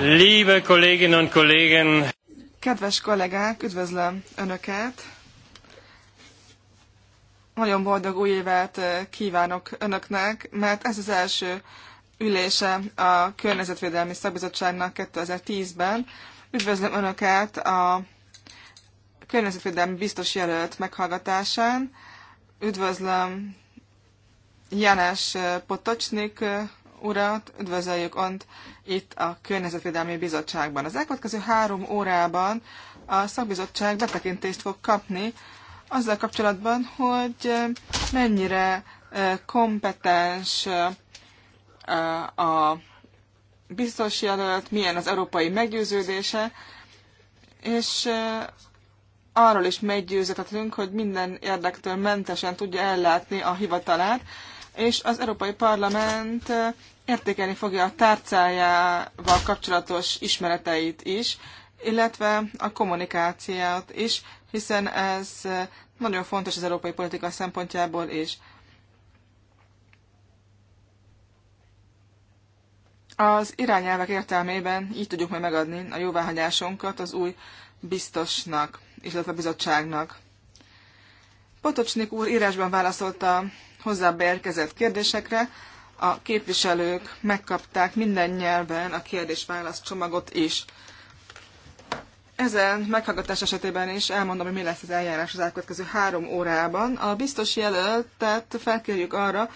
Liebe Kolleginnen und Kollegen! Kedves kollégák, üdvözlöm Önöket! Nagyon boldog új évet eh, kívánok Önöknek, mert ez az első ülése a Környezetvédelmi Szakbizottságnak 2010-ben. Üdvözlöm Önöket a Környezetvédelmi Biztos Jelölt meghallgatásán. Üdvözlöm János Potocsnik urat, üdvözöljük Önt itt a Környezetvédelmi Bizottságban. Az elkövetkező három órában a szakbizottság betekintést fog kapni azzal kapcsolatban, hogy mennyire kompetens a biztos jelölt, milyen az európai meggyőződése, és arról is meggyőzhetetünk, hogy minden érdektől mentesen tudja ellátni a hivatalát, és az Európai Parlament értékelni fogja a tárcájával kapcsolatos ismereteit is, illetve a kommunikációt is, hiszen ez nagyon fontos az európai politika szempontjából is. Az irányelvek értelmében így tudjuk majd megadni a jóváhagyásunkat az új biztosnak, illetve a bizottságnak. Potocsnik úr írásban válaszolta hozzá beérkezett kérdésekre. A képviselők megkapták minden nyelven a kérdés-válasz csomagot is. Ezen meghallgatás esetében is elmondom, hogy mi lesz az eljárás az elkövetkező három órában. A biztos jelöltet felkérjük arra,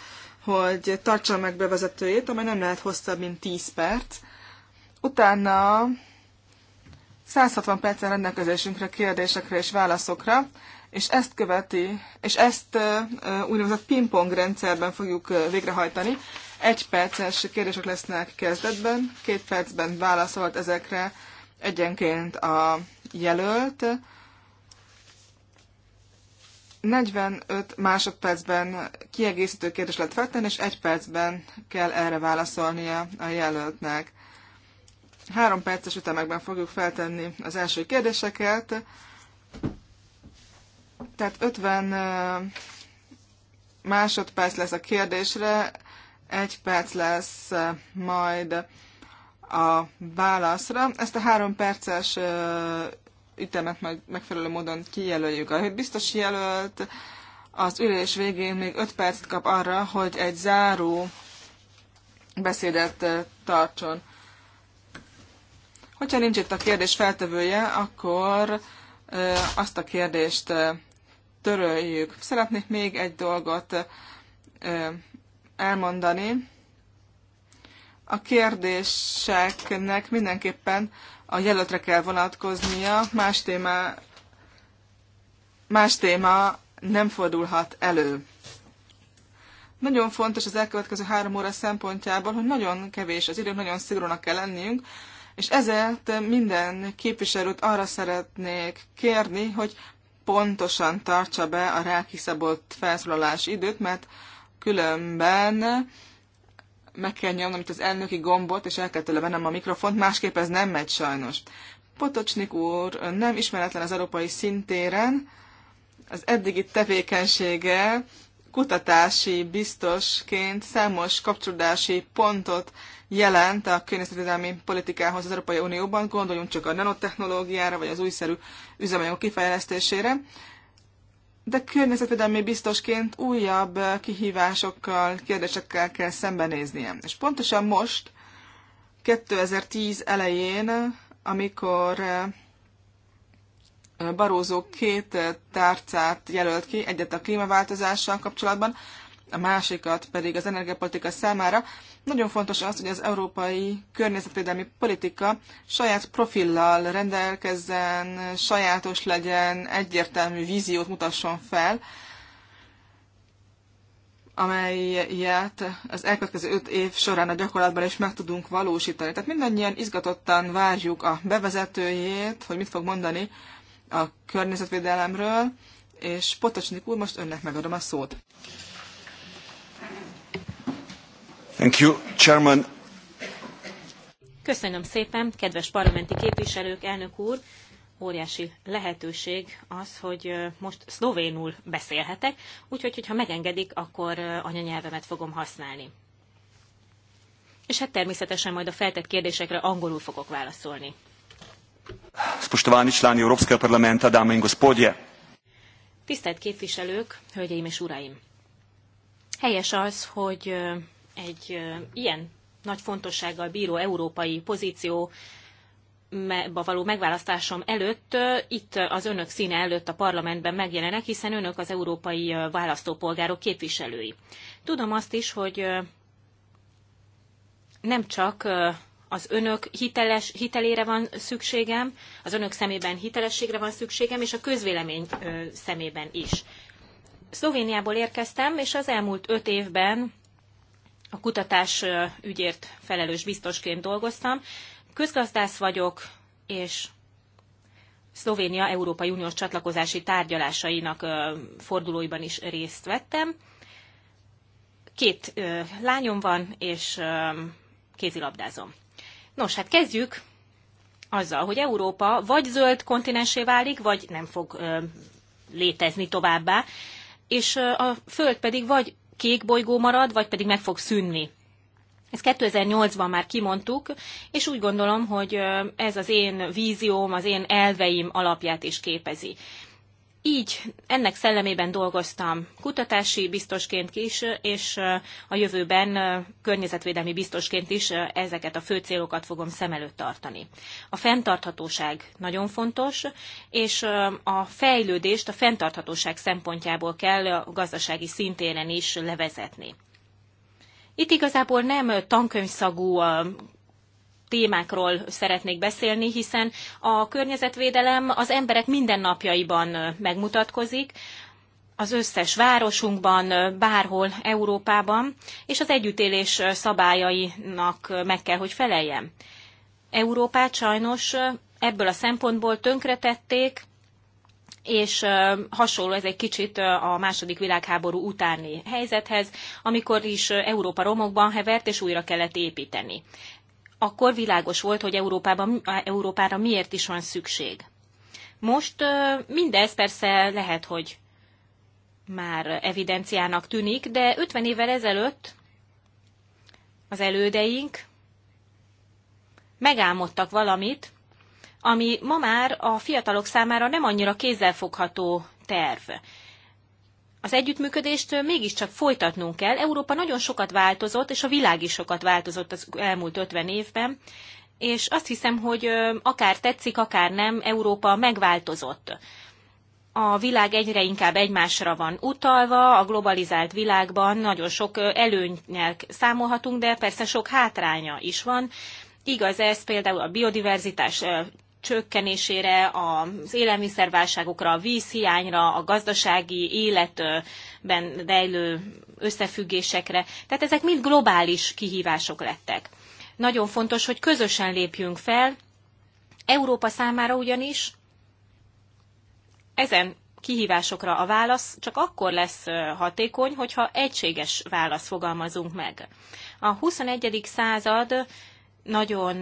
hogy tartsa meg bevezetőjét, amely nem lehet hosszabb, mint 10 perc. Utána 160 percen rendelkezésünkre kérdésekre és válaszokra, és ezt követi, és ezt úgynevezett pingpong rendszerben fogjuk végrehajtani. Egy perces kérdések lesznek kezdetben, két percben válaszolt ezekre egyenként a jelölt. 45 másodpercben kiegészítő kérdés lehet feltenni, és egy percben kell erre válaszolnia a jelöltnek. Három perces ütemekben fogjuk feltenni az első kérdéseket. Tehát 50 másodperc lesz a kérdésre, egy perc lesz majd a válaszra. Ezt a három perces ütemet majd megfelelő módon kijelöljük. A biztos jelölt az ülés végén még öt percet kap arra, hogy egy záró beszédet tartson. Hogyha nincs itt a kérdés feltevője, akkor azt a kérdést töröljük. Szeretnék még egy dolgot elmondani. A kérdéseknek mindenképpen a jelöltre kell vonatkoznia, más téma, más téma nem fordulhat elő. Nagyon fontos az elkövetkező három óra szempontjából, hogy nagyon kevés az idő, nagyon szigorúnak kell lennünk, és ezért minden képviselőt arra szeretnék kérni, hogy pontosan tartsa be a rákiszabott felszólalás időt, mert különben meg kell nyomnom itt az elnöki gombot, és el kell tőle vennem a mikrofont, másképp ez nem megy sajnos. Potocsnik úr nem ismeretlen az európai szintéren, az eddigi tevékenysége kutatási biztosként számos kapcsolódási pontot jelent a környezetvédelmi politikához az Európai Unióban, gondoljunk csak a nanotechnológiára, vagy az újszerű üzemanyagok kifejlesztésére, de környezetvédelmi biztosként újabb kihívásokkal, kérdésekkel kell szembenéznie. És pontosan most, 2010 elején, amikor eh, Barózó két eh, tárcát jelölt ki, egyet a klímaváltozással kapcsolatban, a másikat pedig az energiapolitika számára. Nagyon fontos az, hogy az európai környezetvédelmi politika saját profillal rendelkezzen, sajátos legyen, egyértelmű víziót mutasson fel, amelyet az elkövetkező öt év során a gyakorlatban is meg tudunk valósítani. Tehát mindannyian izgatottan várjuk a bevezetőjét, hogy mit fog mondani a környezetvédelemről, és Potocsnik úr, most önnek megadom a szót. Köszönöm szépen, kedves parlamenti képviselők, elnök úr! Óriási lehetőség az, hogy most szlovénul beszélhetek, úgyhogy, hogyha megengedik, akkor anyanyelvemet fogom használni. És hát természetesen majd a feltett kérdésekre angolul fogok válaszolni. Spoštovani člani parlamenta, dame in Tisztelt képviselők, hölgyeim és uraim! Helyes az, hogy egy ilyen nagy fontossággal bíró európai pozíció való megválasztásom előtt, itt az önök színe előtt a parlamentben megjelenek, hiszen önök az európai választópolgárok képviselői. Tudom azt is, hogy nem csak az önök hiteles, hitelére van szükségem, az önök szemében hitelességre van szükségem, és a közvélemény szemében is. Szlovéniából érkeztem, és az elmúlt öt évben a kutatás ügyért felelős biztosként dolgoztam. Közgazdász vagyok, és Szlovénia Európai Uniós csatlakozási tárgyalásainak fordulóiban is részt vettem. Két lányom van, és kézilabdázom. Nos, hát kezdjük azzal, hogy Európa vagy zöld kontinensé válik, vagy nem fog létezni továbbá, és a Föld pedig vagy kék bolygó marad, vagy pedig meg fog szűnni. Ezt 2008-ban már kimondtuk, és úgy gondolom, hogy ez az én vízióm, az én elveim alapját is képezi így ennek szellemében dolgoztam kutatási biztosként is, és a jövőben környezetvédelmi biztosként is ezeket a fő célokat fogom szem előtt tartani. A fenntarthatóság nagyon fontos, és a fejlődést a fenntarthatóság szempontjából kell a gazdasági szintéren is levezetni. Itt igazából nem tankönyvszagú témákról szeretnék beszélni, hiszen a környezetvédelem az emberek mindennapjaiban megmutatkozik, az összes városunkban, bárhol Európában, és az együttélés szabályainak meg kell, hogy feleljen. Európát sajnos ebből a szempontból tönkretették, és hasonló ez egy kicsit a második világháború utáni helyzethez, amikor is Európa romokban hevert, és újra kellett építeni akkor világos volt, hogy Európában, Európára miért is van szükség. Most mindez persze lehet, hogy már evidenciának tűnik, de 50 évvel ezelőtt az elődeink megálmodtak valamit, ami ma már a fiatalok számára nem annyira kézzelfogható terv az együttműködést mégiscsak folytatnunk kell. Európa nagyon sokat változott, és a világ is sokat változott az elmúlt 50 évben, és azt hiszem, hogy akár tetszik, akár nem, Európa megváltozott. A világ egyre inkább egymásra van utalva, a globalizált világban nagyon sok előnynek számolhatunk, de persze sok hátránya is van. Igaz ez például a biodiverzitás csökkenésére, az élelmiszerválságokra, a vízhiányra, a gazdasági életben rejlő összefüggésekre. Tehát ezek mind globális kihívások lettek. Nagyon fontos, hogy közösen lépjünk fel, Európa számára ugyanis ezen kihívásokra a válasz csak akkor lesz hatékony, hogyha egységes választ fogalmazunk meg. A 21. század nagyon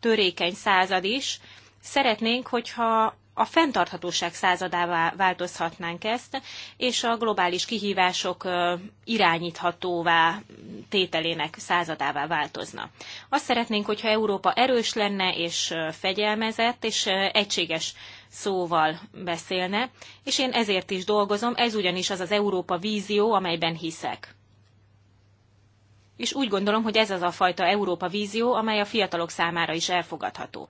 törékeny század is. Szeretnénk, hogyha a fenntarthatóság századává változhatnánk ezt, és a globális kihívások irányíthatóvá tételének századává változna. Azt szeretnénk, hogyha Európa erős lenne, és fegyelmezett, és egységes szóval beszélne, és én ezért is dolgozom, ez ugyanis az az Európa vízió, amelyben hiszek és úgy gondolom, hogy ez az a fajta Európa vízió, amely a fiatalok számára is elfogadható.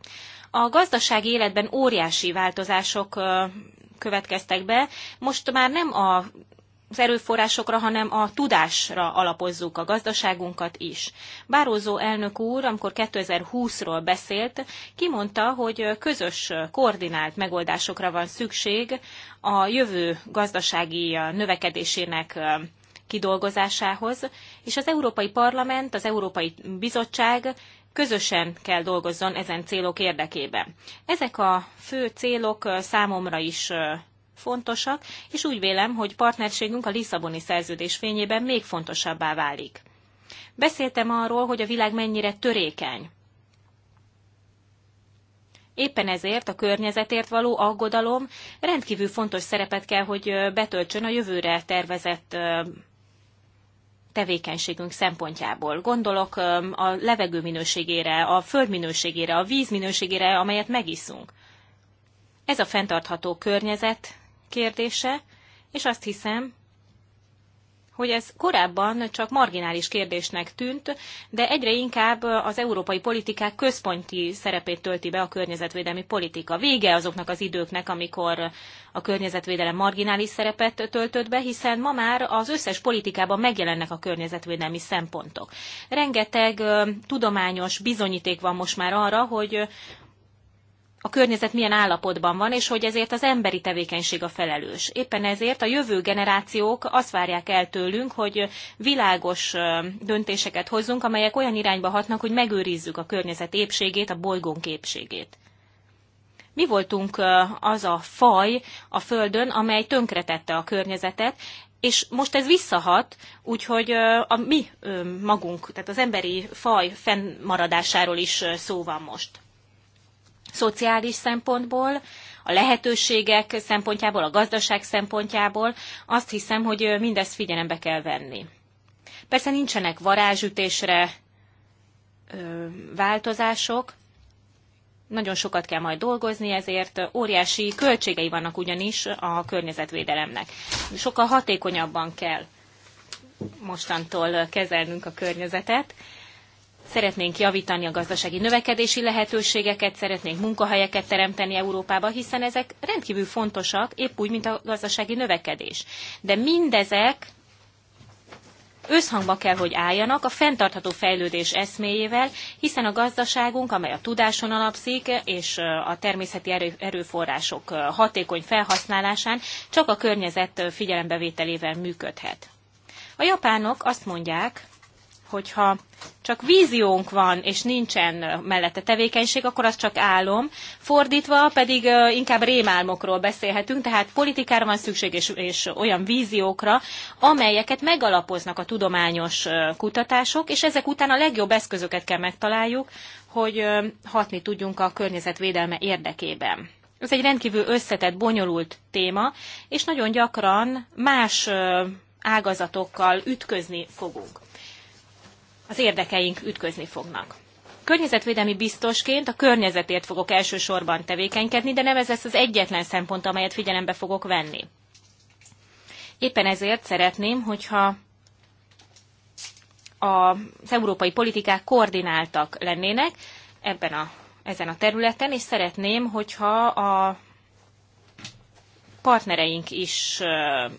A gazdasági életben óriási változások következtek be. Most már nem a az erőforrásokra, hanem a tudásra alapozzuk a gazdaságunkat is. Bározó elnök úr, amikor 2020-ról beszélt, kimondta, hogy közös, koordinált megoldásokra van szükség a jövő gazdasági növekedésének kidolgozásához, és az Európai Parlament, az Európai Bizottság közösen kell dolgozzon ezen célok érdekében. Ezek a fő célok számomra is fontosak, és úgy vélem, hogy partnerségünk a Lisszaboni szerződés fényében még fontosabbá válik. Beszéltem arról, hogy a világ mennyire törékeny. Éppen ezért a környezetért való aggodalom rendkívül fontos szerepet kell, hogy betöltsön a jövőre tervezett tevékenységünk szempontjából. Gondolok a levegő minőségére, a föld minőségére, a víz minőségére, amelyet megiszunk. Ez a fenntartható környezet kérdése, és azt hiszem, hogy ez korábban csak marginális kérdésnek tűnt, de egyre inkább az európai politikák központi szerepét tölti be a környezetvédelmi politika. Vége azoknak az időknek, amikor a környezetvédelem marginális szerepet töltött be, hiszen ma már az összes politikában megjelennek a környezetvédelmi szempontok. Rengeteg tudományos bizonyíték van most már arra, hogy a környezet milyen állapotban van, és hogy ezért az emberi tevékenység a felelős. Éppen ezért a jövő generációk azt várják el tőlünk, hogy világos döntéseket hozzunk, amelyek olyan irányba hatnak, hogy megőrizzük a környezet épségét, a bolygón képségét. Mi voltunk az a faj a Földön, amely tönkretette a környezetet, és most ez visszahat, úgyhogy a mi magunk, tehát az emberi faj fennmaradásáról is szó van most szociális szempontból, a lehetőségek szempontjából, a gazdaság szempontjából, azt hiszem, hogy mindezt figyelembe kell venni. Persze nincsenek varázsütésre ö, változások, nagyon sokat kell majd dolgozni, ezért óriási költségei vannak ugyanis a környezetvédelemnek. Sokkal hatékonyabban kell mostantól kezelnünk a környezetet, Szeretnénk javítani a gazdasági növekedési lehetőségeket, szeretnénk munkahelyeket teremteni Európába, hiszen ezek rendkívül fontosak, épp úgy, mint a gazdasági növekedés. De mindezek összhangba kell, hogy álljanak a fenntartható fejlődés eszméjével, hiszen a gazdaságunk, amely a tudáson alapszik, és a természeti erő, erőforrások hatékony felhasználásán csak a környezet figyelembevételével működhet. A japánok azt mondják, hogyha csak víziónk van, és nincsen mellette tevékenység, akkor az csak álom. Fordítva pedig inkább rémálmokról beszélhetünk, tehát politikára van szükség, és, és olyan víziókra, amelyeket megalapoznak a tudományos kutatások, és ezek után a legjobb eszközöket kell megtaláljuk, hogy hatni tudjunk a környezetvédelme érdekében. Ez egy rendkívül összetett, bonyolult téma, és nagyon gyakran más ágazatokkal ütközni fogunk az érdekeink ütközni fognak. Környezetvédelmi biztosként a környezetért fogok elsősorban tevékenykedni, de nem ez lesz az egyetlen szempont, amelyet figyelembe fogok venni. Éppen ezért szeretném, hogyha az európai politikák koordináltak lennének ebben a, ezen a területen, és szeretném, hogyha a partnereink is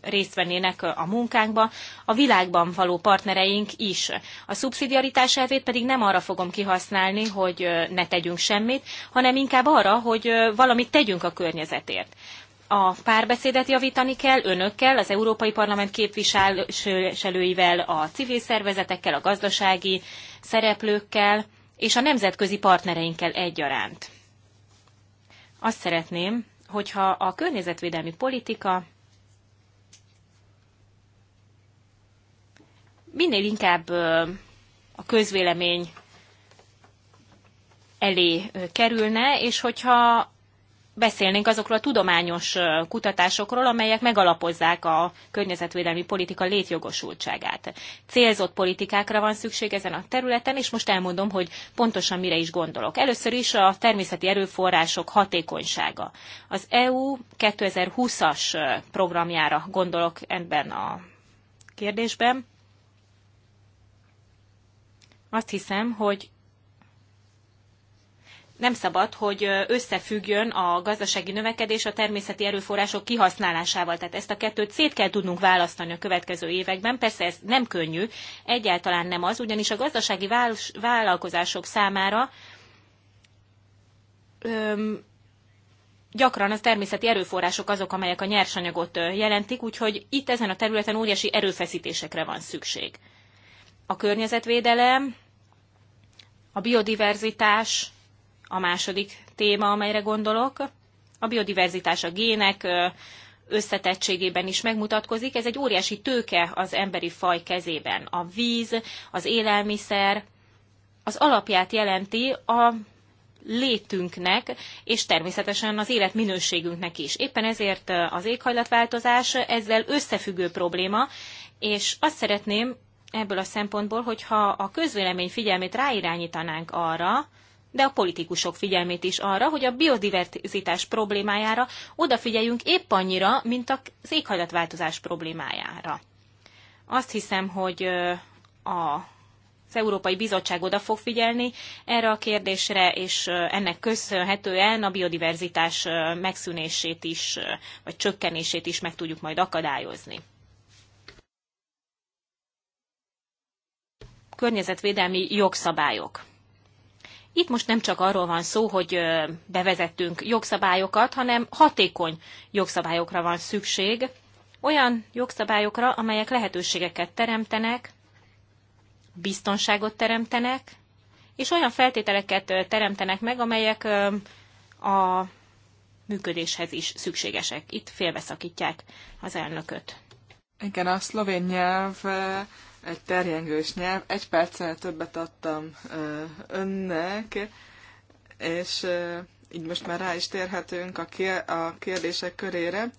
részt vennének a munkánkba, a világban való partnereink is. A szubszidiaritás elvét pedig nem arra fogom kihasználni, hogy ne tegyünk semmit, hanem inkább arra, hogy valamit tegyünk a környezetért a párbeszédet javítani kell önökkel, az Európai Parlament képviselőivel, a civil szervezetekkel, a gazdasági szereplőkkel és a nemzetközi partnereinkkel egyaránt. Azt szeretném, hogyha a környezetvédelmi politika minél inkább a közvélemény elé kerülne, és hogyha beszélnénk azokról a tudományos kutatásokról, amelyek megalapozzák a környezetvédelmi politika létjogosultságát. Célzott politikákra van szükség ezen a területen, és most elmondom, hogy pontosan mire is gondolok. Először is a természeti erőforrások hatékonysága. Az EU 2020-as programjára gondolok ebben a kérdésben. Azt hiszem, hogy nem szabad, hogy összefüggjön a gazdasági növekedés a természeti erőforrások kihasználásával. Tehát ezt a kettőt szét kell tudnunk választani a következő években. Persze ez nem könnyű, egyáltalán nem az, ugyanis a gazdasági vállalkozások számára öm, gyakran az természeti erőforrások azok, amelyek a nyersanyagot jelentik, úgyhogy itt ezen a területen óriási erőfeszítésekre van szükség. A környezetvédelem, a biodiverzitás, a második téma, amelyre gondolok. A biodiverzitás a gének összetettségében is megmutatkozik. Ez egy óriási tőke az emberi faj kezében. A víz, az élelmiszer, az alapját jelenti a létünknek, és természetesen az életminőségünknek is. Éppen ezért az éghajlatváltozás ezzel összefüggő probléma, és azt szeretném ebből a szempontból, hogyha a közvélemény figyelmét ráirányítanánk arra, de a politikusok figyelmét is arra, hogy a biodiverzitás problémájára odafigyeljünk épp annyira, mint a éghajlatváltozás problémájára. Azt hiszem, hogy a az Európai Bizottság oda fog figyelni erre a kérdésre, és ennek köszönhetően a biodiverzitás megszűnését is, vagy csökkenését is meg tudjuk majd akadályozni. Környezetvédelmi jogszabályok. Itt most nem csak arról van szó, hogy bevezettünk jogszabályokat, hanem hatékony jogszabályokra van szükség, olyan jogszabályokra, amelyek lehetőségeket teremtenek, biztonságot teremtenek, és olyan feltételeket teremtenek meg, amelyek a működéshez is szükségesek. Itt félbeszakítják az elnököt. Igen, a szlovén nyelv egy terjengős nyelv. Egy perccel többet adtam önnek, és így most már rá is térhetünk a kérdések körére.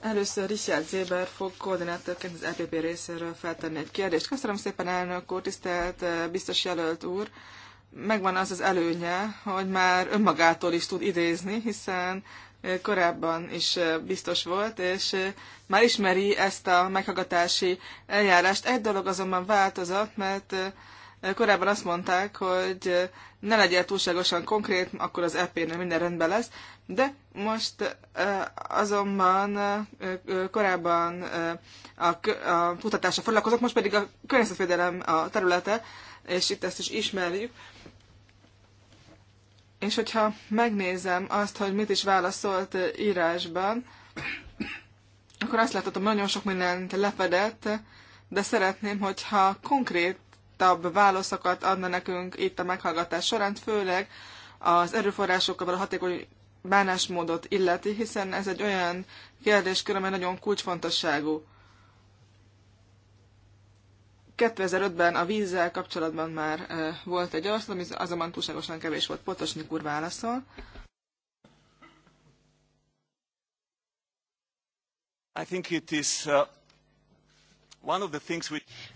Először Richard Zéber fog koordinátorként az EPP részéről feltenni egy kérdést. Köszönöm szépen, elnök úr, tisztelt biztos jelölt úr. Megvan az az előnye, hogy már önmagától is tud idézni, hiszen korábban is biztos volt, és már ismeri ezt a meghallgatási eljárást. Egy dolog azonban változott, mert korábban azt mondták, hogy ne legyen túlságosan konkrét, akkor az EP-nél minden rendben lesz, de most azonban korábban a, a kutatásra foglalkozok, most pedig a környezetvédelem a területe, és itt ezt is ismerjük, és hogyha megnézem azt, hogy mit is válaszolt írásban, akkor azt láthatom, nagyon sok mindent lefedett, de szeretném, hogyha konkrétabb válaszokat adna nekünk itt a meghallgatás során, főleg az erőforrásokkal a hatékony bánásmódot illeti, hiszen ez egy olyan kérdéskör, amely nagyon kulcsfontosságú. 2005-ben a vízzel kapcsolatban már volt egy javaslat, ami azonban túlságosan kevés volt. Potosnik úr válaszol. I think it is uh,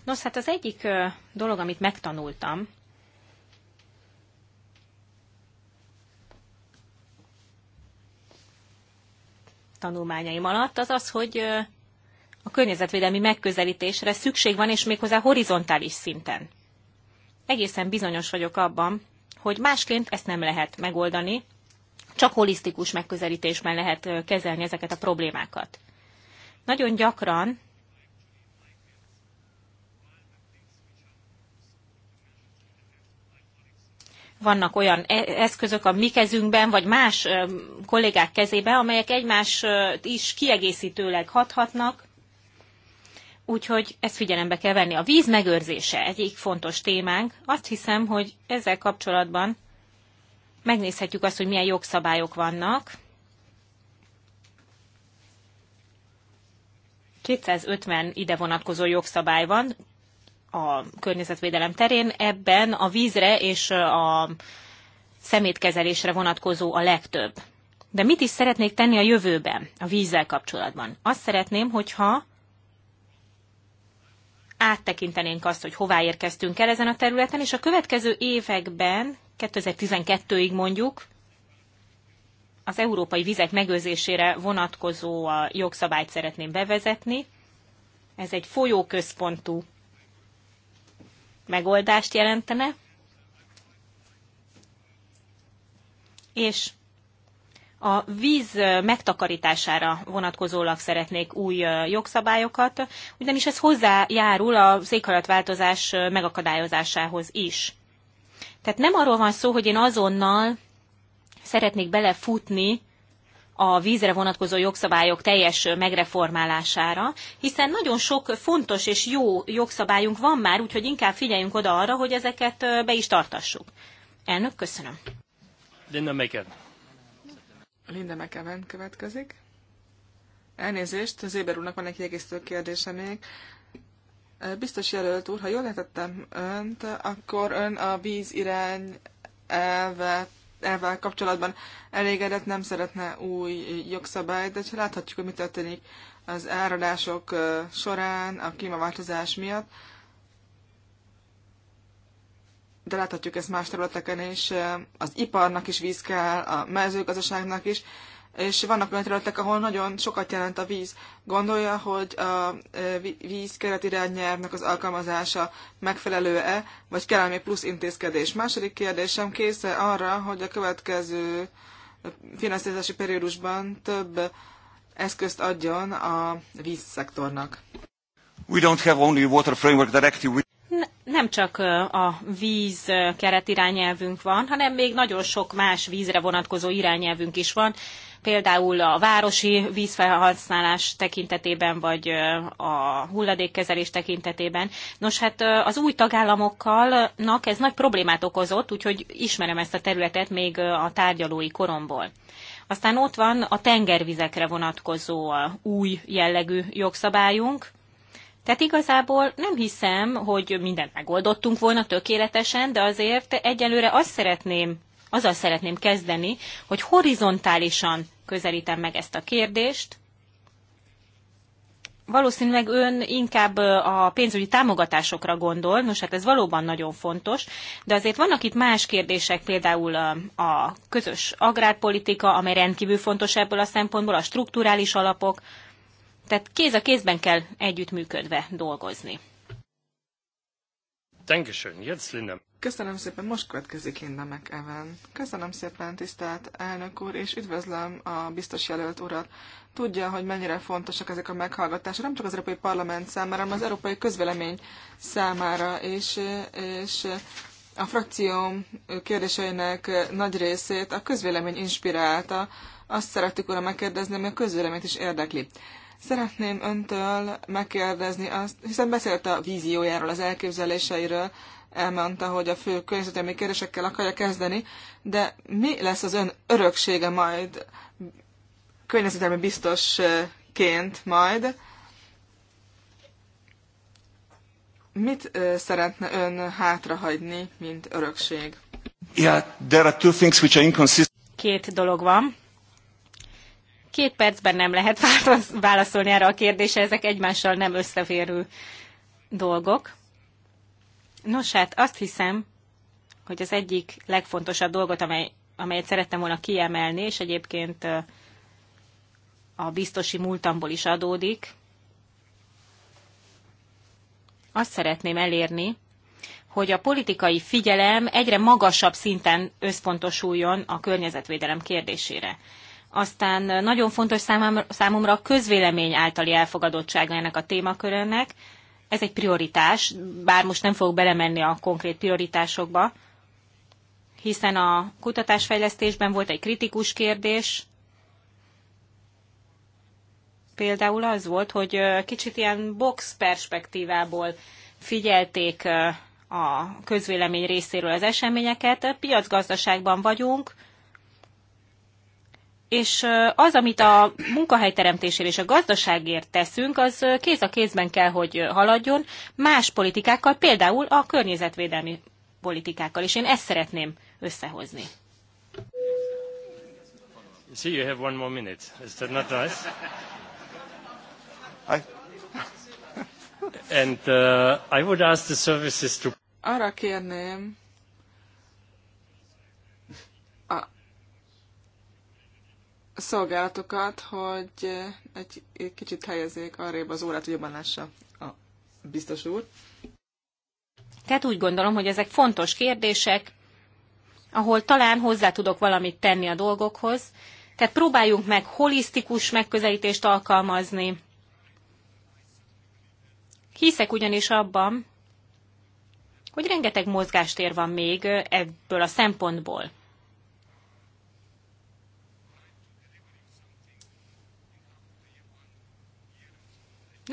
Nos, hát az egyik dolog, amit megtanultam, tanulmányaim alatt, az az, hogy a környezetvédelmi megközelítésre szükség van, és méghozzá horizontális szinten. Egészen bizonyos vagyok abban, hogy másként ezt nem lehet megoldani, csak holisztikus megközelítésben lehet kezelni ezeket a problémákat. Nagyon gyakran vannak olyan e-, eszközök a mi kezünkben, vagy más kollégák kezében, amelyek egymást is kiegészítőleg hathatnak, Úgyhogy ezt figyelembe kell venni. A víz megőrzése egyik fontos témánk. Azt hiszem, hogy ezzel kapcsolatban megnézhetjük azt, hogy milyen jogszabályok vannak. 250 ide vonatkozó jogszabály van a környezetvédelem terén, ebben a vízre és a szemétkezelésre vonatkozó a legtöbb. De mit is szeretnék tenni a jövőben a vízzel kapcsolatban? Azt szeretném, hogyha áttekintenénk azt, hogy hová érkeztünk el ezen a területen, és a következő években, 2012-ig mondjuk, az európai vizek megőrzésére vonatkozó a jogszabályt szeretném bevezetni. Ez egy folyóközpontú megoldást jelentene, és a víz megtakarítására vonatkozólag szeretnék új jogszabályokat, ugyanis ez hozzájárul a székhajlatváltozás megakadályozásához is. Tehát nem arról van szó, hogy én azonnal szeretnék belefutni a vízre vonatkozó jogszabályok teljes megreformálására, hiszen nagyon sok fontos és jó jogszabályunk van már, úgyhogy inkább figyeljünk oda arra, hogy ezeket be is tartassuk. Elnök, köszönöm. Linda Megan. Linda McEwen következik. Elnézést, Éber úrnak van egy kiegészítő kérdése még. Biztos jelölt úr, ha jól értettem önt, akkor ön a víz irány elvet elvvel kapcsolatban elégedett, nem szeretne új jogszabályt, de láthatjuk, hogy mi történik az áradások során a klímaváltozás miatt de láthatjuk ezt más területeken is, az iparnak is víz kell, a mezőgazdaságnak is, és vannak olyan területek, ahol nagyon sokat jelent a víz. Gondolja, hogy a víz keret az alkalmazása megfelelő-e, vagy kell még plusz intézkedés? Második kérdésem kész arra, hogy a következő finanszírozási periódusban több eszközt adjon a vízszektornak. We don't have only water framework directive nem csak a víz keretirányelvünk van, hanem még nagyon sok más vízre vonatkozó irányelvünk is van, például a városi vízfelhasználás tekintetében, vagy a hulladékkezelés tekintetében. Nos, hát az új tagállamokkalnak ez nagy problémát okozott, úgyhogy ismerem ezt a területet még a tárgyalói koromból. Aztán ott van a tengervizekre vonatkozó új jellegű jogszabályunk, tehát igazából nem hiszem, hogy mindent megoldottunk volna tökéletesen, de azért egyelőre azt szeretném, azzal szeretném kezdeni, hogy horizontálisan közelítem meg ezt a kérdést. Valószínűleg ön inkább a pénzügyi támogatásokra gondol, nos hát ez valóban nagyon fontos, de azért vannak itt más kérdések, például a közös agrárpolitika, amely rendkívül fontos ebből a szempontból, a strukturális alapok, tehát kéz a kézben kell együttműködve dolgozni. Köszönöm szépen, most következik Linda McEwen. Köszönöm szépen, tisztelt elnök úr, és üdvözlöm a biztos jelölt urat. Tudja, hogy mennyire fontosak ezek a meghallgatások, nem csak az Európai Parlament számára, hanem az Európai Közvélemény számára, és, és a frakcióm kérdéseinek nagy részét a közvélemény inspirálta. Azt szeretük volna megkérdezni, ami a közvéleményt is érdekli. Szeretném öntől megkérdezni azt, hiszen beszélt a víziójáról, az elképzeléseiről, elmondta, hogy a fő környezetemi kérdésekkel akarja kezdeni, de mi lesz az ön öröksége majd környezetemi biztosként majd? Mit szeretne ön hátrahagyni, mint örökség? Yeah, there are two things which are inconsistent. Két dolog van Két percben nem lehet válaszolni erre a kérdésre, ezek egymással nem összeférő dolgok. Nos hát azt hiszem, hogy az egyik legfontosabb dolgot, amely, amelyet szerettem volna kiemelni, és egyébként a biztosi múltamból is adódik, azt szeretném elérni, hogy a politikai figyelem egyre magasabb szinten összpontosuljon a környezetvédelem kérdésére. Aztán nagyon fontos számomra a közvélemény általi elfogadottsága ennek a témakörönnek. Ez egy prioritás, bár most nem fogok belemenni a konkrét prioritásokba, hiszen a kutatásfejlesztésben volt egy kritikus kérdés, például az volt, hogy kicsit ilyen box perspektívából figyelték a közvélemény részéről az eseményeket. Piacgazdaságban vagyunk, és az, amit a munkahelyteremtésért és a gazdaságért teszünk, az kéz a kézben kell, hogy haladjon más politikákkal, például a környezetvédelmi politikákkal, és én ezt szeretném összehozni. See, you have one more minute. Is that not nice? I... And uh, I would ask the services to... Arra kérném szolgálatokat, hogy egy kicsit helyezzék arrébb az órát, hogy jobban lássa a biztos úr. Tehát úgy gondolom, hogy ezek fontos kérdések, ahol talán hozzá tudok valamit tenni a dolgokhoz. Tehát próbáljunk meg holisztikus megközelítést alkalmazni. Hiszek ugyanis abban, hogy rengeteg mozgástér van még ebből a szempontból.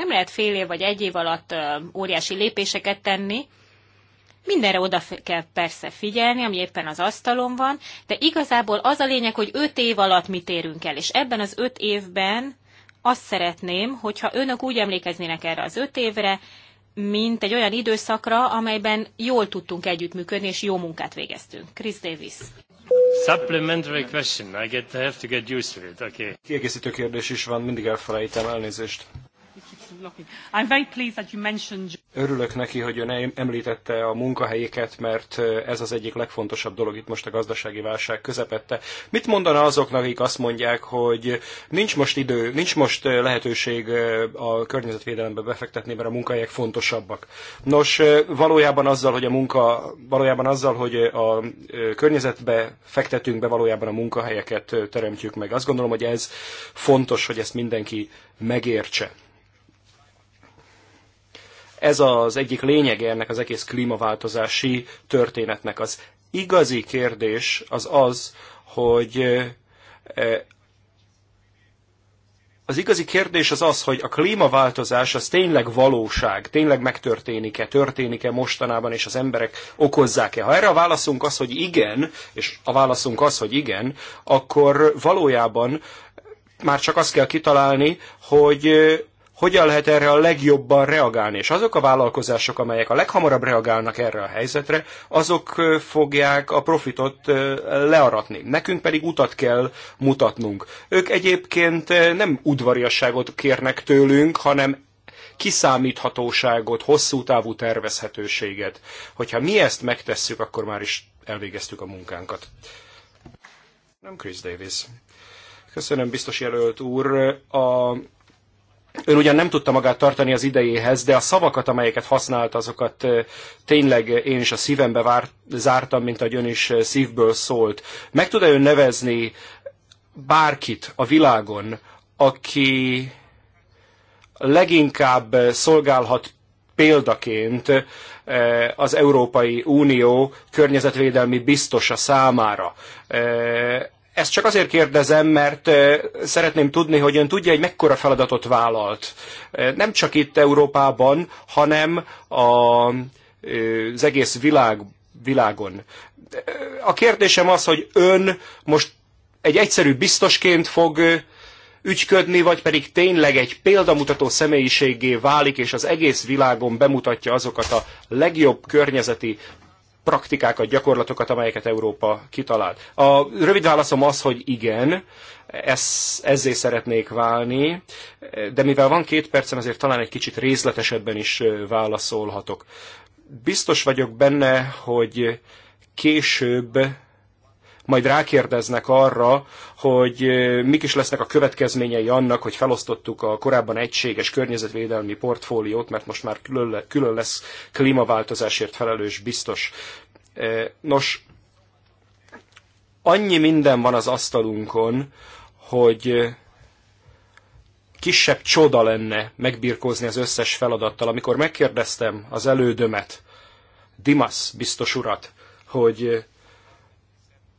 Nem lehet fél év vagy egy év alatt óriási lépéseket tenni, Mindenre oda kell persze figyelni, ami éppen az asztalon van, de igazából az a lényeg, hogy öt év alatt mit érünk el, és ebben az öt évben azt szeretném, hogyha önök úgy emlékeznének erre az öt évre, mint egy olyan időszakra, amelyben jól tudtunk együttműködni, és jó munkát végeztünk. Chris Davis. Supplementary question. I get to have to get used to it. Okay. Kiegészítő kérdés is van, mindig elfelejtem, elnézést. Örülök neki, hogy ön említette a munkahelyeket, mert ez az egyik legfontosabb dolog itt most a gazdasági válság közepette. Mit mondana azoknak, akik azt mondják, hogy nincs most idő, nincs most lehetőség a környezetvédelembe befektetni, mert a munkahelyek fontosabbak. Nos, valójában azzal, hogy a munka, valójában azzal, hogy a környezetbe fektetünk be, valójában a munkahelyeket teremtjük meg. Azt gondolom, hogy ez fontos, hogy ezt mindenki megértse. Ez az egyik lényege ennek az egész klímaváltozási történetnek. Az igazi kérdés az az, hogy az igazi kérdés az az, hogy a klímaváltozás az tényleg valóság, tényleg megtörténik-e, történik-e mostanában, és az emberek okozzák-e. Ha erre a válaszunk az, hogy igen, és a válaszunk az, hogy igen, akkor valójában már csak azt kell kitalálni, hogy hogyan lehet erre a legjobban reagálni. És azok a vállalkozások, amelyek a leghamarabb reagálnak erre a helyzetre, azok fogják a profitot learatni. Nekünk pedig utat kell mutatnunk. Ők egyébként nem udvariasságot kérnek tőlünk, hanem kiszámíthatóságot, hosszú távú tervezhetőséget. Hogyha mi ezt megtesszük, akkor már is elvégeztük a munkánkat. Nem Chris Davis. Köszönöm, biztos jelölt úr. A Ön ugyan nem tudta magát tartani az idejéhez, de a szavakat, amelyeket használt, azokat tényleg én is a szívembe vár, zártam, mint ahogy ön is szívből szólt. Meg tud-e ön nevezni bárkit a világon, aki leginkább szolgálhat példaként az Európai Unió környezetvédelmi biztosa számára. Ezt csak azért kérdezem, mert szeretném tudni, hogy ön tudja, hogy mekkora feladatot vállalt. Nem csak itt Európában, hanem a, az egész világ, világon. A kérdésem az, hogy ön most egy egyszerű biztosként fog ügyködni, vagy pedig tényleg egy példamutató személyiségé válik, és az egész világon bemutatja azokat a legjobb környezeti praktikákat, gyakorlatokat, amelyeket Európa kitalált. A rövid válaszom az, hogy igen, ez, ezzé szeretnék válni, de mivel van két percem, azért talán egy kicsit részletesebben is válaszolhatok. Biztos vagyok benne, hogy később majd rákérdeznek arra, hogy mik is lesznek a következményei annak, hogy felosztottuk a korábban egységes környezetvédelmi portfóliót, mert most már külön, külön lesz klímaváltozásért felelős biztos. Nos, annyi minden van az asztalunkon, hogy kisebb csoda lenne megbirkózni az összes feladattal. Amikor megkérdeztem az elődömet, Dimas biztos urat, hogy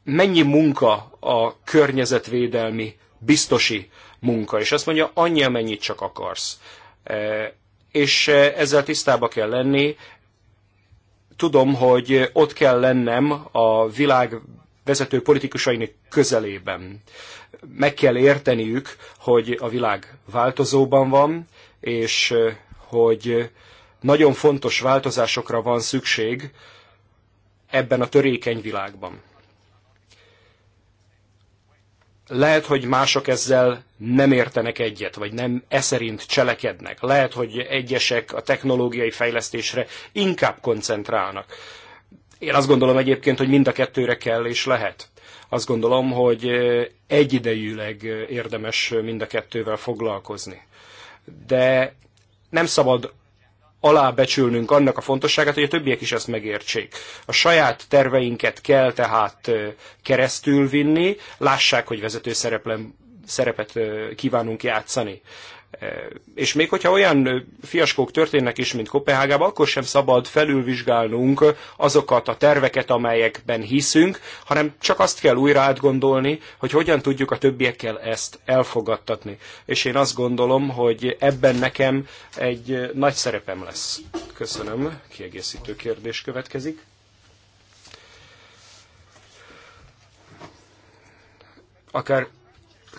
mennyi munka a környezetvédelmi biztosi munka, és azt mondja, annyi, amennyit csak akarsz. E, és e, ezzel tisztába kell lenni. Tudom, hogy ott kell lennem a világ vezető politikusainak közelében. Meg kell érteniük, hogy a világ változóban van, és e, hogy nagyon fontos változásokra van szükség ebben a törékeny világban. Lehet, hogy mások ezzel nem értenek egyet, vagy nem e szerint cselekednek. Lehet, hogy egyesek a technológiai fejlesztésre inkább koncentrálnak. Én azt gondolom egyébként, hogy mind a kettőre kell és lehet. Azt gondolom, hogy egyidejűleg érdemes mind a kettővel foglalkozni. De nem szabad alábecsülnünk annak a fontosságát, hogy a többiek is ezt megértsék. A saját terveinket kell tehát keresztül vinni, lássák, hogy vezető szereplen, szerepet kívánunk játszani. E, és még hogyha olyan fiaskók történnek is, mint Kopenhágában, akkor sem szabad felülvizsgálnunk azokat a terveket, amelyekben hiszünk, hanem csak azt kell újra átgondolni, hogy hogyan tudjuk a többiekkel ezt elfogadtatni. És én azt gondolom, hogy ebben nekem egy nagy szerepem lesz. Köszönöm. Kiegészítő kérdés következik. Akár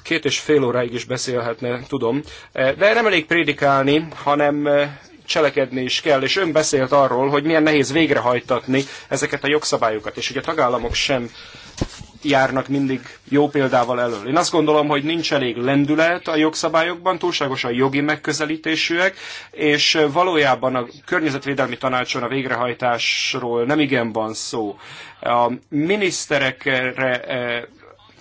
Két és fél óráig is beszélhetne, tudom. Eh, de nem elég prédikálni, hanem eh, cselekedni is kell, és ön beszélt arról, hogy milyen nehéz végrehajtatni ezeket a jogszabályokat, és hogy a tagállamok sem járnak mindig jó példával elől. Én azt gondolom, hogy nincs elég lendület a jogszabályokban, túlságosan jogi megközelítésűek, és valójában a környezetvédelmi tanácson a végrehajtásról nem igen van szó. A miniszterekre eh,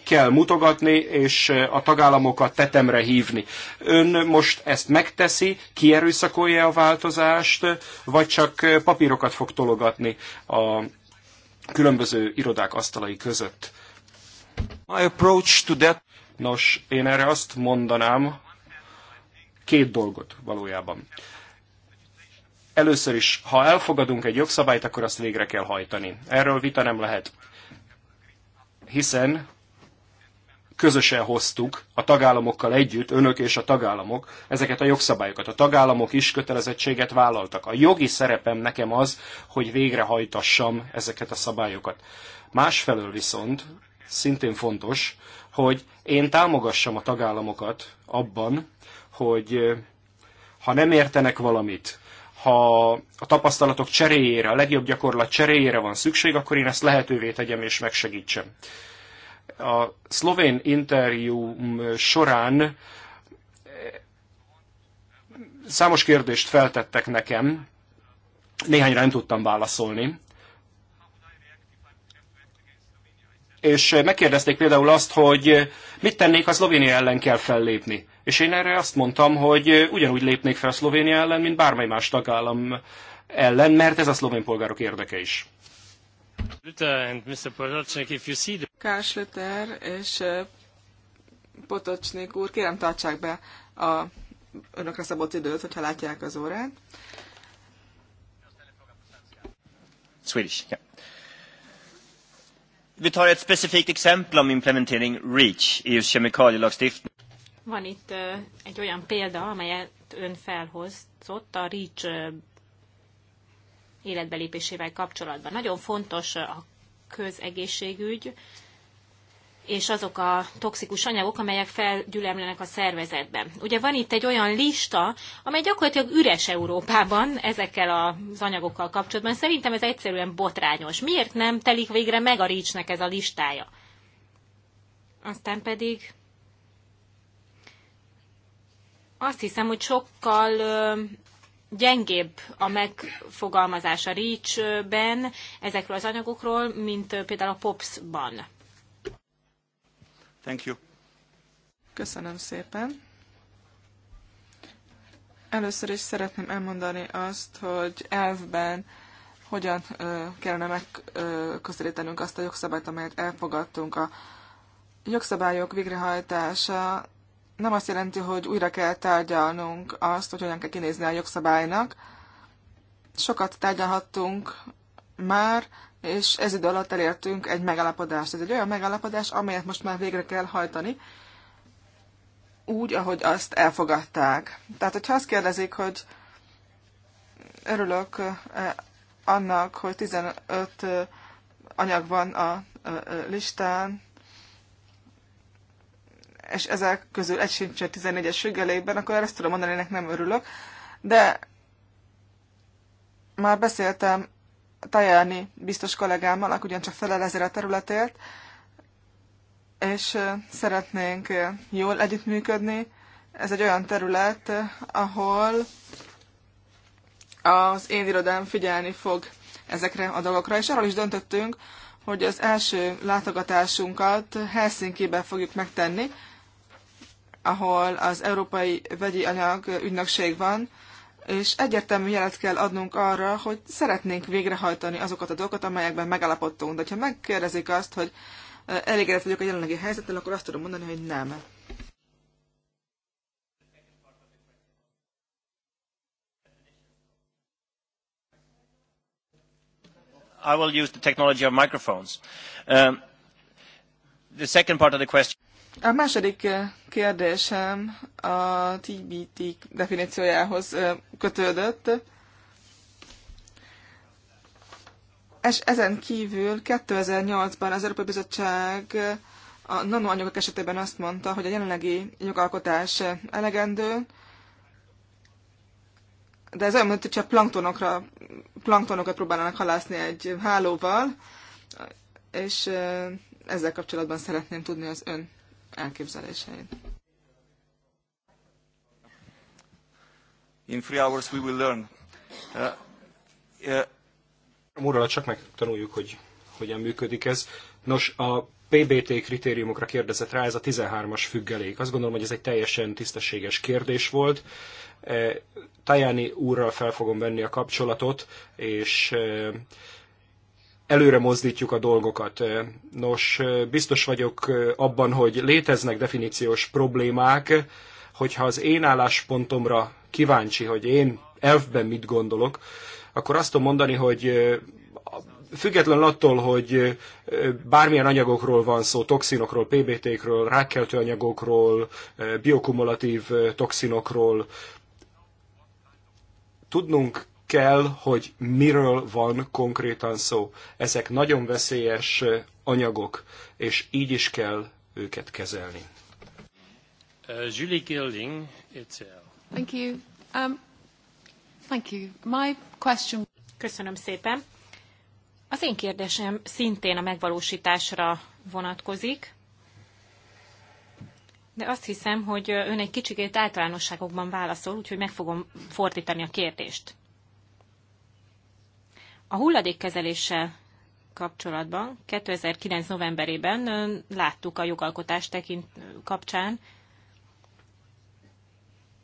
kell mutogatni, és a tagállamokat tetemre hívni. Ön most ezt megteszi, kierőszakolja a változást, vagy csak papírokat fog tologatni a különböző irodák asztalai között? My approach to that... Nos, én erre azt mondanám, két dolgot valójában. Először is, ha elfogadunk egy jogszabályt, akkor azt végre kell hajtani. Erről vita nem lehet. Hiszen közösen hoztuk a tagállamokkal együtt, önök és a tagállamok, ezeket a jogszabályokat. A tagállamok is kötelezettséget vállaltak. A jogi szerepem nekem az, hogy végrehajtassam ezeket a szabályokat. Másfelől viszont, szintén fontos, hogy én támogassam a tagállamokat abban, hogy ha nem értenek valamit, ha a tapasztalatok cseréjére, a legjobb gyakorlat cseréjére van szükség, akkor én ezt lehetővé tegyem és megsegítsem a szlovén interjú során eh, számos kérdést feltettek nekem, néhányra nem tudtam válaszolni, és eh, megkérdezték például azt, hogy eh, mit tennék, a Szlovénia ellen kell fellépni. És én erre azt mondtam, hogy ugyanúgy lépnék fel a Szlovénia ellen, mint bármely más tagállam ellen, mert ez a szlovén polgárok érdeke is. Kárs Luther és Potocsnik úr, kérem tartsák be a önökre szabott időt, hogyha látják az órát. Swedish, yeah. Vi tar ett specifikt exempel om implementering REACH, EUs kemikalielagstiftning. Van itt egy olyan példa, amelyet ön felhozott a REACH életbelépésével kapcsolatban. Nagyon fontos a közegészségügy, és azok a toxikus anyagok, amelyek felgyülemlenek a szervezetben. Ugye van itt egy olyan lista, amely gyakorlatilag üres Európában ezekkel az anyagokkal kapcsolatban. Szerintem ez egyszerűen botrányos. Miért nem telik végre meg a Ricsnek ez a listája? Aztán pedig azt hiszem, hogy sokkal gyengébb a megfogalmazás a REACH-ben ezekről az anyagokról, mint például a POPS-ban. Thank you. Köszönöm szépen. Először is szeretném elmondani azt, hogy elvben hogyan kellene megközelítenünk azt a jogszabályt, amelyet elfogadtunk. A jogszabályok végrehajtása nem azt jelenti, hogy újra kell tárgyalnunk azt, hogy hogyan kell kinézni a jogszabálynak. Sokat tárgyalhattunk már, és ez idő alatt elértünk egy megállapodást. Ez egy olyan megállapodás, amelyet most már végre kell hajtani, úgy, ahogy azt elfogadták. Tehát, hogyha azt kérdezik, hogy örülök annak, hogy 15 anyag van a listán, és ezek közül egy sincs a 14-es függelékben, akkor ezt tudom mondani, ennek nem örülök. De már beszéltem Tajáni biztos kollégámmal, aki ugyancsak felel ezért a területért, és szeretnénk jól együttműködni. Ez egy olyan terület, ahol az én irodám figyelni fog ezekre a dolgokra, és arról is döntöttünk, hogy az első látogatásunkat Helsinki-ben fogjuk megtenni, ahol az Európai Vegyi Anyag Ügynökség van, és egyértelmű jelet kell adnunk arra, hogy szeretnénk végrehajtani azokat a dolgokat, amelyekben megállapodtunk. De ha megkérdezik azt, hogy eh, elégedett vagyok a jelenlegi helyzettel, akkor azt tudom mondani, hogy nem. I will use the technology of microphones. Um, the second part of the question. A második kérdésem a TBT definíciójához kötődött. És ezen kívül 2008-ban az Európai Bizottság a nanoanyagok esetében azt mondta, hogy a jelenlegi jogalkotás elegendő, de ez olyan, mint hogyha planktonokra, planktonokat próbálnának halászni egy hálóval, és ezzel kapcsolatban szeretném tudni az ön elképzeléseit. In three hours we will learn. Uh, uh... csak megtanuljuk, hogy hogyan működik ez. Nos, a PBT kritériumokra kérdezett rá, ez a 13-as függelék. Azt gondolom, hogy ez egy teljesen tisztességes kérdés volt. Eh, Tajani úrral fel fogom venni a kapcsolatot, és eh, előre mozdítjuk a dolgokat. Nos, biztos vagyok abban, hogy léteznek definíciós problémák, hogyha az én álláspontomra kíváncsi, hogy én elfben mit gondolok, akkor azt tudom mondani, hogy független attól, hogy bármilyen anyagokról van szó, toxinokról, PBT-kről, rákkeltő anyagokról, biokumulatív toxinokról, tudnunk kell, hogy miről van konkrétan szó. Ezek nagyon veszélyes anyagok, és így is kell őket kezelni. Uh, Julie Gilding, itself. Thank you. Um, thank you. My question... Köszönöm szépen. Az én kérdésem szintén a megvalósításra vonatkozik, de azt hiszem, hogy ön egy kicsikét általánosságokban válaszol, úgyhogy meg fogom fordítani a kérdést. A hulladékkezeléssel kapcsolatban 2009. novemberében láttuk a jogalkotás tekint kapcsán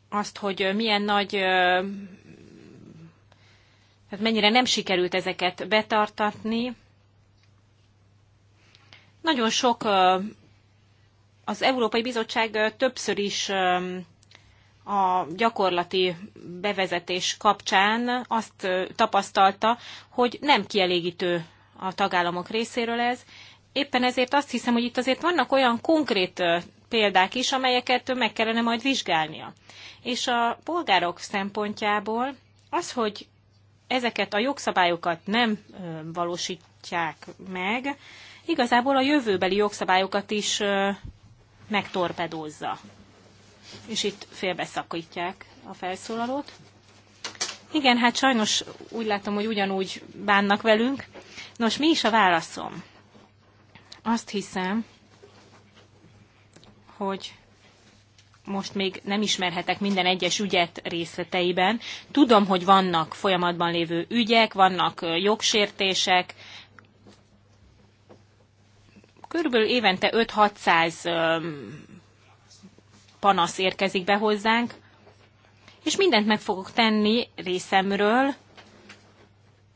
azt, hogy milyen nagy, tehát mennyire nem sikerült ezeket betartatni. Nagyon sok az Európai Bizottság többször is a gyakorlati bevezetés kapcsán azt tapasztalta, hogy nem kielégítő a tagállamok részéről ez. Éppen ezért azt hiszem, hogy itt azért vannak olyan konkrét példák is, amelyeket meg kellene majd vizsgálnia. És a polgárok szempontjából az, hogy ezeket a jogszabályokat nem valósítják meg, igazából a jövőbeli jogszabályokat is megtorpedózza és itt félbeszakítják a felszólalót. Igen, hát sajnos úgy látom, hogy ugyanúgy bánnak velünk. Nos, mi is a válaszom? Azt hiszem, hogy most még nem ismerhetek minden egyes ügyet részleteiben. Tudom, hogy vannak folyamatban lévő ügyek, vannak jogsértések. Körülbelül évente 5-600 panasz érkezik be hozzánk, és mindent meg fogok tenni részemről,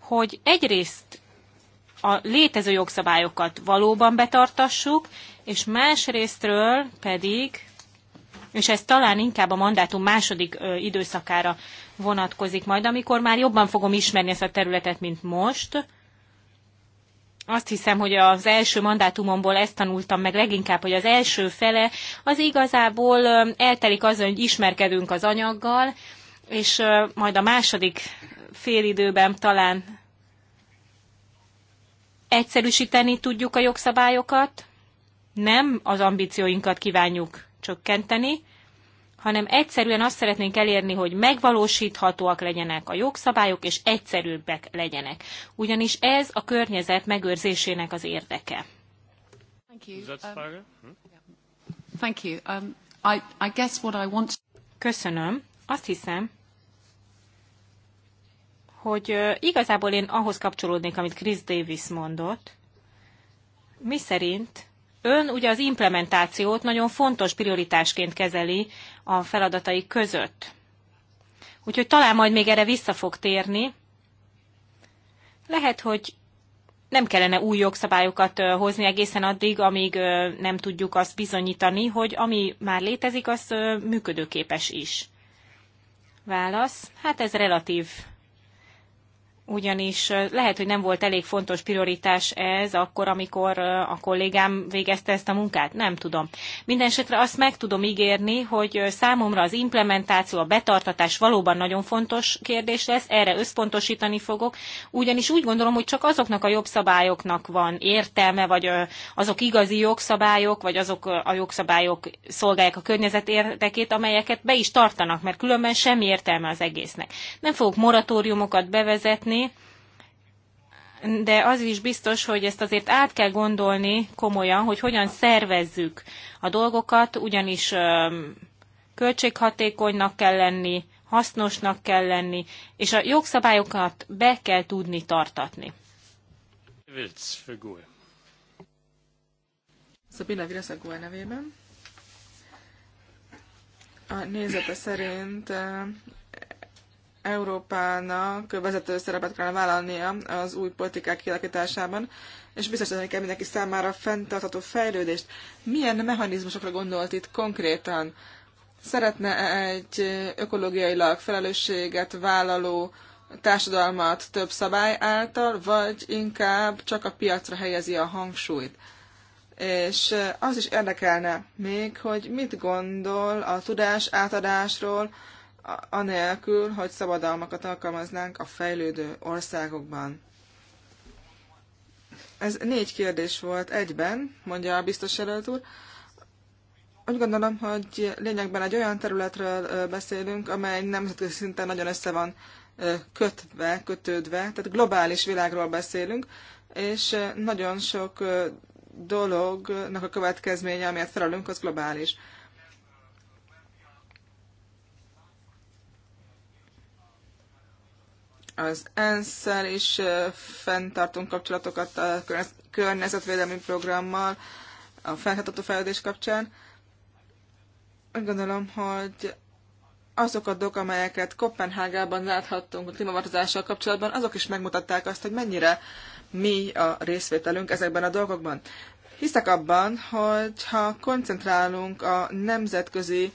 hogy egyrészt a létező jogszabályokat valóban betartassuk, és másrésztről pedig, és ez talán inkább a mandátum második időszakára vonatkozik majd, amikor már jobban fogom ismerni ezt a területet, mint most, azt hiszem, hogy az első mandátumomból ezt tanultam meg leginkább, hogy az első fele az igazából eltelik azon, hogy ismerkedünk az anyaggal, és majd a második félidőben talán egyszerűsíteni tudjuk a jogszabályokat, nem az ambícióinkat kívánjuk csökkenteni, hanem egyszerűen azt szeretnénk elérni, hogy megvalósíthatóak legyenek a jogszabályok, és egyszerűbbek legyenek. Ugyanis ez a környezet megőrzésének az érdeke. Um, um, Köszönöm. Azt hiszem, hogy igazából én ahhoz kapcsolódnék, amit Chris Davis mondott, mi szerint Ön ugye az implementációt nagyon fontos prioritásként kezeli a feladatai között. Úgyhogy talán majd még erre vissza fog térni. Lehet, hogy nem kellene új jogszabályokat hozni egészen addig, amíg nem tudjuk azt bizonyítani, hogy ami már létezik, az működőképes is. Válasz. Hát ez relatív ugyanis lehet, hogy nem volt elég fontos prioritás ez akkor, amikor a kollégám végezte ezt a munkát, nem tudom. Mindenesetre azt meg tudom ígérni, hogy számomra az implementáció, a betartatás valóban nagyon fontos kérdés lesz, erre összpontosítani fogok, ugyanis úgy gondolom, hogy csak azoknak a jobb szabályoknak van értelme, vagy azok igazi jogszabályok, vagy azok a jogszabályok szolgálják a környezet érdekét, amelyeket be is tartanak, mert különben semmi értelme az egésznek. Nem fogok moratóriumokat bevezetni, tenni, de az is biztos, hogy ezt azért át kell gondolni komolyan, hogy hogyan szervezzük a dolgokat, ugyanis költséghatékonynak kell lenni, hasznosnak kell lenni, és a jogszabályokat be kell tudni tartatni. Szabina Virasz nevében. A nézete szerint Európának vezető szerepet kell vállalnia az új politikák kialakításában, és biztosítani kell mindenki számára fenntartható fejlődést. Milyen mechanizmusokra gondolt itt konkrétan? Szeretne egy ökológiailag felelősséget vállaló társadalmat több szabály által, vagy inkább csak a piacra helyezi a hangsúlyt? És az is érdekelne még, hogy mit gondol a tudás átadásról, anélkül, hogy szabadalmakat alkalmaznánk a fejlődő országokban. Ez négy kérdés volt egyben, mondja a biztos jelölt úr. Úgy gondolom, hogy lényegben egy olyan területről beszélünk, amely nemzetközi szinten nagyon össze van kötve, kötődve, tehát globális világról beszélünk, és nagyon sok dolognak a következménye, amiért felelünk, az globális. az ensz is fenntartunk kapcsolatokat a környezetvédelmi programmal, a fenntartható fejlődés kapcsán. Úgy gondolom, hogy azok a dolgok, amelyeket Kopenhágában láthattunk a klímaváltozással kapcsolatban, azok is megmutatták azt, hogy mennyire mi a részvételünk ezekben a dolgokban. Hiszek abban, hogy ha koncentrálunk a nemzetközi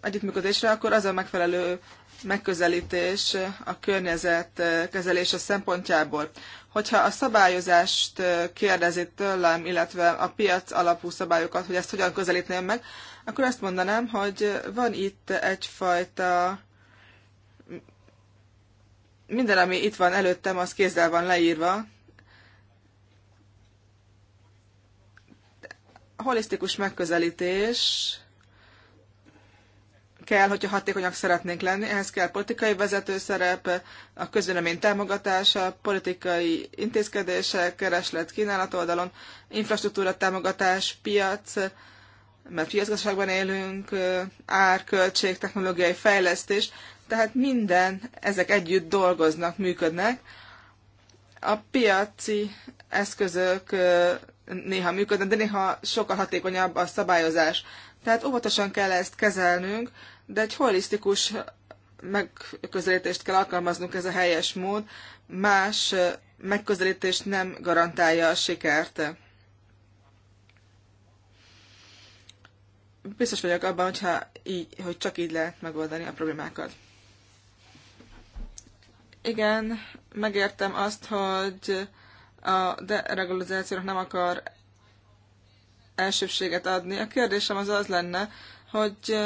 együttműködésre, akkor az a megfelelő megközelítés a környezet kezelése szempontjából. Hogyha a szabályozást kérdezi tőlem, illetve a piac alapú szabályokat, hogy ezt hogyan közelítném meg, akkor azt mondanám, hogy van itt egyfajta minden, ami itt van előttem, az kézzel van leírva. Holisztikus megközelítés, kell, hogyha hatékonyak szeretnénk lenni. Ehhez kell politikai vezetőszerep, a közvélemény támogatása, politikai intézkedések, kereslet kínálat oldalon, infrastruktúra támogatás, piac, mert piacgazdaságban élünk, ár, költség, technológiai fejlesztés, tehát minden, ezek együtt dolgoznak, működnek. A piaci eszközök néha működnek, de néha sokkal hatékonyabb a szabályozás. Tehát óvatosan kell ezt kezelnünk, de egy holisztikus megközelítést kell alkalmaznunk, ez a helyes mód, más megközelítést nem garantálja a sikert. Biztos vagyok abban, hogyha így, hogy csak így lehet megoldani a problémákat. Igen, megértem azt, hogy a deregularizációnak nem akar elsőbséget adni. A kérdésem az az lenne, hogy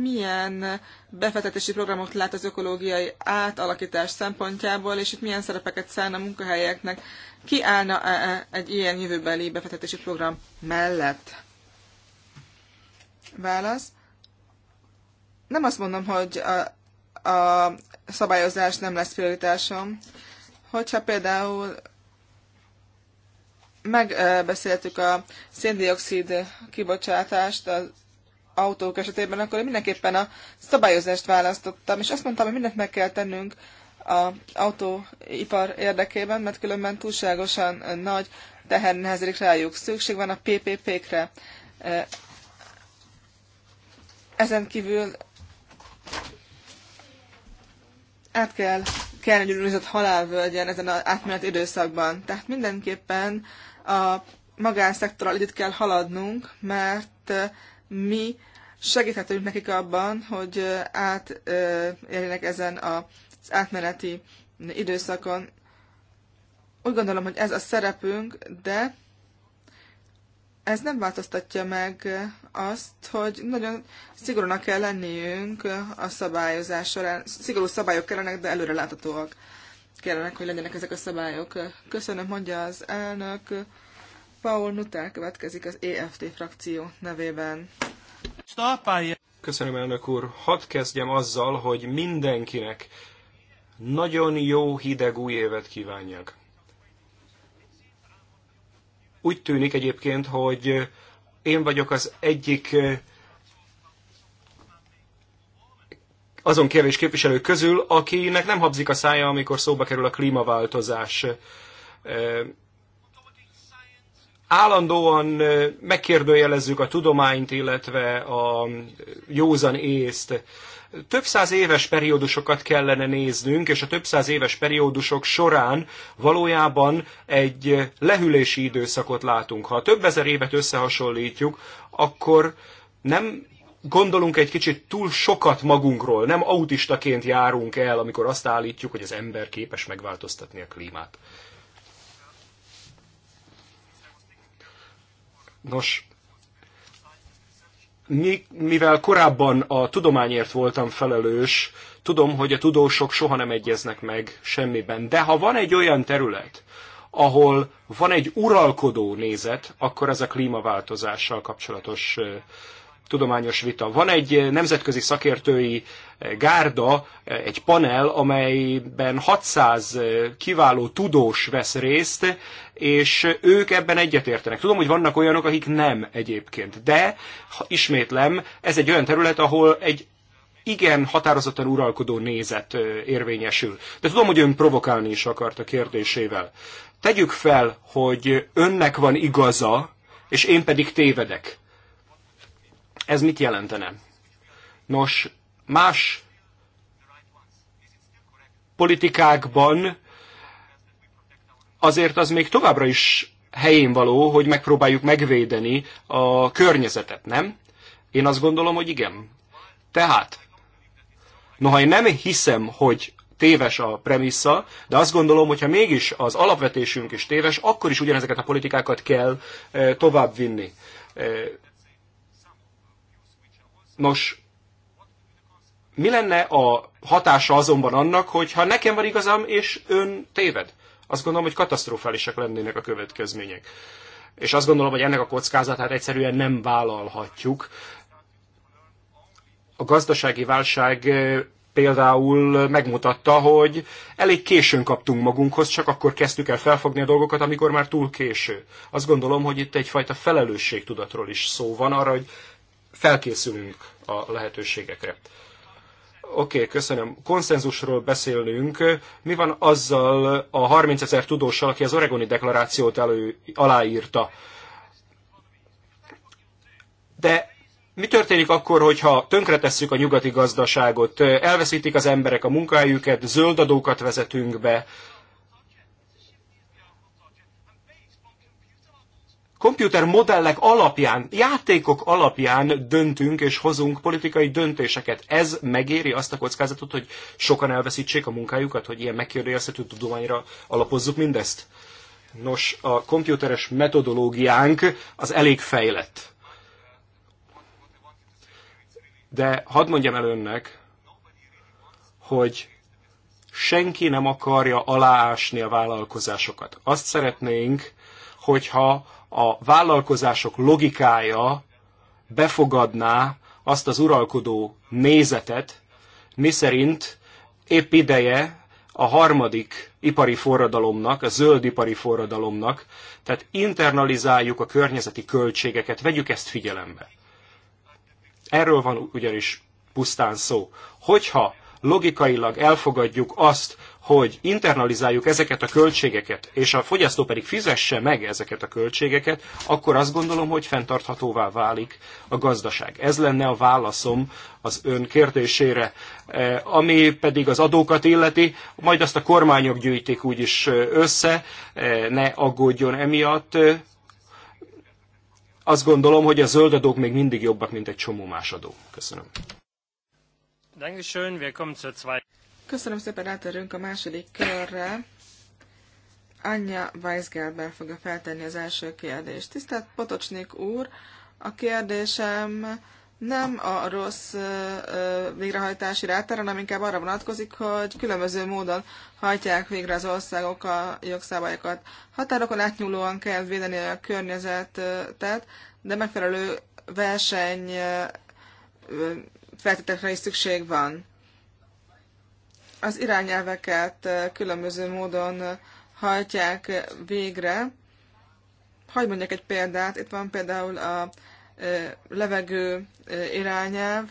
milyen befektetési programot lát az ökológiai átalakítás szempontjából, és itt milyen szerepeket szállna a munkahelyeknek. Ki állna -e egy ilyen jövőbeli befektetési program mellett? Válasz. Nem azt mondom, hogy a, a szabályozás nem lesz prioritásom. Hogyha például megbeszéltük a széndiokszid kibocsátást az autók esetében, akkor én mindenképpen a szabályozást választottam, és azt mondtam, hogy mindent meg kell tennünk az autóipar érdekében, mert különben túlságosan nagy teher nehezedik rájuk. Szükség van a PPP-kre. Ezen kívül át kell kellene gyűlölözött halálvölgyen ezen az átmeneti időszakban. Tehát mindenképpen a magánszektorral együtt kell haladnunk, mert mi segíthetünk nekik abban, hogy átérjenek ezen az átmeneti időszakon. Úgy gondolom, hogy ez a szerepünk, de ez nem változtatja meg azt, hogy nagyon szigorúnak kell lenniünk a szabályozás során. Szigorú szabályok kellenek, de előreláthatóak kellenek, hogy legyenek ezek a szabályok. Köszönöm, mondja az elnök. Paul Nutel következik az EFT frakció nevében. Köszönöm, elnök úr. Hadd kezdjem azzal, hogy mindenkinek nagyon jó hideg új évet kívánjak. Úgy tűnik egyébként, hogy én vagyok az egyik azon kevés képviselő közül, akinek nem habzik a szája, amikor szóba kerül a klímaváltozás állandóan megkérdőjelezzük a tudományt, illetve a józan észt. Több száz éves periódusokat kellene néznünk, és a több száz éves periódusok során valójában egy lehűlési időszakot látunk. Ha több ezer évet összehasonlítjuk, akkor nem gondolunk egy kicsit túl sokat magunkról, nem autistaként járunk el, amikor azt állítjuk, hogy az ember képes megváltoztatni a klímát. Nos, mi, mivel korábban a tudományért voltam felelős, tudom, hogy a tudósok soha nem egyeznek meg semmiben. De ha van egy olyan terület, ahol van egy uralkodó nézet, akkor ez a klímaváltozással kapcsolatos tudományos vita. Van egy eh, nemzetközi szakértői eh, gárda, eh, egy panel, amelyben 600 kiváló tudós vesz részt, és ők ebben egyetértenek. Tudom, hogy vannak olyanok, akik nem egyébként, de ismétlem, ez egy olyan terület, ahol egy igen határozottan uralkodó nézet érvényesül. De tudom, hogy ön provokálni is akart a kérdésével. Tegyük fel, hogy önnek van igaza, és én pedig tévedek ez mit jelentene? Nos, más politikákban azért az még továbbra is helyén való, hogy megpróbáljuk megvédeni a környezetet, nem? Én azt gondolom, hogy igen. Tehát, noha én nem hiszem, hogy téves a premissza, de azt gondolom, hogyha mégis az alapvetésünk is téves, akkor is ugyanezeket a politikákat kell eh, továbbvinni. Eh, Nos, mi lenne a hatása azonban annak, hogyha nekem van igazam, és ön téved? Azt gondolom, hogy katasztrofálisak lennének a következmények. És azt gondolom, hogy ennek a kockázatát egyszerűen nem vállalhatjuk. A gazdasági válság eh, például megmutatta, hogy elég későn kaptunk magunkhoz, csak akkor kezdtük el felfogni a dolgokat, amikor már túl késő. Azt gondolom, hogy itt egyfajta felelősségtudatról is szó van arra, hogy felkészülünk a lehetőségekre. Oké, okay, köszönöm. Konszenzusról beszélünk. Mi van azzal a 30 ezer tudóssal, aki az Oregoni deklarációt elő, aláírta? De mi történik akkor, hogyha tönkretesszük a nyugati gazdaságot, elveszítik az emberek a munkájukat, zöld adókat vezetünk be, komputer modellek alapján, játékok alapján döntünk és hozunk politikai döntéseket. Ez megéri azt a kockázatot, hogy sokan elveszítsék a munkájukat, hogy ilyen megkérdőjelezhető tudományra alapozzuk mindezt? Nos, a komputeres metodológiánk az elég fejlett. De hadd mondjam el önnek, hogy senki nem akarja aláásni a vállalkozásokat. Azt szeretnénk, hogyha a vállalkozások logikája befogadná azt az uralkodó nézetet, miszerint épp ideje a harmadik ipari forradalomnak, a zöld ipari forradalomnak, tehát internalizáljuk a környezeti költségeket, vegyük ezt figyelembe. Erről van ugyanis pusztán szó. Hogyha logikailag elfogadjuk azt, hogy internalizáljuk ezeket a költségeket, és a fogyasztó pedig fizesse meg ezeket a költségeket, akkor azt gondolom, hogy fenntarthatóvá válik a gazdaság. Ez lenne a válaszom az ön kérdésére. E, ami pedig az adókat illeti, majd azt a kormányok gyűjtik úgyis e, össze, e, ne aggódjon emiatt. Azt gondolom, hogy a zöld adók még mindig jobbak, mint egy csomó más adó. Köszönöm. Köszönöm szépen, átérünk a második körre. Anya Weisgerber fogja feltenni az első kérdést. Tisztelt Potocsnik úr, a kérdésem nem a rossz végrehajtási rátára, hanem inkább arra vonatkozik, hogy különböző módon hajtják végre az országok a jogszabályokat. Határokon átnyúlóan kell védeni a környezetet, de megfelelő verseny feltételekre is szükség van az irányelveket különböző módon hajtják végre. Hagy mondjak egy példát, itt van például a levegő irányelv,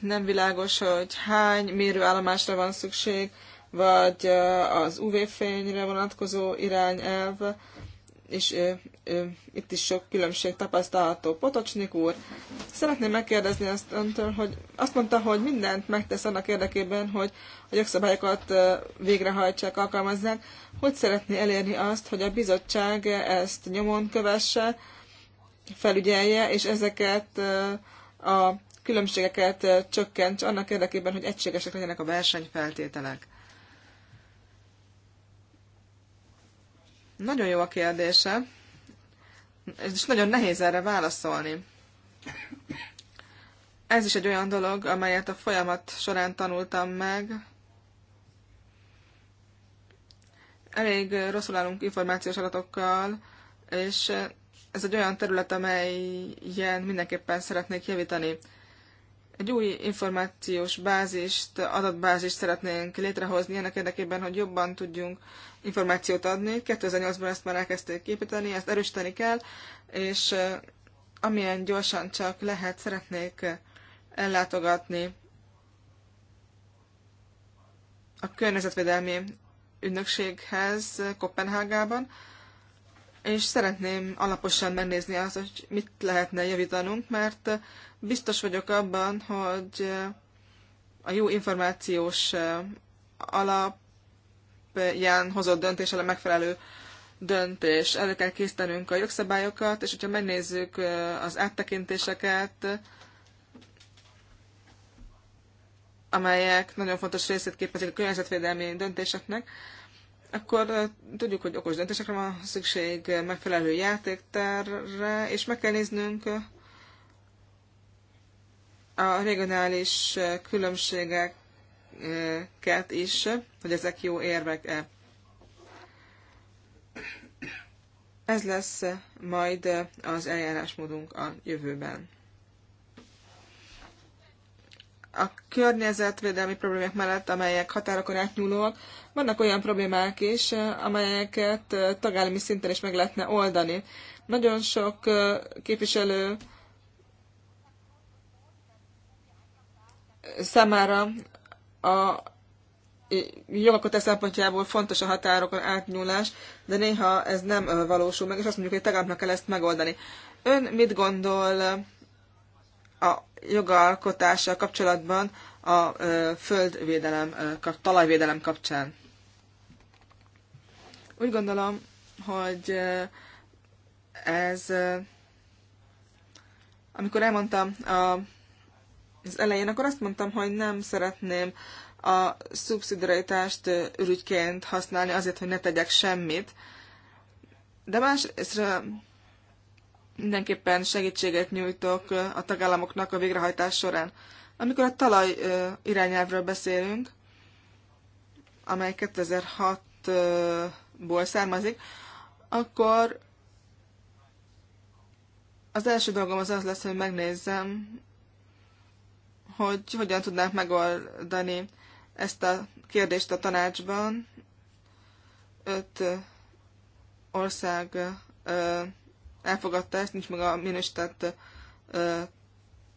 nem világos, hogy hány mérőállomásra van szükség, vagy az UV-fényre vonatkozó irányelv, és ö, ö, itt is sok különbség tapasztalható. Potocsnik úr, szeretném megkérdezni azt öntől, hogy azt mondta, hogy mindent megtesz annak érdekében, hogy a jogszabályokat végrehajtsák, alkalmazzák. Hogy szeretné elérni azt, hogy a bizottság ezt nyomon kövesse, felügyelje, és ezeket a különbségeket csökkentse annak érdekében, hogy egységesek legyenek a versenyfeltételek? Nagyon jó a kérdése, és nagyon nehéz erre válaszolni. Ez is egy olyan dolog, amelyet a folyamat során tanultam meg. Elég rosszul állunk információs adatokkal, és ez egy olyan terület, amelyen mindenképpen szeretnék javítani. Egy új információs bázist, adatbázist szeretnénk létrehozni ennek érdekében, hogy jobban tudjunk információt adni. 2008-ban ezt már elkezdték építeni, ezt erősíteni kell, és amilyen gyorsan csak lehet, szeretnék ellátogatni a környezetvédelmi ügynökséghez Kopenhágában, és szeretném alaposan megnézni azt, hogy mit lehetne javítanunk, mert biztos vagyok abban, hogy a jó információs alap alapján hozott döntés, a megfelelő döntés. Elő kell készítenünk a jogszabályokat, és hogyha megnézzük az áttekintéseket, amelyek nagyon fontos részét képezik a környezetvédelmi döntéseknek, akkor tudjuk, hogy okos döntésekre van szükség, megfelelő játékterre, és meg kell néznünk a regionális különbségek érveket is, hogy ezek jó érvek-e. Ez lesz majd az eljárásmódunk a jövőben. A környezetvédelmi problémák mellett, amelyek határokon átnyúlóak, vannak olyan problémák is, amelyeket tagállami szinten is meg lehetne oldani. Nagyon sok képviselő számára a jogakotás szempontjából fontos a határokon átnyúlás, de néha ez nem valósul meg, és azt mondjuk, hogy tegnapnak kell ezt megoldani. Ön mit gondol a jogalkotással kapcsolatban a földvédelem, talajvédelem kapcsán? Úgy gondolom, hogy ez amikor elmondtam a az elején, akkor azt mondtam, hogy nem szeretném a szubszidiaritást ürügyként használni azért, hogy ne tegyek semmit. De másrésztről mindenképpen segítséget nyújtok a tagállamoknak a végrehajtás során. Amikor a talaj irányelvről beszélünk, amely 2006-ból származik, akkor az első dolgom az az lesz, hogy megnézzem, hogy hogyan tudnánk megoldani ezt a kérdést a tanácsban. Öt ország elfogadta ezt, nincs meg a minősített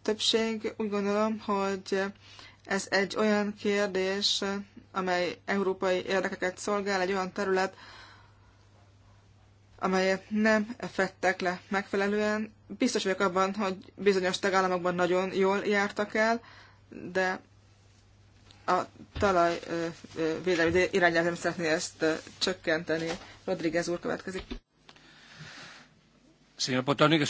többség. Úgy gondolom, hogy ez egy olyan kérdés, amely európai érdekeket szolgál, egy olyan terület, amelyet nem fettek le megfelelően. Biztos vagyok abban, hogy bizonyos tagállamokban nagyon jól jártak el, de a talajvédelmi irányelv nem szeretné ezt csökkenteni. Rodriguez úr következik. Potonik,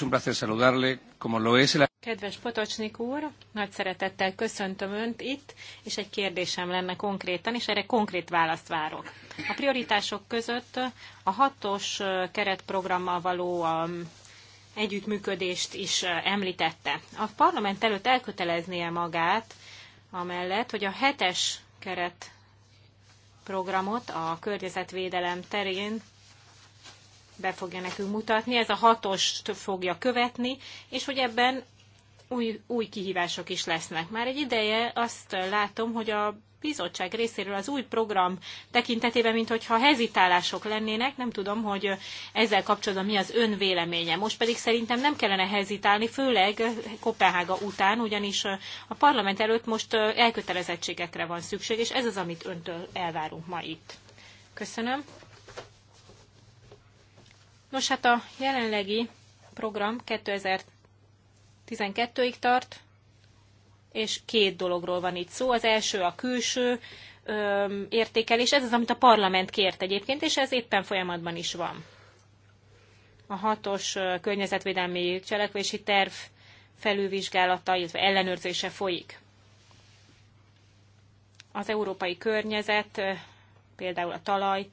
Kedves Potocsnik úr, nagy szeretettel köszöntöm Önt itt, és egy kérdésem lenne konkrétan, és erre konkrét választ várok. A prioritások között a hatos keretprogrammal való együttműködést is említette. A parlament előtt elköteleznie magát amellett, hogy a hetes keretprogramot a környezetvédelem terén be fogja nekünk mutatni, ez a hatost fogja követni, és hogy ebben új, új kihívások is lesznek. Már egy ideje azt látom, hogy a bizottság részéről az új program tekintetében, mint hogyha hezitálások lennének, nem tudom, hogy ezzel kapcsolatban mi az ön véleménye. Most pedig szerintem nem kellene hezitálni, főleg Kopenhága után, ugyanis a parlament előtt most elkötelezettségekre van szükség, és ez az, amit öntől elvárunk ma itt. Köszönöm. Nos, hát a jelenlegi program 2012-ig tart, és két dologról van itt szó. Az első a külső ö, értékelés, ez az, amit a parlament kért egyébként, és ez éppen folyamatban is van. A hatos környezetvédelmi cselekvési terv felülvizsgálata, illetve ellenőrzése folyik. Az európai környezet, például a talaj,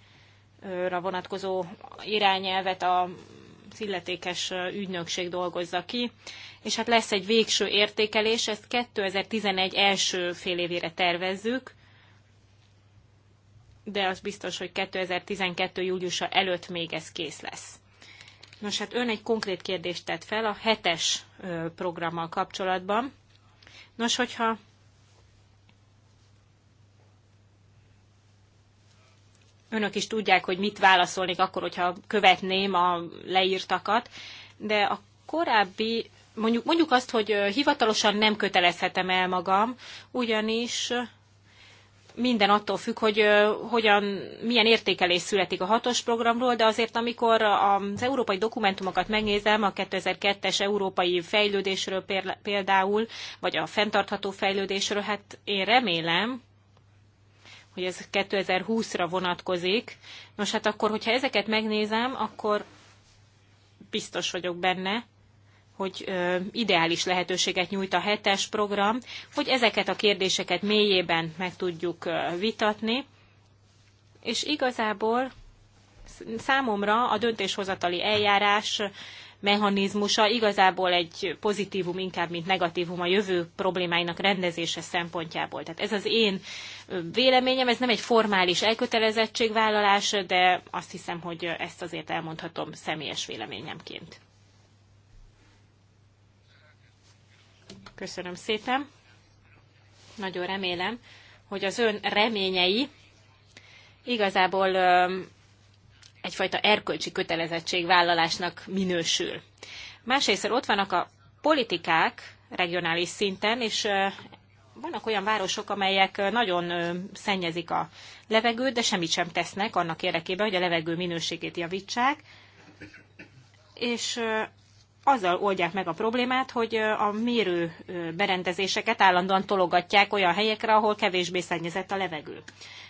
ra vonatkozó irányelvet a az illetékes ügynökség dolgozza ki, és hát lesz egy végső értékelés, ezt 2011 első fél évére tervezzük, de az biztos, hogy 2012. júliusa előtt még ez kész lesz. Nos, hát ön egy konkrét kérdést tett fel a hetes programmal kapcsolatban. Nos, hogyha önök is tudják, hogy mit válaszolnék akkor, hogyha követném a leírtakat, de a korábbi, mondjuk, mondjuk azt, hogy hivatalosan nem kötelezhetem el magam, ugyanis minden attól függ, hogy hogyan, milyen értékelés születik a hatos programról, de azért amikor az európai dokumentumokat megnézem, a 2002-es európai fejlődésről például, vagy a fenntartható fejlődésről, hát én remélem, hogy ez 2020-ra vonatkozik. Nos, hát akkor, hogyha ezeket megnézem, akkor biztos vagyok benne, hogy ö, ideális lehetőséget nyújt a hetes program, hogy ezeket a kérdéseket mélyében meg tudjuk ö, vitatni, és igazából számomra a döntéshozatali eljárás mechanizmusa igazából egy pozitívum inkább, mint negatívum a jövő problémáinak rendezése szempontjából. Tehát ez az én véleményem, ez nem egy formális elkötelezettségvállalás, de azt hiszem, hogy ezt azért elmondhatom személyes véleményemként. Köszönöm szépen. Nagyon remélem, hogy az ön reményei igazából egyfajta erkölcsi kötelezettségvállalásnak minősül. Másrészt ott vannak a politikák regionális szinten, és vannak olyan városok, amelyek nagyon szennyezik a levegőt, de semmit sem tesznek annak érdekében, hogy a levegő minőségét javítsák, és azzal oldják meg a problémát, hogy a mérő berendezéseket állandóan tologatják olyan helyekre, ahol kevésbé szennyezett a levegő.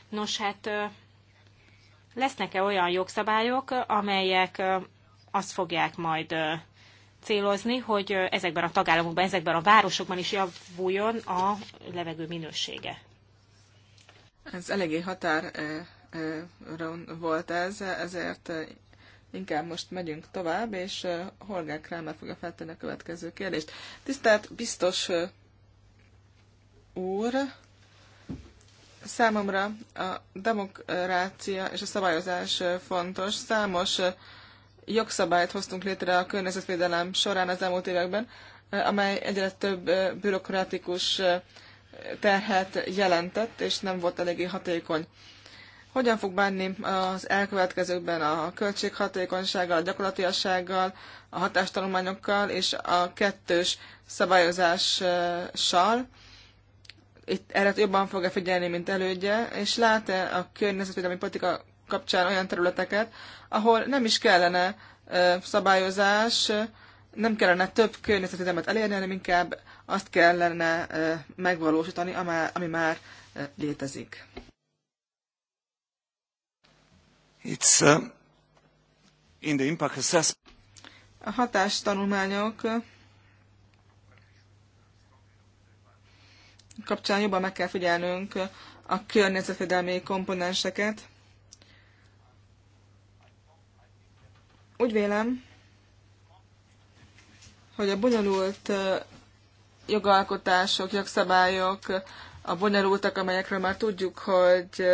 Nos, hát lesznek-e olyan jogszabályok, amelyek azt fogják majd célozni, hogy ezekben a tagállamokban, ezekben a városokban is javuljon a levegő minősége. Ez eléggé határ volt ez, ezért inkább most megyünk tovább, és Holger Kramer fogja feltenni a következő kérdést. Tisztelt biztos úr, Számomra a demokrácia és a szabályozás fontos. Számos jogszabályt hoztunk létre a környezetvédelem során az elmúlt években, amely egyre több bürokratikus terhet jelentett, és nem volt eléggé hatékony. Hogyan fog bánni az elkövetkezőkben a költséghatékonysággal, a gyakorlatiassággal, a hatástanulmányokkal és a kettős szabályozással, itt erre jobban fog-e figyelni, mint elődje, és lát-e a környezetvédelmi politika kapcsán olyan területeket, ahol nem is kellene szabályozás, nem kellene több környezetvédelmet elérni, hanem inkább azt kellene megvalósítani, ami már létezik. It's, uh, in the impact assessment. A hatástanulmányok kapcsán jobban meg kell figyelnünk a környezetvédelmi komponenseket. Úgy vélem, hogy a bonyolult jogalkotások, jogszabályok, a bonyolultak, amelyekről már tudjuk, hogy,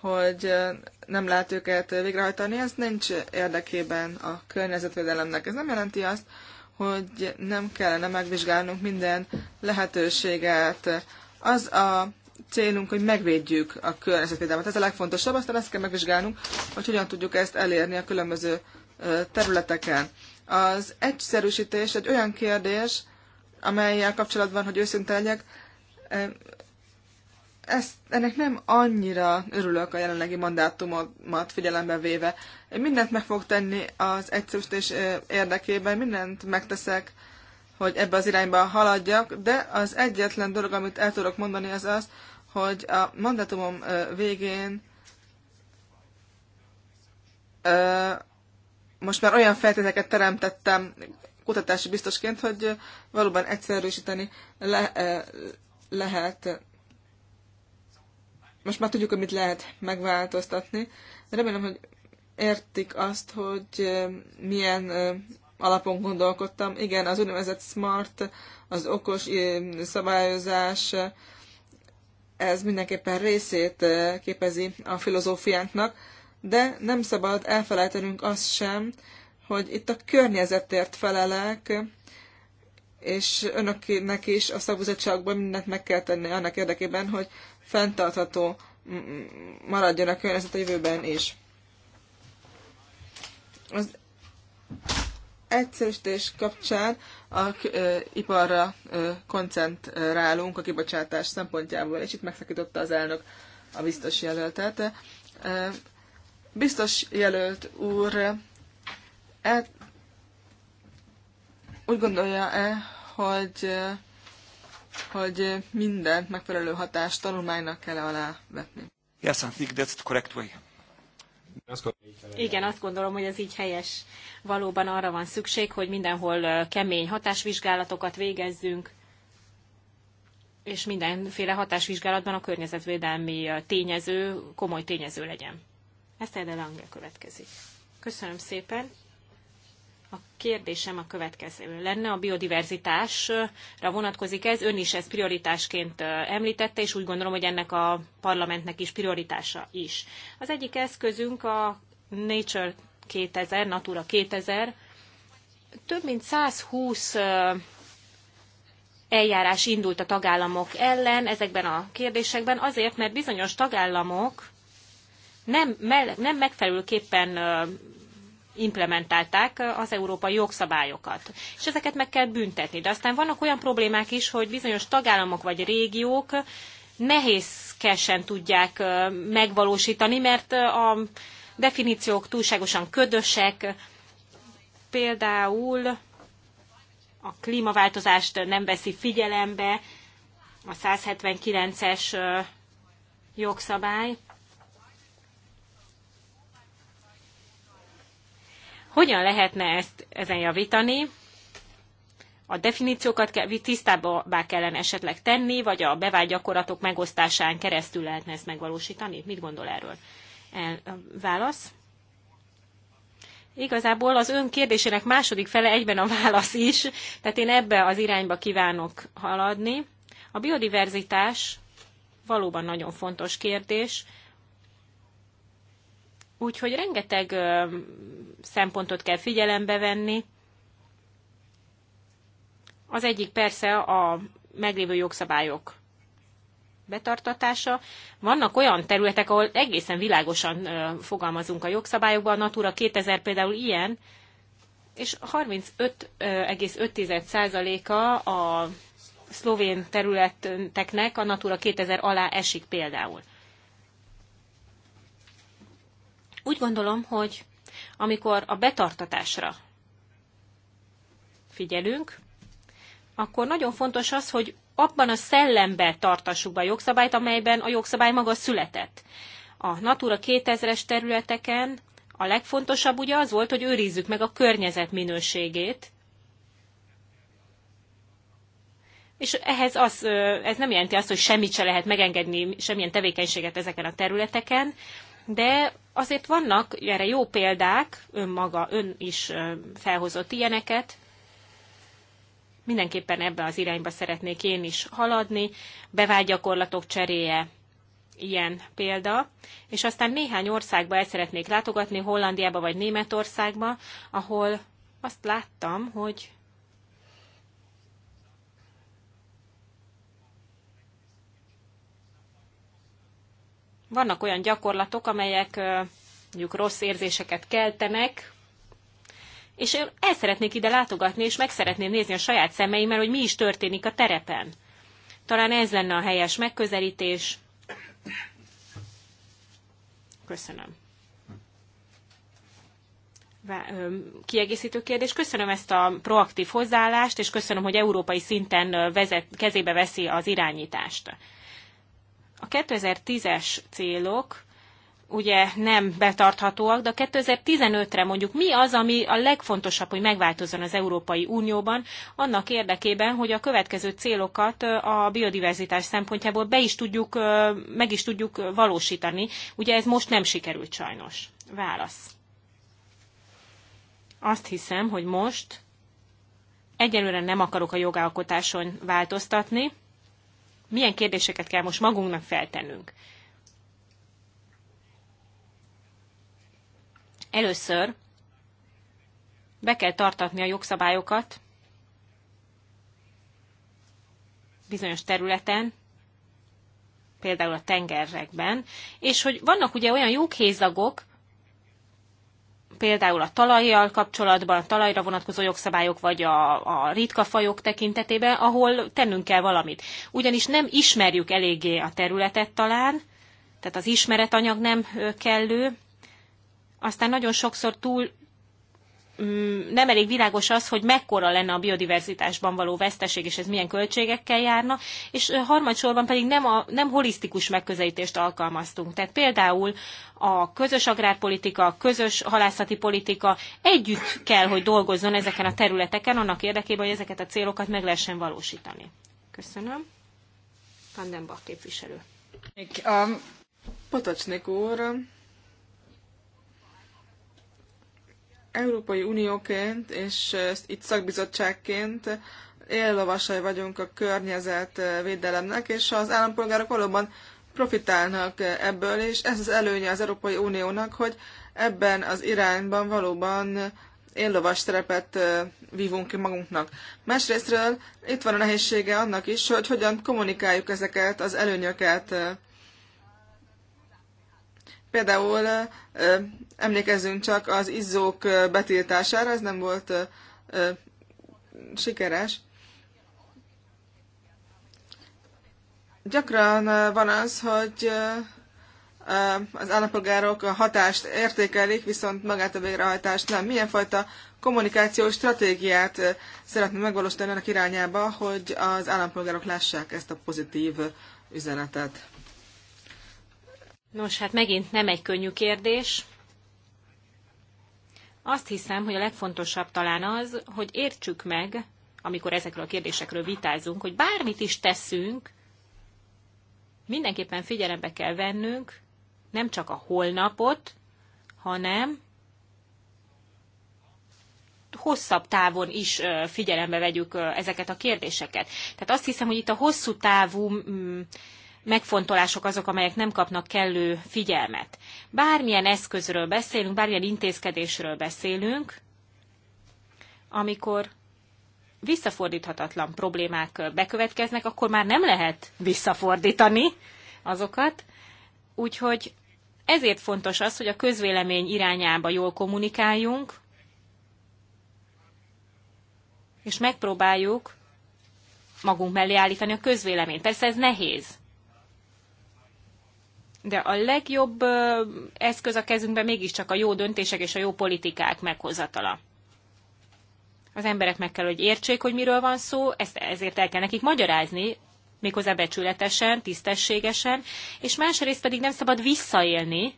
hogy nem lehet őket végrehajtani, ez nincs érdekében a környezetvédelemnek. Ez nem jelenti azt, hogy nem kellene megvizsgálnunk minden lehetőséget. Az a célunk, hogy megvédjük a környezetvédelmet. Ez a legfontosabb, aztán ezt kell megvizsgálnunk, hogy hogyan tudjuk ezt elérni a különböző területeken. Az egyszerűsítés egy olyan kérdés, amelyel kapcsolatban, hogy őszinte legyek, ezt, ennek nem annyira örülök a jelenlegi mandátumomat figyelembe véve. Én mindent meg fogok tenni az egyszerűsítés érdekében, mindent megteszek, hogy ebbe az irányba haladjak, de az egyetlen dolog, amit el tudok mondani, az az, hogy a mandátumom végén most már olyan feltételeket teremtettem kutatási biztosként, hogy valóban egyszerűsíteni le, lehet most már tudjuk, hogy mit lehet megváltoztatni. Remélem, hogy értik azt, hogy milyen alapon gondolkodtam. Igen, az úgynevezett smart, az okos szabályozás, ez mindenképpen részét képezi a filozófiánknak, de nem szabad elfelejtenünk azt sem, hogy itt a környezetért felelek, és önöknek is a szakbizottságban mindent meg kell tenni annak érdekében, hogy fenntartható maradjon a környezet a jövőben is. Az egyszerűsítés kapcsán a iparra koncentrálunk a kibocsátás szempontjából, és itt megszakította az elnök a biztos jelöltet. biztos jelölt úr, e- úgy gondolja-e, hogy hogy minden megfelelő hatást tanulmánynak kell alá vetni. Yes, I think that's the correct way. Igen, azt gondolom, hogy ez így helyes. Valóban arra van szükség, hogy mindenhol kemény hatásvizsgálatokat végezzünk, és mindenféle hatásvizsgálatban a környezetvédelmi tényező komoly tényező legyen. Ezt Ede Lange következik. Köszönöm szépen. A kérdésem a következő lenne, a biodiverzitásra vonatkozik ez, ön is ezt prioritásként említette, és úgy gondolom, hogy ennek a parlamentnek is prioritása is. Az egyik eszközünk a Nature 2000, Natura 2000, több mint 120 eljárás indult a tagállamok ellen ezekben a kérdésekben, azért, mert bizonyos tagállamok nem, nem megfelelőképpen implementálták eh, az európai jogszabályokat. És ezeket meg kell büntetni. De aztán vannak olyan problémák is, hogy bizonyos tagállamok vagy régiók nehézkesen tudják eh, megvalósítani, mert eh, a definíciók túlságosan ködösek, például a klímaváltozást nem veszi figyelembe a 179-es jogszabály, Hogyan lehetne ezt ezen javítani? A definíciókat kell, tisztábbá kellene esetleg tenni, vagy a bevált gyakorlatok megosztásán keresztül lehetne ezt megvalósítani? Mit gondol erről? El, válasz? Igazából az ön kérdésének második fele egyben a válasz is, tehát én ebbe az irányba kívánok haladni. A biodiverzitás valóban nagyon fontos kérdés, Úgyhogy rengeteg ö, szempontot kell figyelembe venni. Az egyik persze a meglévő jogszabályok betartatása. Vannak olyan területek, ahol egészen világosan ö, fogalmazunk a jogszabályokban, a Natura 2000 például ilyen, és 35,5%-a a szlovén területeknek a Natura 2000 alá esik például. Úgy gondolom, hogy amikor a betartatásra figyelünk, akkor nagyon fontos az, hogy abban a szellemben tartassuk be a jogszabályt, amelyben a jogszabály maga született. A Natura 2000-es területeken a legfontosabb ugye az volt, hogy őrizzük meg a környezet minőségét, és ehhez az, ez nem jelenti azt, hogy semmit se lehet megengedni, semmilyen tevékenységet ezeken a területeken, de Azért vannak erre jó példák, ön maga, ön is felhozott ilyeneket, mindenképpen ebbe az irányba szeretnék én is haladni, bevágyakorlatok cseréje ilyen példa, és aztán néhány országba el szeretnék látogatni, Hollandiába vagy Németországba, ahol azt láttam, hogy vannak olyan gyakorlatok, amelyek mondjuk rossz érzéseket keltenek, és én el szeretnék ide látogatni, és meg szeretném nézni a saját szemeimmel, hogy mi is történik a terepen. Talán ez lenne a helyes megközelítés. Köszönöm. Kiegészítő kérdés. Köszönöm ezt a proaktív hozzáállást, és köszönöm, hogy európai szinten vezet, kezébe veszi az irányítást. A 2010-es célok ugye nem betarthatóak, de 2015-re mondjuk mi az, ami a legfontosabb, hogy megváltozzon az Európai Unióban, annak érdekében, hogy a következő célokat a biodiverzitás szempontjából be is tudjuk, meg is tudjuk valósítani. Ugye ez most nem sikerült sajnos. Válasz. Azt hiszem, hogy most egyelőre nem akarok a jogalkotáson változtatni, milyen kérdéseket kell most magunknak feltennünk. Először be kell tartatni a jogszabályokat bizonyos területen, például a tengerekben, és hogy vannak ugye olyan joghézagok, például a talajjal kapcsolatban, a talajra vonatkozó jogszabályok, vagy a, a ritka fajok tekintetében, ahol tennünk kell valamit. Ugyanis nem ismerjük eléggé a területet talán, tehát az ismeretanyag nem kellő, aztán nagyon sokszor túl Mm, nem elég világos az, hogy mekkora lenne a biodiverzitásban való veszteség, és ez milyen költségekkel járna, és harmadsorban pedig nem, a, nem holisztikus megközelítést alkalmaztunk. Tehát például a közös agrárpolitika, a közös halászati politika együtt kell, hogy dolgozzon ezeken a területeken, annak érdekében, hogy ezeket a célokat meg lehessen valósítani. Köszönöm. Pandenbach képviselő. Um, Potocsnik úr, Európai Unióként, és itt szakbizottságként éllovasai vagyunk a környezetvédelemnek, és az állampolgárok valóban profitálnak ebből, és ez az előnye az Európai Uniónak, hogy ebben az irányban valóban éllovas szerepet vívunk ki magunknak. Másrésztről itt van a nehézsége annak is, hogy hogyan kommunikáljuk ezeket az előnyöket Például emlékezzünk csak az izzók betiltására, ez nem volt sikeres. Gyakran van az, hogy az állampolgárok a hatást értékelik, viszont magát a végrehajtást nem. Milyen fajta kommunikációs stratégiát szeretném megvalósítani annak irányába, hogy az állampolgárok lássák ezt a pozitív üzenetet? Nos, hát megint nem egy könnyű kérdés. Azt hiszem, hogy a legfontosabb talán az, hogy értsük meg, amikor ezekről a kérdésekről vitázunk, hogy bármit is teszünk, mindenképpen figyelembe kell vennünk nem csak a holnapot, hanem hosszabb távon is figyelembe vegyük ezeket a kérdéseket. Tehát azt hiszem, hogy itt a hosszú távú mm, megfontolások azok, amelyek nem kapnak kellő figyelmet. Bármilyen eszközről beszélünk, bármilyen intézkedésről beszélünk, amikor visszafordíthatatlan problémák bekövetkeznek, akkor már nem lehet visszafordítani azokat. Úgyhogy ezért fontos az, hogy a közvélemény irányába jól kommunikáljunk, és megpróbáljuk magunk mellé állítani a közvéleményt. Persze ez nehéz de a legjobb eszköz a kezünkben mégiscsak a jó döntések és a jó politikák meghozatala. Az emberek meg kell, hogy értsék, hogy miről van szó, ezt ezért el kell nekik magyarázni, méghozzá becsületesen, tisztességesen, és másrészt pedig nem szabad visszaélni,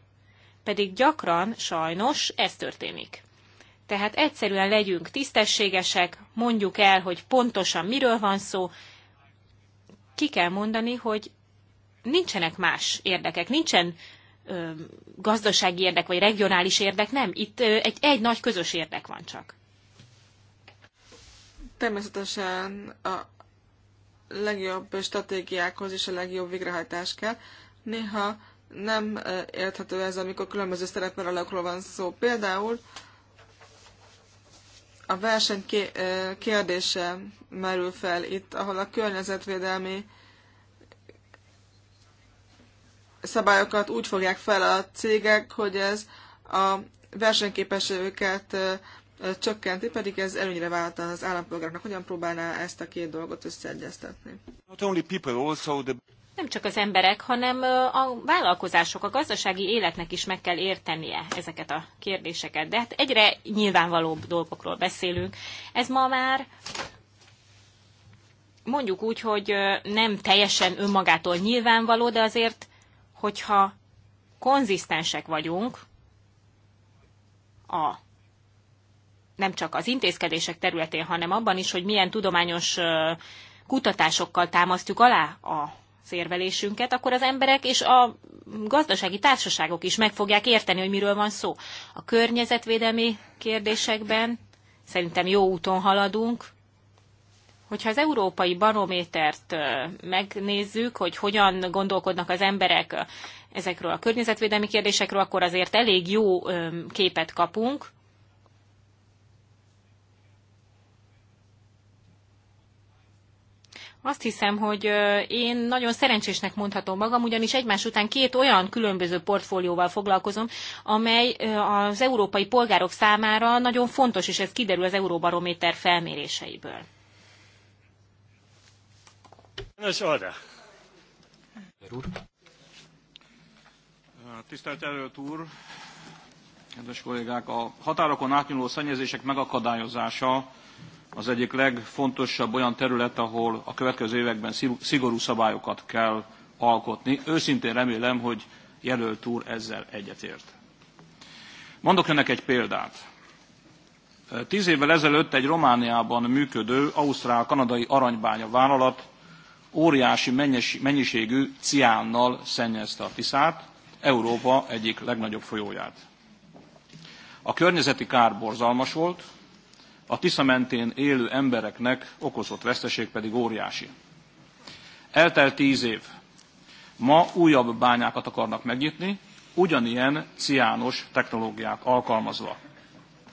pedig gyakran, sajnos, ez történik. Tehát egyszerűen legyünk tisztességesek, mondjuk el, hogy pontosan miről van szó, ki kell mondani, hogy nincsenek más érdekek, nincsen ö, gazdasági érdek vagy regionális érdek, nem. Itt ö, egy, egy nagy közös érdek van csak. Természetesen a legjobb stratégiákhoz is a legjobb végrehajtás kell. Néha nem érthető ez, amikor különböző szerepvállalókról van szó. Például a verseny kérdése merül fel itt, ahol a környezetvédelmi szabályokat úgy fogják fel a cégek, hogy ez a versenyképességüket csökkenti, pedig ez előnyre vált az állampolgárnak. Hogyan próbálná ezt a két dolgot összeegyeztetni? Nem csak az emberek, hanem a vállalkozások, a gazdasági életnek is meg kell értenie ezeket a kérdéseket. De hát egyre nyilvánvalóbb dolgokról beszélünk. Ez ma már mondjuk úgy, hogy nem teljesen önmagától nyilvánvaló, de azért hogyha konzisztensek vagyunk a nem csak az intézkedések területén, hanem abban is, hogy milyen tudományos kutatásokkal támasztjuk alá a szérvelésünket, akkor az emberek és a gazdasági társaságok is meg fogják érteni, hogy miről van szó. A környezetvédelmi kérdésekben szerintem jó úton haladunk, Hogyha az európai barométert megnézzük, hogy hogyan gondolkodnak az emberek ezekről a környezetvédelmi kérdésekről, akkor azért elég jó képet kapunk. Azt hiszem, hogy én nagyon szerencsésnek mondhatom magam, ugyanis egymás után két olyan különböző portfólióval foglalkozom, amely az európai polgárok számára nagyon fontos, és ez kiderül az Euróbarométer felméréseiből. Nos, Tisztelt előtt úr, kedves kollégák! A határokon átnyúló szennyezések megakadályozása az egyik legfontosabb olyan terület, ahol a következő években szigorú szabályokat kell alkotni. Őszintén remélem, hogy jelölt úr ezzel egyetért. Mondok önnek egy példát. Tíz évvel ezelőtt egy Romániában működő ausztrál-kanadai aranybánya vállalat óriási mennyiségű ciánnal szennyezte a Tiszát, Európa egyik legnagyobb folyóját. A környezeti kár borzalmas volt, a Tisza mentén élő embereknek okozott veszteség pedig óriási. Eltelt tíz év. Ma újabb bányákat akarnak megnyitni, ugyanilyen ciános technológiát alkalmazva.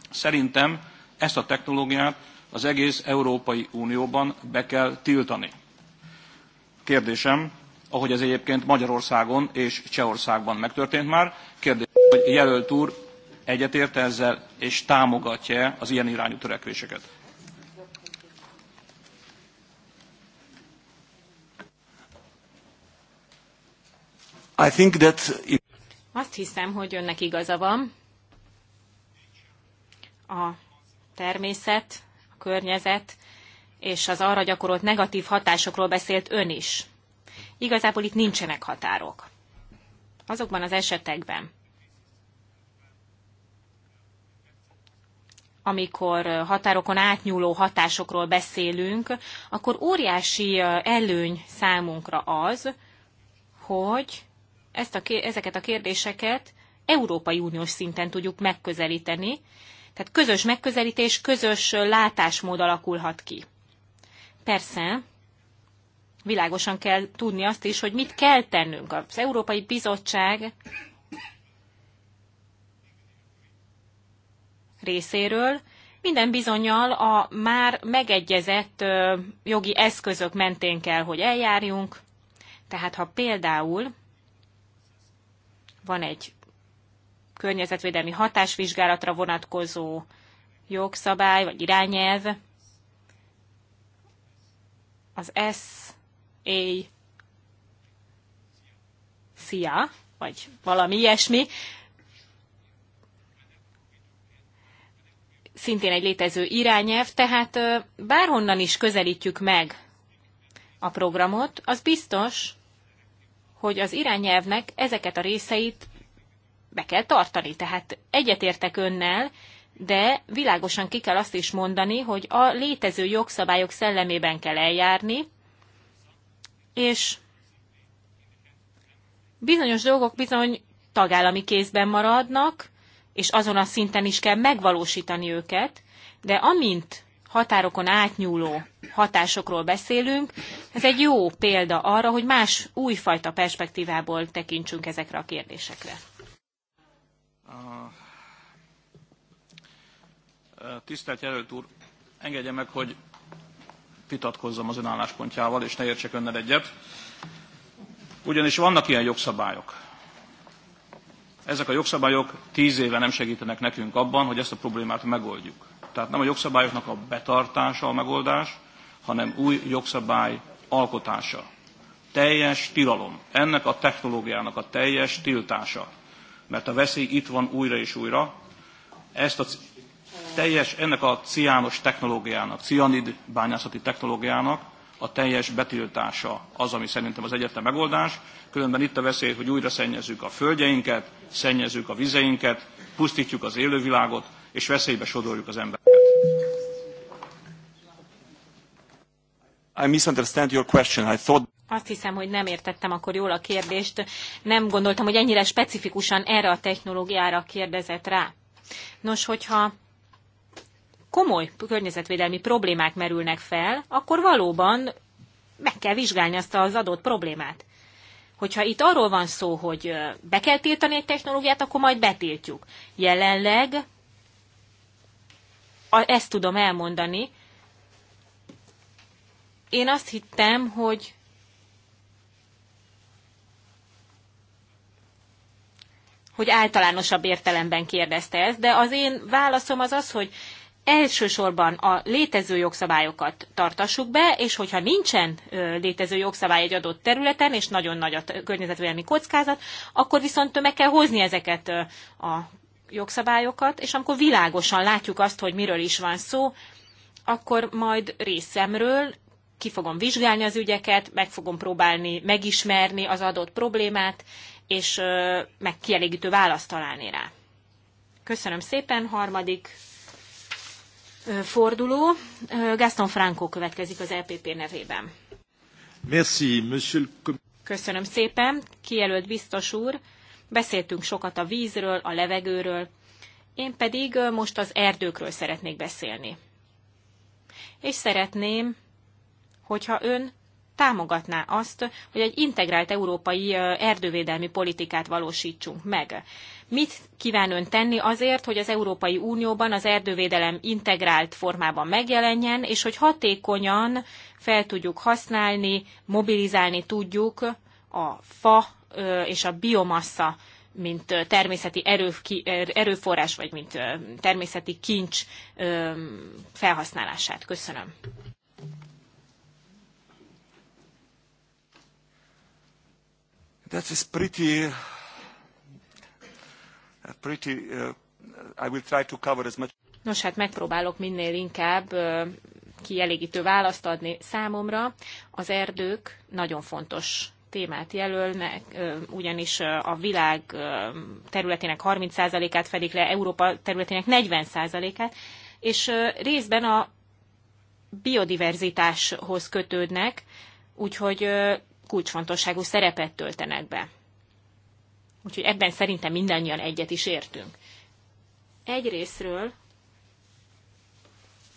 Szerintem ezt a technológiát az egész Európai Unióban be kell tiltani. Kérdésem, ahogy ez egyébként Magyarországon és Csehországban megtörtént már, kérdésem, hogy jelölt úr egyetért ezzel és támogatja az ilyen irányú törekvéseket? I think that Azt hiszem, hogy önnek igaza van. A természet, a környezet és az arra gyakorolt negatív hatásokról beszélt ön is. Igazából itt nincsenek határok. Azokban az esetekben, amikor határokon átnyúló hatásokról beszélünk, akkor óriási előny számunkra az, hogy ezt a, ezeket a kérdéseket Európai Uniós szinten tudjuk megközelíteni, tehát közös megközelítés, közös látásmód alakulhat ki. Persze, világosan kell tudni azt is, hogy mit kell tennünk. Az Európai Bizottság részéről minden bizonyal a már megegyezett jogi eszközök mentén kell, hogy eljárjunk. Tehát ha például van egy környezetvédelmi hatásvizsgálatra vonatkozó jogszabály vagy irányelv, az S A, SZIA, vagy valami ilyesmi, szintén egy létező irányelv, tehát bárhonnan is közelítjük meg a programot, az biztos, hogy az irányelvnek ezeket a részeit be kell tartani. Tehát egyetértek önnel, de világosan ki kell azt is mondani, hogy a létező jogszabályok szellemében kell eljárni, és bizonyos dolgok bizony tagállami kézben maradnak, és azon a szinten is kell megvalósítani őket, de amint határokon átnyúló hatásokról beszélünk, ez egy jó példa arra, hogy más újfajta perspektívából tekintsünk ezekre a kérdésekre. Uh, Eh, tisztelt jelölt úr, engedje meg, hogy vitatkozzam az ön álláspontjával, és ne értsek önnel egyet. Ugyanis vannak ilyen jogszabályok. Ezek a jogszabályok tíz éve nem segítenek nekünk abban, hogy ezt a problémát megoldjuk. Tehát nem a jogszabályoknak a betartása a megoldás, hanem új jogszabály alkotása. Teljes tilalom. Ennek a technológiának a teljes tiltása. Mert a veszély itt van újra és újra. Ezt a teljes ennek a ciános technológiának, cianid bányászati technológiának a teljes betiltása az, ami szerintem az egyetlen megoldás. Különben itt a veszély, hogy újra szennyezzük a földjeinket, szennyezzük a vizeinket, pusztítjuk az élővilágot, és veszélybe sodorjuk az embereket. I misunderstand your question. I thought... Azt hiszem, hogy nem értettem akkor jól a kérdést. Nem gondoltam, hogy ennyire specifikusan erre a technológiára kérdezett rá. Nos, hogyha komoly környezetvédelmi problémák merülnek fel, akkor valóban meg kell vizsgálni azt az adott problémát. Hogyha itt arról van szó, hogy be kell tiltani egy technológiát, akkor majd betiltjuk. Jelenleg ezt tudom elmondani. Én azt hittem, hogy hogy általánosabb értelemben kérdezte ezt, de az én válaszom az az, hogy elsősorban a létező jogszabályokat tartassuk be, és hogyha nincsen létező jogszabály egy adott területen, és nagyon nagy a környezetvédelmi kockázat, akkor viszont meg kell hozni ezeket a jogszabályokat, és amikor világosan látjuk azt, hogy miről is van szó, akkor majd részemről ki fogom vizsgálni az ügyeket, meg fogom próbálni megismerni az adott problémát, és meg kielégítő választ találni rá. Köszönöm szépen, harmadik forduló. Gaston Franco következik az EPP nevében. Merci, monsieur Köszönöm szépen, kijelölt biztos úr. Beszéltünk sokat a vízről, a levegőről, én pedig most az erdőkről szeretnék beszélni. És szeretném, hogyha ön támogatná azt, hogy egy integrált európai erdővédelmi politikát valósítsunk meg. Mit kíván ön tenni azért, hogy az Európai Unióban az erdővédelem integrált formában megjelenjen, és hogy hatékonyan fel tudjuk használni, mobilizálni tudjuk a fa és a biomassa mint természeti erőforrás, vagy mint természeti kincs felhasználását. Köszönöm. That is pretty pretty, uh, I will try to cover as much. Nos, hát megpróbálok minél inkább kielégítő választ adni számomra. Az erdők nagyon fontos témát jelölnek, ugyanis a világ területének 30%-át fedik le, Európa területének 40%-át, és részben a biodiverzitáshoz kötődnek, úgyhogy kulcsfontosságú szerepet töltenek be. Úgyhogy ebben szerintem mindannyian egyet is értünk. Egyrésztről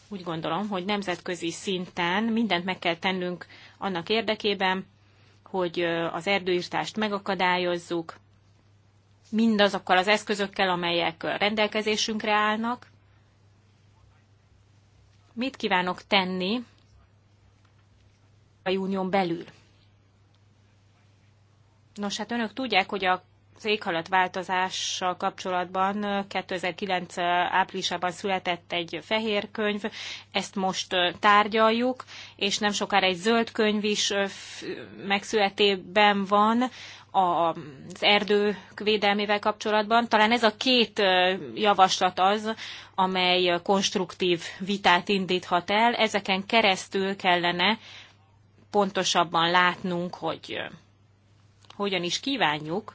úgy gondolom, hogy nemzetközi szinten mindent meg kell tennünk annak érdekében, hogy az erdőírtást megakadályozzuk, mindazokkal az eszközökkel, amelyek rendelkezésünkre állnak. Mit kívánok tenni a unión belül? Nos, hát önök tudják, hogy a az változással kapcsolatban 2009 áprilisában született egy fehér könyv, ezt most tárgyaljuk, és nem sokára egy zöld könyv is megszületében van az erdő védelmével kapcsolatban. Talán ez a két javaslat az, amely konstruktív vitát indíthat el. Ezeken keresztül kellene pontosabban látnunk, hogy hogyan is kívánjuk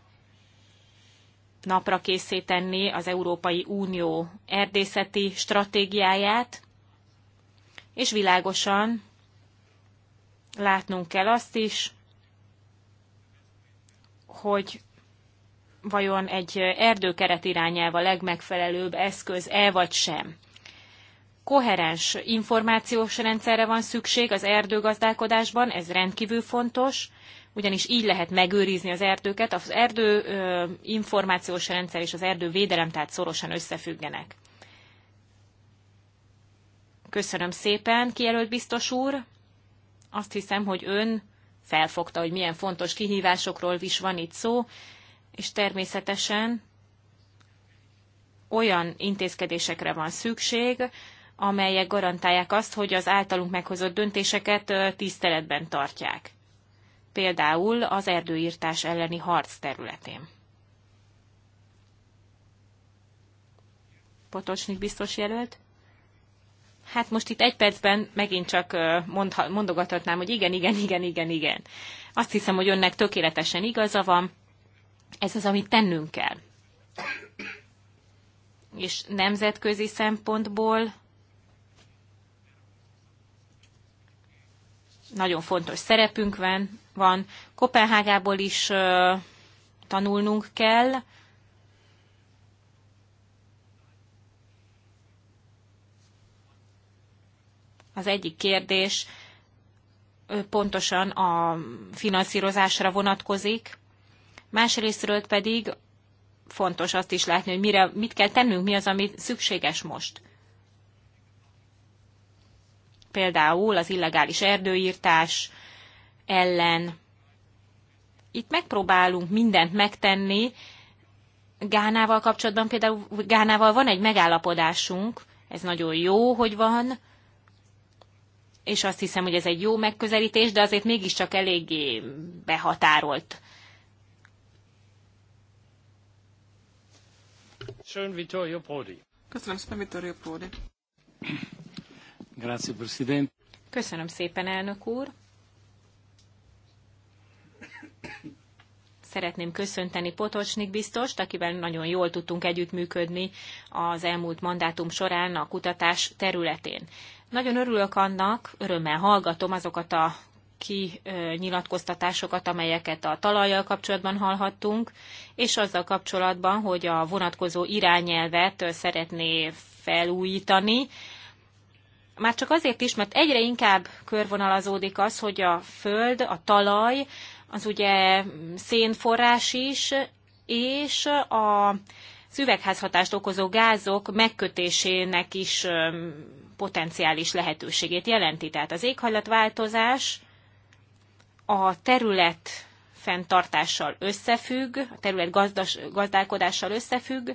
napra készíteni az Európai Unió erdészeti stratégiáját, és világosan látnunk kell azt is, hogy vajon egy erdőkeret irányelv a legmegfelelőbb eszköz-e vagy sem. Koherens információs rendszerre van szükség az erdőgazdálkodásban, ez rendkívül fontos, ugyanis így lehet megőrizni az erdőket. Az erdő információs rendszer és az erdővédelem tehát szorosan összefüggenek. Köszönöm szépen, kijelölt biztos úr. Azt hiszem, hogy ön felfogta, hogy milyen fontos kihívásokról is van itt szó, és természetesen olyan intézkedésekre van szükség, amelyek garantálják azt, hogy az általunk meghozott döntéseket tiszteletben tartják például az erdőírtás elleni harc területén. Potocsnik biztos jelölt? Hát most itt egy percben megint csak mondogathatnám, hogy igen, igen, igen, igen, igen. Azt hiszem, hogy önnek tökéletesen igaza van. Ez az, amit tennünk kell. És nemzetközi szempontból nagyon fontos szerepünk van, van. Kopenhágából is tanulnunk kell. Az egyik kérdés pontosan a finanszírozásra vonatkozik, másrésztről pedig fontos azt is látni, hogy mire, mit kell tennünk, mi az, ami szükséges most. Például az illegális erdőírtás, ellen. Itt megpróbálunk mindent megtenni. Gánával kapcsolatban például Gánával van egy megállapodásunk, ez nagyon jó, hogy van, és azt hiszem, hogy ez egy jó megközelítés, de azért mégiscsak eléggé behatárolt. Schön Vittorio Prodi. Köszönöm szépen, Vittorio Prodi. Grazie, Presidente. Köszönöm szépen, elnök úr szeretném köszönteni Potocsnik biztost, akivel nagyon jól tudtunk együttműködni az elmúlt mandátum során a kutatás területén. Nagyon örülök annak, örömmel hallgatom azokat a kinyilatkoztatásokat, amelyeket a talajjal kapcsolatban hallhattunk, és azzal kapcsolatban, hogy a vonatkozó irányelvet szeretné felújítani. Már csak azért is, mert egyre inkább körvonalazódik az, hogy a föld, a talaj az ugye szénforrás is, és a szüvegházhatást okozó gázok megkötésének is potenciális lehetőségét jelenti. Tehát az éghajlatváltozás a terület fenntartással összefügg, a terület gazdas, gazdálkodással összefügg,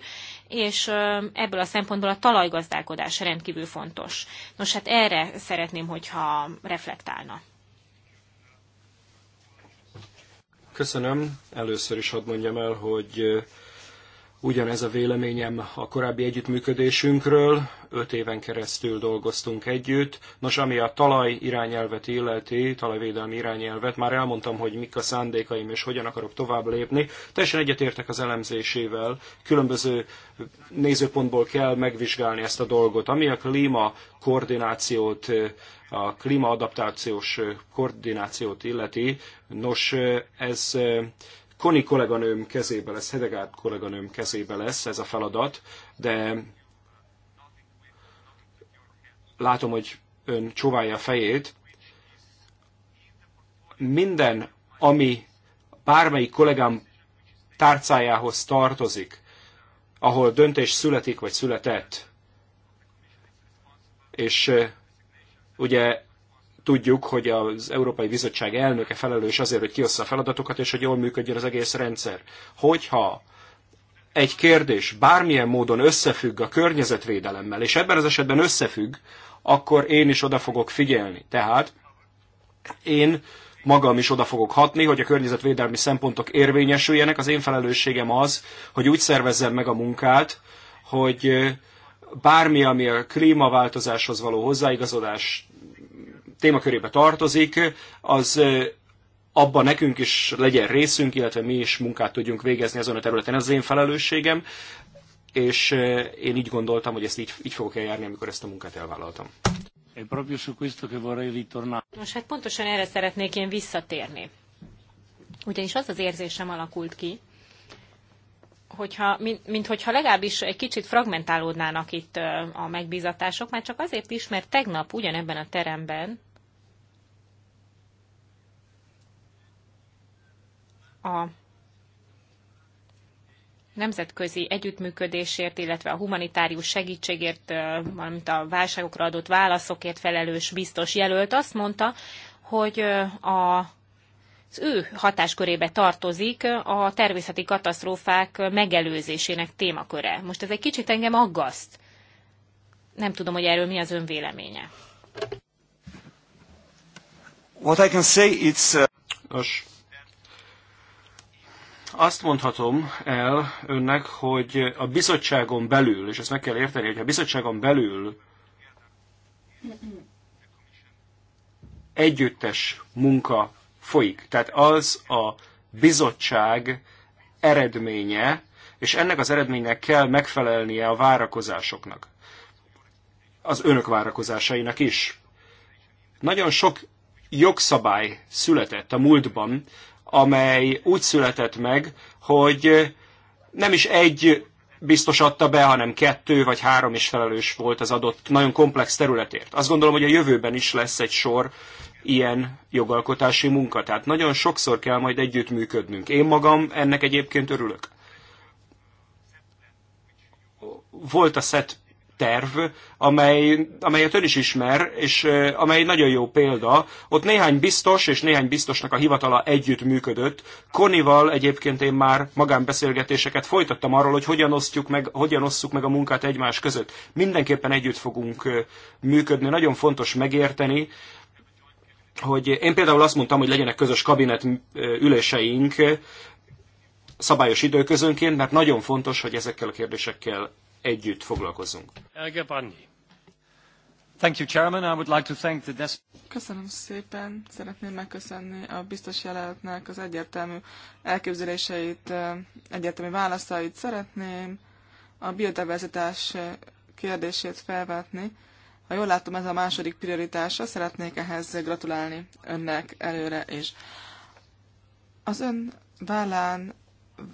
és ebből a szempontból a talajgazdálkodás rendkívül fontos. Nos, hát erre szeretném, hogyha reflektálna. Köszönöm. Először is hadd mondjam el, hogy ugyanez a véleményem a korábbi együttműködésünkről. Öt éven keresztül dolgoztunk együtt. Nos, ami a talaj irányelvet illeti, talajvédelmi irányelvet, már elmondtam, hogy mik a szándékaim és hogyan akarok tovább lépni. Teljesen egyetértek az elemzésével. Különböző nézőpontból kell megvizsgálni ezt a dolgot. Ami a klíma koordinációt, a klímaadaptációs koordinációt illeti, nos, ez Koni kolléganőm kezébe lesz, Hedegát kolléganőm kezébe lesz ez a feladat, de látom, hogy ön csóválja a fejét. Minden, ami bármelyik kollégám tárcájához tartozik, ahol döntés születik vagy született, és ugye Tudjuk, hogy az Európai Bizottság elnöke felelős azért, hogy kiossza a feladatokat, és hogy jól működjön az egész rendszer. Hogyha egy kérdés bármilyen módon összefügg a környezetvédelemmel, és ebben az esetben összefügg, akkor én is oda fogok figyelni. Tehát én magam is oda fogok hatni, hogy a környezetvédelmi szempontok érvényesüljenek. Az én felelősségem az, hogy úgy szervezzem meg a munkát, hogy bármi, ami a klímaváltozáshoz való hozzáigazodás témakörébe tartozik, az abban nekünk is legyen részünk, illetve mi is munkát tudjunk végezni azon a területen. Ez az én felelősségem, és én így gondoltam, hogy ezt így, így fogok eljárni, amikor ezt a munkát elvállaltam. Nos, hát pontosan erre szeretnék én visszatérni. Ugyanis az az érzésem alakult ki, hogyha, mint, mint hogyha legalábbis egy kicsit fragmentálódnának itt a megbízatások, már csak azért is, mert tegnap ugyanebben a teremben a nemzetközi együttműködésért, illetve a humanitárius segítségért, valamint a válságokra adott válaszokért felelős biztos jelölt azt mondta, hogy a az ő hatáskörébe tartozik a természeti katasztrófák megelőzésének témaköre. Most ez egy kicsit engem aggaszt. Nem tudom, hogy erről mi az ön véleménye. What I can say it's... Uh, Nos, azt mondhatom el önnek, hogy a bizottságon belül, és ezt meg kell érteni, hogy a bizottságon belül együttes munka folyik. Tehát az a bizottság eredménye, és ennek az eredménynek kell megfelelnie a várakozásoknak. Az önök várakozásainak is. Nagyon sok jogszabály született a múltban amely úgy született meg, hogy nem is egy biztos adta be, hanem kettő vagy három is felelős volt az adott nagyon komplex területért. Azt gondolom, hogy a jövőben is lesz egy sor ilyen jogalkotási munka. Tehát nagyon sokszor kell majd együttműködnünk. Én magam ennek egyébként örülök. Volt a SET terv, amely, amelyet ön is ismer, és amely nagyon jó példa. Ott néhány biztos és néhány biztosnak a hivatala együtt működött. Konival egyébként én már magánbeszélgetéseket folytattam arról, hogy hogyan, osztjuk meg, hogyan osszuk meg a munkát egymás között. Mindenképpen együtt fogunk működni. Nagyon fontos megérteni, hogy én például azt mondtam, hogy legyenek közös kabinet üléseink szabályos időközönként, mert nagyon fontos, hogy ezekkel a kérdésekkel együtt foglalkozunk. Thank you, Chairman. I would like to thank the Köszönöm szépen. Szeretném megköszönni a biztos jelöltnek az egyértelmű elképzeléseit, egyértelmű válaszait. Szeretném a biodiverzitás kérdését felvetni. Ha jól látom, ez a második prioritása. Szeretnék ehhez gratulálni önnek előre is. Az ön vállán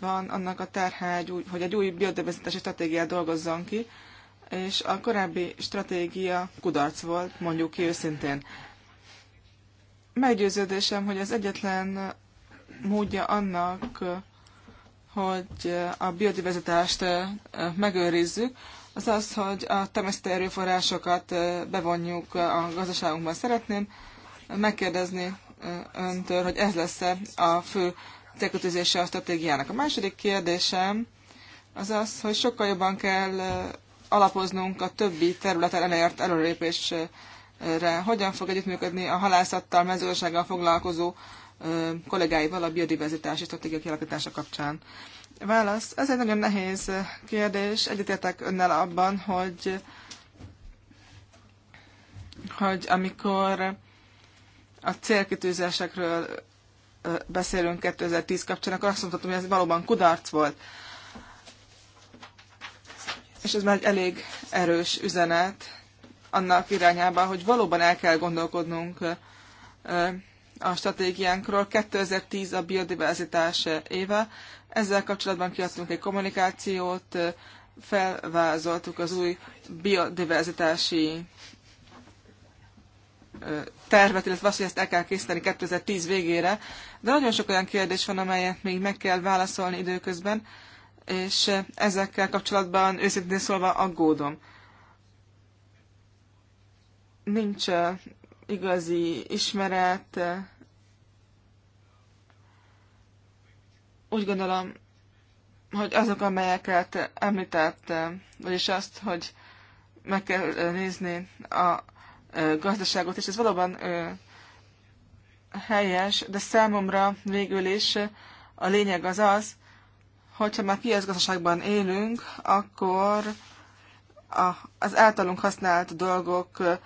van annak a terhe, hogy egy új biodiverzitási stratégiát dolgozzon ki, és a korábbi stratégia kudarc volt, mondjuk ki őszintén. Meggyőződésem, hogy az egyetlen módja annak, hogy a biodiverzitást megőrizzük, az az, hogy a természeti erőforrásokat bevonjuk a gazdaságunkban. Szeretném megkérdezni öntől, hogy ez lesz -e a fő célkötőzése a stratégiának. A második kérdésem az az, hogy sokkal jobban kell alapoznunk a többi területen elért előrépésre. Hogyan fog együttműködni a halászattal, mezőgazdasággal foglalkozó kollégáival a biodiverzitási stratégia kialakítása kapcsán? Válasz. Ez egy nagyon nehéz kérdés. Egyetértek önnel abban, hogy, hogy amikor a célkitűzésekről beszélünk 2010 kapcsán, akkor azt mondhatom, hogy ez valóban kudarc volt. És ez már egy elég erős üzenet annak irányába, hogy valóban el kell gondolkodnunk a stratégiánkról. 2010 a biodiverzitás éve. Ezzel kapcsolatban kiadtunk egy kommunikációt, felvázoltuk az új biodiverzitási tervet, illetve azt, hogy ezt el kell készíteni 2010 végére, de nagyon sok olyan kérdés van, amelyet még meg kell válaszolni időközben, és ezekkel kapcsolatban őszintén szólva aggódom. Nincs igazi ismeret. Úgy gondolom, hogy azok, amelyeket említett, vagyis azt, hogy meg kell nézni a gazdaságot, és ez valóban helyes, de számomra végül is a lényeg az az, hogyha már piacgazdaságban élünk, akkor az általunk használt dolgok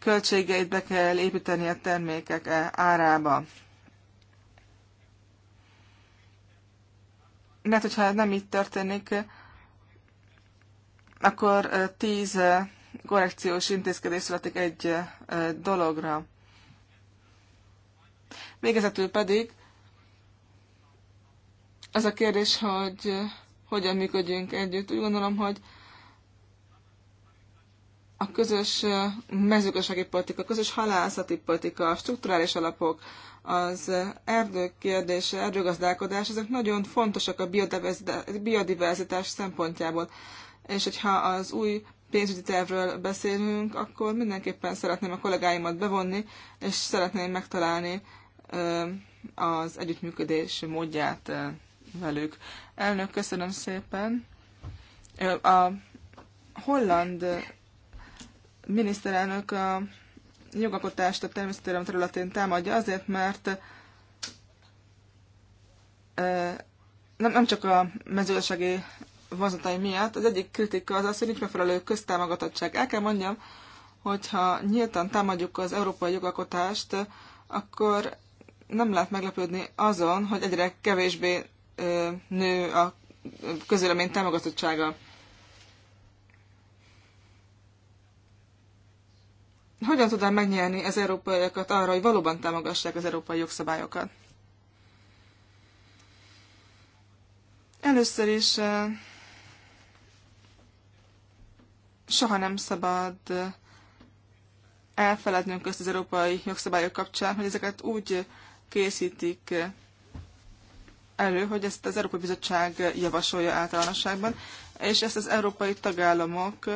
költségeit be kell építeni a termékek árába. Mert hogyha nem így történik, akkor 10 korrekciós intézkedés születik egy dologra. Végezetül pedig az a kérdés, hogy hogyan működjünk együtt. Úgy gondolom, hogy a közös mezőgazdasági politika, a közös halászati politika, a strukturális alapok, az erdők kérdése, erdőgazdálkodás, ezek nagyon fontosak a biodiverzitás szempontjából. És hogyha az új pénzügyi tervről beszélünk, akkor mindenképpen szeretném a kollégáimat bevonni, és szeretném megtalálni az együttműködés módját velük. Elnök, köszönöm szépen. A holland miniszterelnök a jogalkotást a természetvédelem területén támadja azért, mert nem, nem csak a mezőgazdasági vonzatai miatt. Az egyik kritika az az, hogy nincs megfelelő köztámogatottság. El kell mondjam, hogyha nyíltan támadjuk az európai jogalkotást, akkor nem lehet meglepődni azon, hogy egyre kevésbé nő a közélemény támogatottsága. Hogyan tudnám megnyerni az európaiakat arra, hogy valóban támogassák az európai jogszabályokat? Először is Soha nem szabad elfelednünk ezt az európai jogszabályok kapcsán, hogy ezeket úgy készítik elő, hogy ezt az Európai Bizottság javasolja általánosságban, és ezt az európai tagállamok,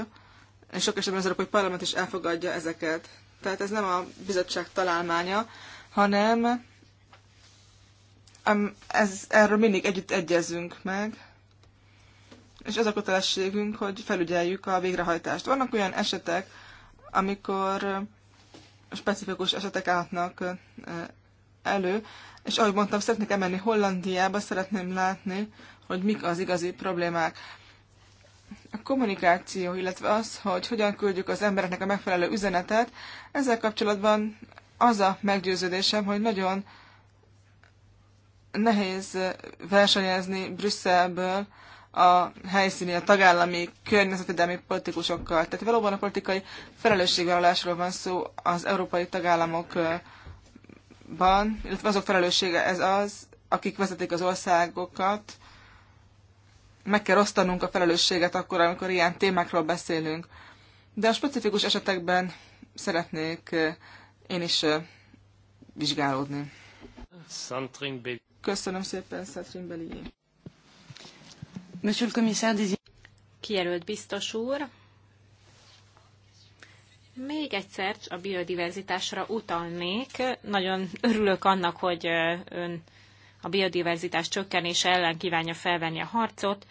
és sok esetben az Európai Parlament is elfogadja ezeket. Tehát ez nem a bizottság találmánya, hanem ez, erről mindig együtt egyezünk meg és az a kötelességünk, hogy felügyeljük a végrehajtást. Vannak olyan esetek, amikor specifikus esetek állhatnak elő, és ahogy mondtam, szeretnék emelni Hollandiába, szeretném látni, hogy mik az igazi problémák. A kommunikáció, illetve az, hogy hogyan küldjük az embereknek a megfelelő üzenetet, ezzel kapcsolatban az a meggyőződésem, hogy nagyon nehéz versenyezni Brüsszelből a helyszíni, a tagállami környezetvédelmi politikusokkal. Tehát valóban a politikai felelősségvállalásról van szó az európai tagállamokban, illetve azok felelőssége ez az, akik vezetik az országokat. Meg kell osztanunk a felelősséget akkor, amikor ilyen témákról beszélünk. De a specifikus esetekben szeretnék eh, én is eh, vizsgálódni. Köszönöm szépen, Szentrin Monsieur le commissaire des... Kijelölt biztos úr, még egyszer a biodiverzitásra utalnék. Nagyon örülök annak, hogy ön a biodiverzitás csökkenése ellen kívánja felvenni a harcot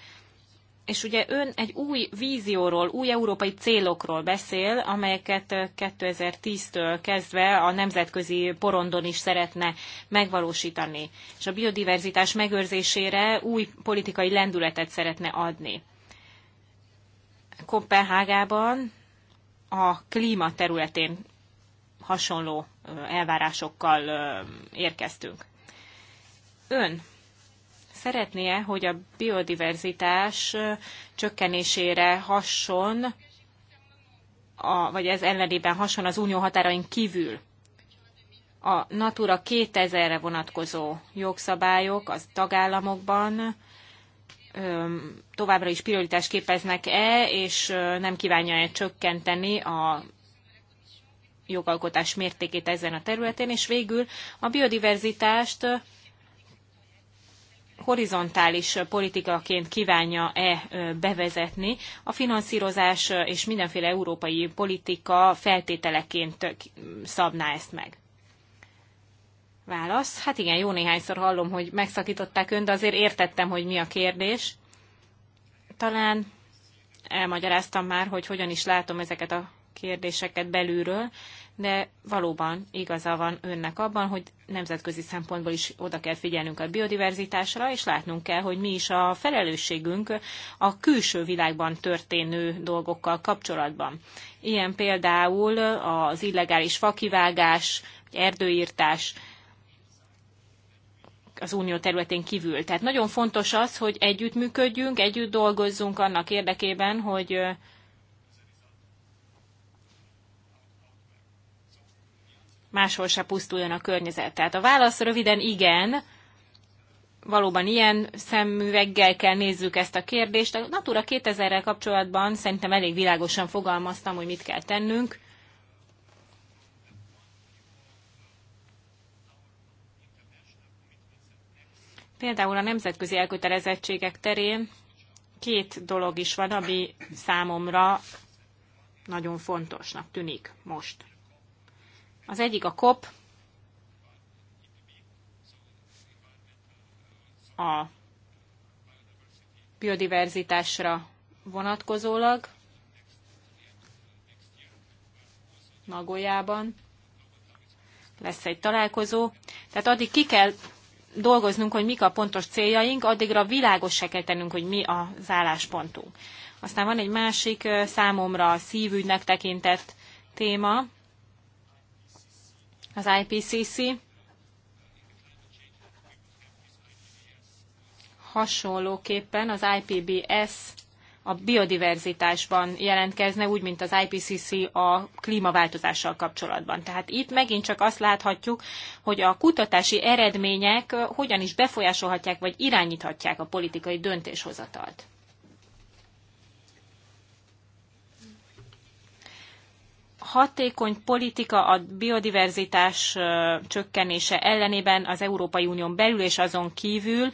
és ugye ön egy új vízióról, új európai célokról beszél, amelyeket 2010-től kezdve a nemzetközi porondon is szeretne megvalósítani, és a biodiverzitás megőrzésére új politikai lendületet szeretne adni. Kopenhágában a klíma területén hasonló elvárásokkal érkeztünk. Ön szeretnie, hogy a biodiverzitás csökkenésére hasson, a, vagy ez ellenében hason az unió határain kívül a Natura 2000-re vonatkozó jogszabályok az tagállamokban öm, továbbra is prioritást képeznek-e, és nem kívánja-e csökkenteni a jogalkotás mértékét ezen a területen, és végül a biodiverzitást horizontális politikaként kívánja-e bevezetni a finanszírozás és mindenféle európai politika feltételeként szabná ezt meg? Válasz. Hát igen, jó néhányszor hallom, hogy megszakították ön, de azért értettem, hogy mi a kérdés. Talán elmagyaráztam már, hogy hogyan is látom ezeket a kérdéseket belülről, de valóban igaza van önnek abban, hogy nemzetközi szempontból is oda kell figyelnünk a biodiverzitásra, és látnunk kell, hogy mi is a felelősségünk a külső világban történő dolgokkal kapcsolatban. Ilyen például az illegális fakivágás, erdőírtás, az unió területén kívül. Tehát nagyon fontos az, hogy együttműködjünk, együtt dolgozzunk annak érdekében, hogy máshol se pusztuljon a környezet. Tehát a válasz röviden igen, valóban ilyen szemüveggel kell nézzük ezt a kérdést. A Natura 2000-rel kapcsolatban szerintem elég világosan fogalmaztam, hogy mit kell tennünk. Például a nemzetközi elkötelezettségek terén két dolog is van, ami számomra nagyon fontosnak tűnik most. Az egyik a kop, a biodiverzitásra vonatkozólag Nagoyában lesz egy találkozó. Tehát addig ki kell dolgoznunk, hogy mik a pontos céljaink, addigra se kell tennünk, hogy mi az álláspontunk. Aztán van egy másik számomra szívügynek tekintett téma, az IPCC hasonlóképpen az IPBS a biodiverzitásban jelentkezne, úgy, mint az IPCC a klímaváltozással kapcsolatban. Tehát itt megint csak azt láthatjuk, hogy a kutatási eredmények hogyan is befolyásolhatják vagy irányíthatják a politikai döntéshozatalt. hatékony politika a biodiverzitás csökkenése ellenében az Európai Unión belül és azon kívül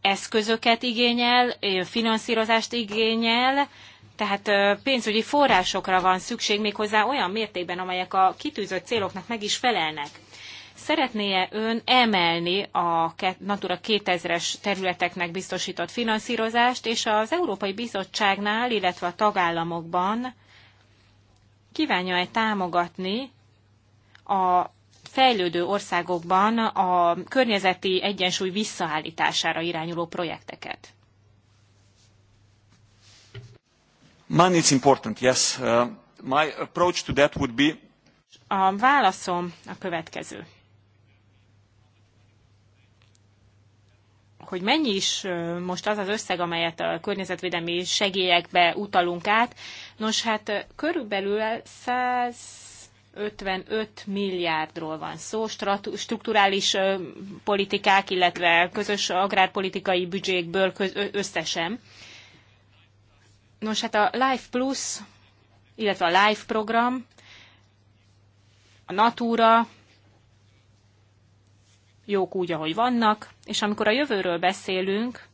eszközöket igényel, finanszírozást igényel, tehát pénzügyi forrásokra van szükség méghozzá olyan mértékben, amelyek a kitűzött céloknak meg is felelnek. Szeretné-e ön emelni a Natura 2000-es területeknek biztosított finanszírozást, és az Európai Bizottságnál, illetve a tagállamokban kívánja-e támogatni a fejlődő országokban a környezeti egyensúly visszaállítására irányuló projekteket? Money is important, yes. Uh, my approach to that would be... A válaszom a következő. hogy mennyi is most az az összeg, amelyet a környezetvédelmi segélyekbe utalunk át. Nos, hát körülbelül 155 milliárdról van szó, strukturális politikák, illetve közös agrárpolitikai büdzsékből összesen. Nos, hát a Life Plus, illetve a Life program, a Natura jók úgy, ahogy vannak, és amikor a jövőről beszélünk,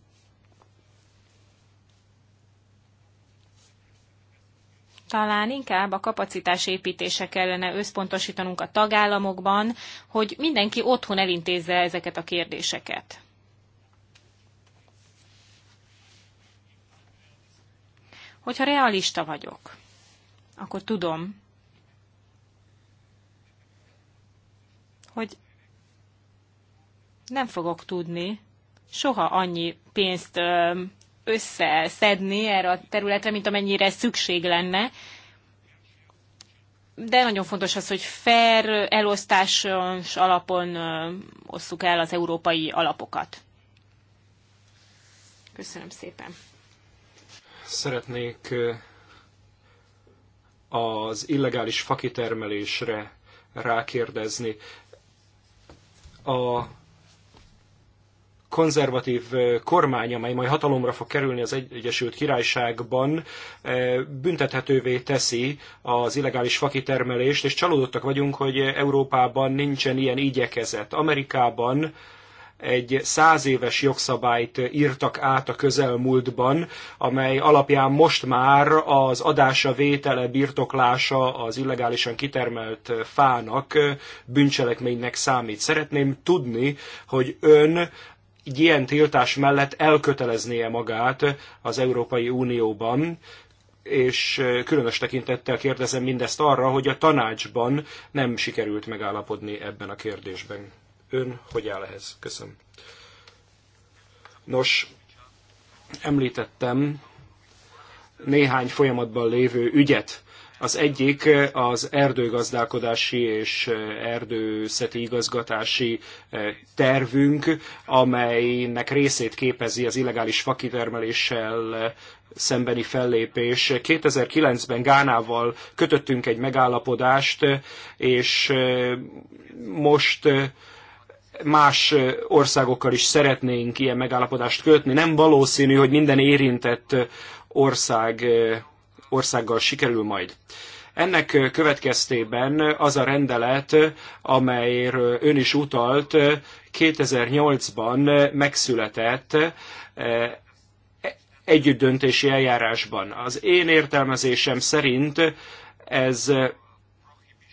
talán inkább a kapacitásépítése kellene összpontosítanunk a tagállamokban, hogy mindenki otthon elintézze ezeket a kérdéseket. Hogyha realista vagyok, akkor tudom, hogy nem fogok tudni soha annyi pénzt összeszedni erre a területre, mint amennyire szükség lenne. De nagyon fontos az, hogy fair elosztásos alapon osszuk el az európai alapokat. Köszönöm szépen. Szeretnék az illegális fakitermelésre rákérdezni. A konzervatív kormány, amely majd hatalomra fog kerülni az Egyesült Királyságban, büntethetővé teszi az illegális fakitermelést, és csalódottak vagyunk, hogy Európában nincsen ilyen igyekezet. Amerikában egy száz éves jogszabályt írtak át a közelmúltban, amely alapján most már az adása, vétele, birtoklása az illegálisan kitermelt fának bűncselekménynek számít. Szeretném tudni, hogy ön egy ilyen tiltás mellett elköteleznie magát az Európai Unióban, és különös tekintettel kérdezem mindezt arra, hogy a tanácsban nem sikerült megállapodni ebben a kérdésben. Ön hogy áll ehhez? Köszönöm. Nos, említettem néhány folyamatban lévő ügyet, az egyik eh, az erdőgazdálkodási és eh, erdőszeti igazgatási eh, tervünk, amelynek részét képezi az illegális fakitermeléssel szembeni fellépés. 2009-ben Gánával kötöttünk egy megállapodást, és most más országokkal is szeretnénk ilyen megállapodást kötni. Nem valószínű, hogy minden érintett ország országgal sikerül majd. Ennek következtében az a rendelet, amelyről ön is utalt, 2008-ban megszületett e, együttdöntési eljárásban. Az én értelmezésem szerint ez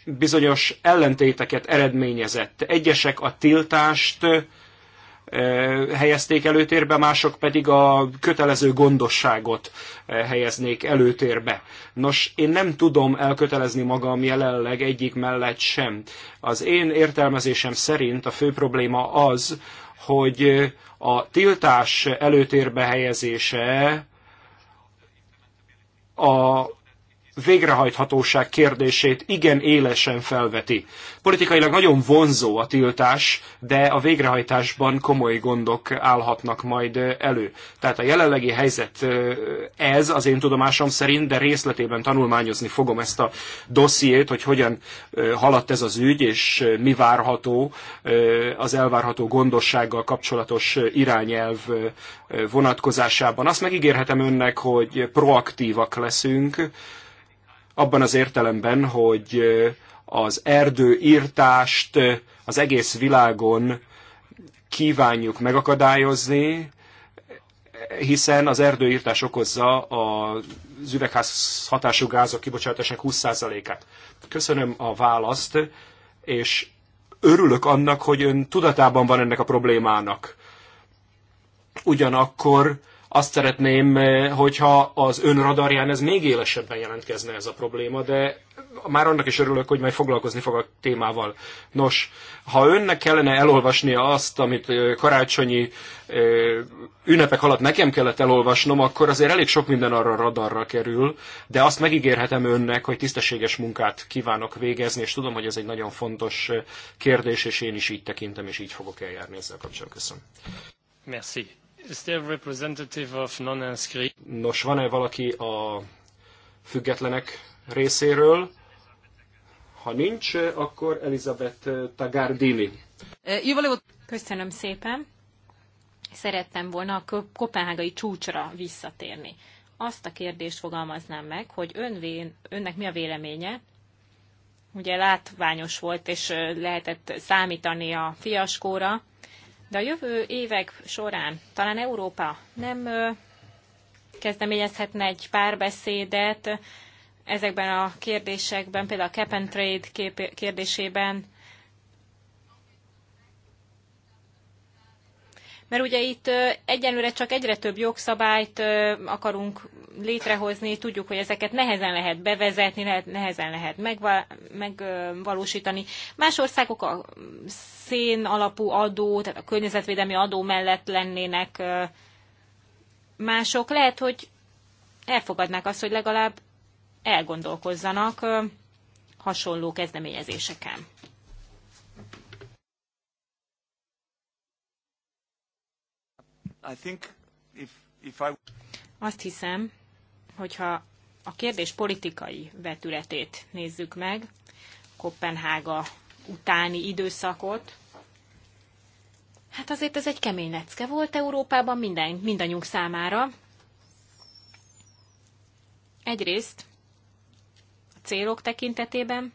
bizonyos ellentéteket eredményezett. Egyesek a tiltást helyezték előtérbe, mások pedig a kötelező gondosságot helyeznék előtérbe. Nos, én nem tudom elkötelezni magam jelenleg egyik mellett sem. Az én értelmezésem szerint a fő probléma az, hogy a tiltás előtérbe helyezése a végrehajthatóság kérdését igen élesen felveti. Politikailag nagyon vonzó a tiltás, de a végrehajtásban komoly gondok állhatnak majd elő. Tehát a jelenlegi helyzet ez az én tudomásom szerint, de részletében tanulmányozni fogom ezt a dossziét, hogy hogyan haladt ez az ügy, és mi várható az elvárható gondossággal kapcsolatos irányelv vonatkozásában. Azt megígérhetem önnek, hogy proaktívak leszünk, abban az értelemben, hogy az erdőírtást az egész világon kívánjuk megakadályozni, hiszen az erdőírtás okozza az üvegház hatású gázok kibocsátásának 20%-át. Köszönöm a választ, és örülök annak, hogy ön tudatában van ennek a problémának. Ugyanakkor azt szeretném, eh, hogyha az ön radarján ez még élesebben jelentkezne ez a probléma, de már annak is örülök, hogy majd foglalkozni fog a témával. Nos, ha önnek kellene elolvasnia azt, amit eh, karácsonyi eh, ünnepek alatt nekem kellett elolvasnom, akkor azért elég sok minden arra radarra kerül, de azt megígérhetem önnek, hogy tisztességes munkát kívánok végezni, és tudom, hogy ez egy nagyon fontos kérdés, és én is így tekintem, és így fogok eljárni ezzel kapcsolatban. Köszönöm. Merci. Is representative of non Nos, van-e valaki a függetlenek részéről? Ha nincs, akkor Elizabeth Tagardini. Köszönöm szépen. Szerettem volna a kopenhágai csúcsra visszatérni. Azt a kérdést fogalmaznám meg, hogy önvén, önnek mi a véleménye? Ugye látványos volt, és lehetett számítani a fiaskóra, de a jövő évek során talán Európa nem kezdeményezhetne egy párbeszédet ezekben a kérdésekben, például a cap and trade kérdésében, Mert ugye itt egyenlőre csak egyre több jogszabályt akarunk létrehozni, tudjuk, hogy ezeket nehezen lehet bevezetni, nehezen lehet megvalósítani. Más országok a szén alapú adó, tehát a környezetvédelmi adó mellett lennének mások. Lehet, hogy elfogadnák azt, hogy legalább elgondolkozzanak hasonló kezdeményezéseken. Azt hiszem, hogyha a kérdés politikai vetületét nézzük meg, Kopenhága utáni időszakot, hát azért ez egy kemény lecke volt Európában minden, mindannyiunk számára. Egyrészt a célok tekintetében,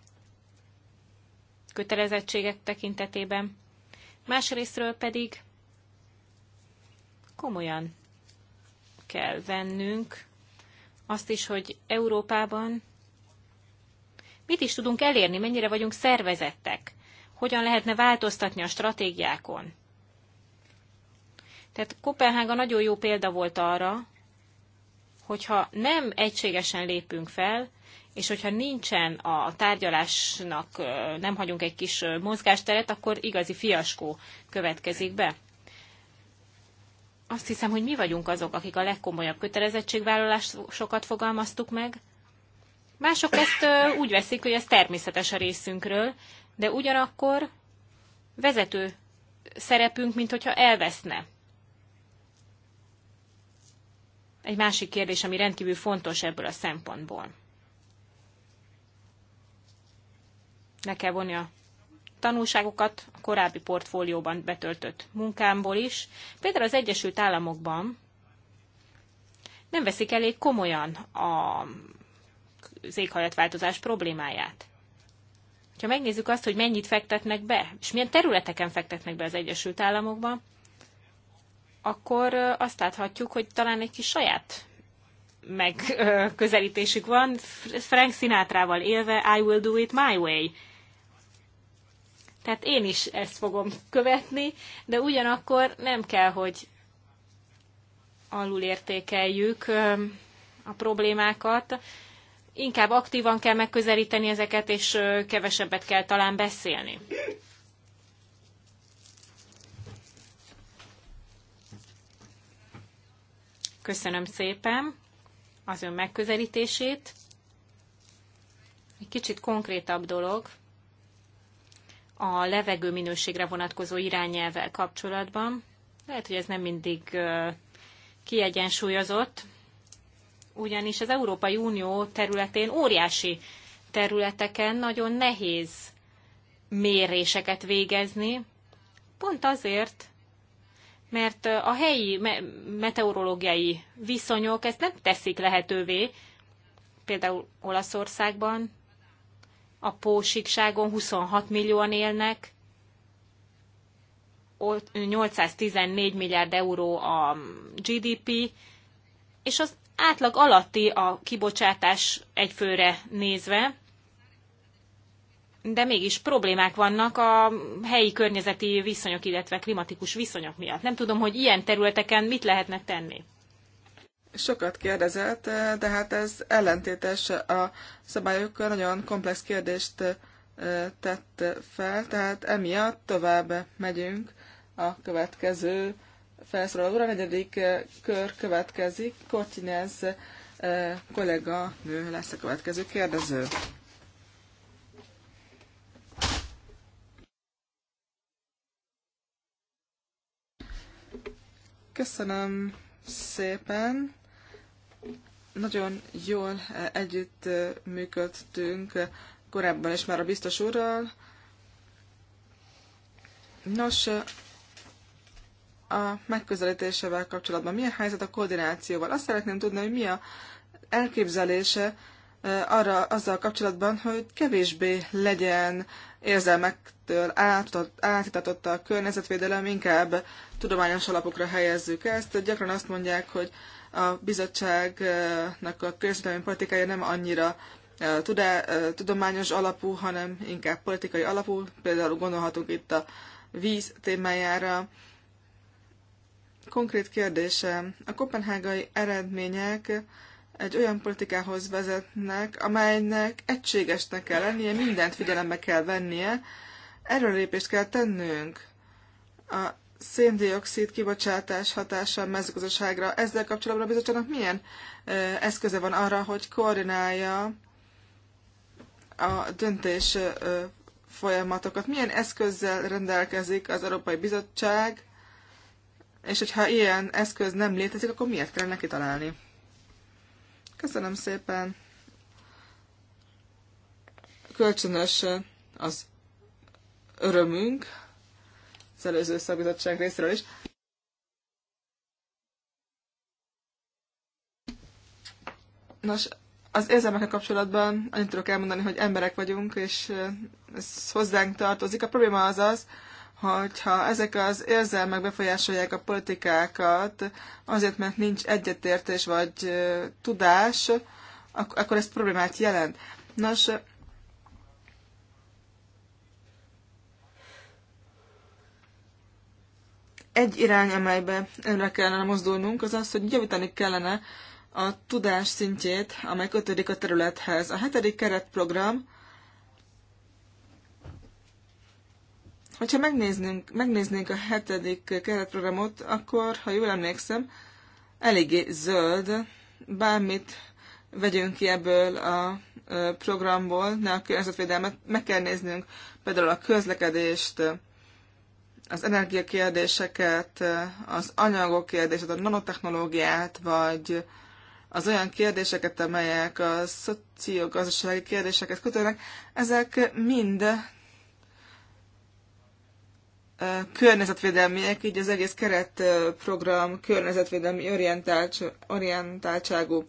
kötelezettségek tekintetében, másrésztről pedig komolyan kell vennünk azt is, hogy Európában mit is tudunk elérni, mennyire vagyunk szervezettek, hogyan lehetne változtatni a stratégiákon. Tehát Kopenhága nagyon jó példa volt arra, hogyha nem egységesen lépünk fel, és hogyha nincsen a tárgyalásnak, nem hagyunk egy kis mozgásteret, akkor igazi fiaskó következik be azt hiszem, hogy mi vagyunk azok, akik a legkomolyabb kötelezettségvállalásokat fogalmaztuk meg. Mások ezt úgy veszik, hogy ez természetes a részünkről, de ugyanakkor vezető szerepünk, mint hogyha elveszne. Egy másik kérdés, ami rendkívül fontos ebből a szempontból. Le kell vonni a tanulságokat a korábbi portfólióban betöltött munkámból is. Például az Egyesült Államokban nem veszik elég komolyan a, az éghajlatváltozás problémáját. Ha megnézzük azt, hogy mennyit fektetnek be, és milyen területeken fektetnek be az Egyesült Államokban, akkor azt láthatjuk, hogy talán egy kis saját megközelítésük van. Frank Sinatra-val élve I will do it my way tehát én is ezt fogom követni, de ugyanakkor nem kell, hogy alulértékeljük a problémákat. Inkább aktívan kell megközelíteni ezeket, és kevesebbet kell talán beszélni. Köszönöm szépen az ön megközelítését. Egy kicsit konkrétabb dolog a levegő minőségre vonatkozó irányelvvel kapcsolatban. Lehet, hogy ez nem mindig kiegyensúlyozott, ugyanis az Európai Unió területén óriási területeken nagyon nehéz méréseket végezni, pont azért, mert a helyi meteorológiai viszonyok ezt nem teszik lehetővé, például Olaszországban a pósikságon 26 millióan élnek, 814 milliárd euró a GDP, és az átlag alatti a kibocsátás egyfőre nézve, de mégis problémák vannak a helyi környezeti viszonyok, illetve klimatikus viszonyok miatt. Nem tudom, hogy ilyen területeken mit lehetne tenni sokat kérdezett, de hát ez ellentétes a szabályokkal, nagyon komplex kérdést tett fel, tehát emiatt tovább megyünk a következő felszólalóra. A negyedik kör következik, Kortinez kollega nő lesz a következő kérdező. Köszönöm szépen. Nagyon jól eh, együtt eh, működtünk eh, korábban is már a biztos úrral. Nos, a megközelítésevel kapcsolatban milyen helyzet a koordinációval? Azt szeretném tudni, hogy mi a elképzelése arra azzal kapcsolatban, hogy kevésbé legyen érzelmektől átítatott a környezetvédelem, inkább tudományos alapokra helyezzük ezt. Gyakran azt mondják, hogy a bizottságnak a közbeni politikája nem annyira tudományos alapú, hanem inkább politikai alapú. Például gondolhatunk itt a víz témájára. Konkrét kérdésem. A kopenhágai eredmények egy olyan politikához vezetnek, amelynek egységesnek kell lennie, mindent figyelembe kell vennie, erről lépést kell tennünk. A széndiokszid kibocsátás hatása a mezőgazdaságra. Ezzel kapcsolatban a bizottságnak milyen eszköze van arra, hogy koordinálja a döntés folyamatokat? Milyen eszközzel rendelkezik az Európai Bizottság, és hogyha ilyen eszköz nem létezik, akkor miért kell neki találni? Köszönöm szépen! Kölcsönös az örömünk, előző szakbizottság részéről is. Nos, az érzelmekkel kapcsolatban annyit tudok elmondani, hogy emberek vagyunk, és ez hozzánk tartozik. A probléma az az, hogyha ezek az érzelmek befolyásolják a politikákat, azért, mert nincs egyetértés vagy tudás, akkor ez problémát jelent. Nos, egy irány, amelybe önre kellene mozdulnunk, az az, hogy javítani kellene a tudás szintjét, amely kötődik a területhez. A hetedik keretprogram, hogyha megnéznénk, megnéznénk a hetedik keretprogramot, akkor, ha jól emlékszem, eléggé zöld, bármit vegyünk ki ebből a programból, ne a környezetvédelmet, meg kell néznünk például a közlekedést, az energiakérdéseket, az anyagok kérdéseket, a nanotechnológiát, vagy az olyan kérdéseket, amelyek a szociogazdasági kérdéseket kötőnek, ezek mind környezetvédelmiek, így az egész keretprogram környezetvédelmi orientáltságú.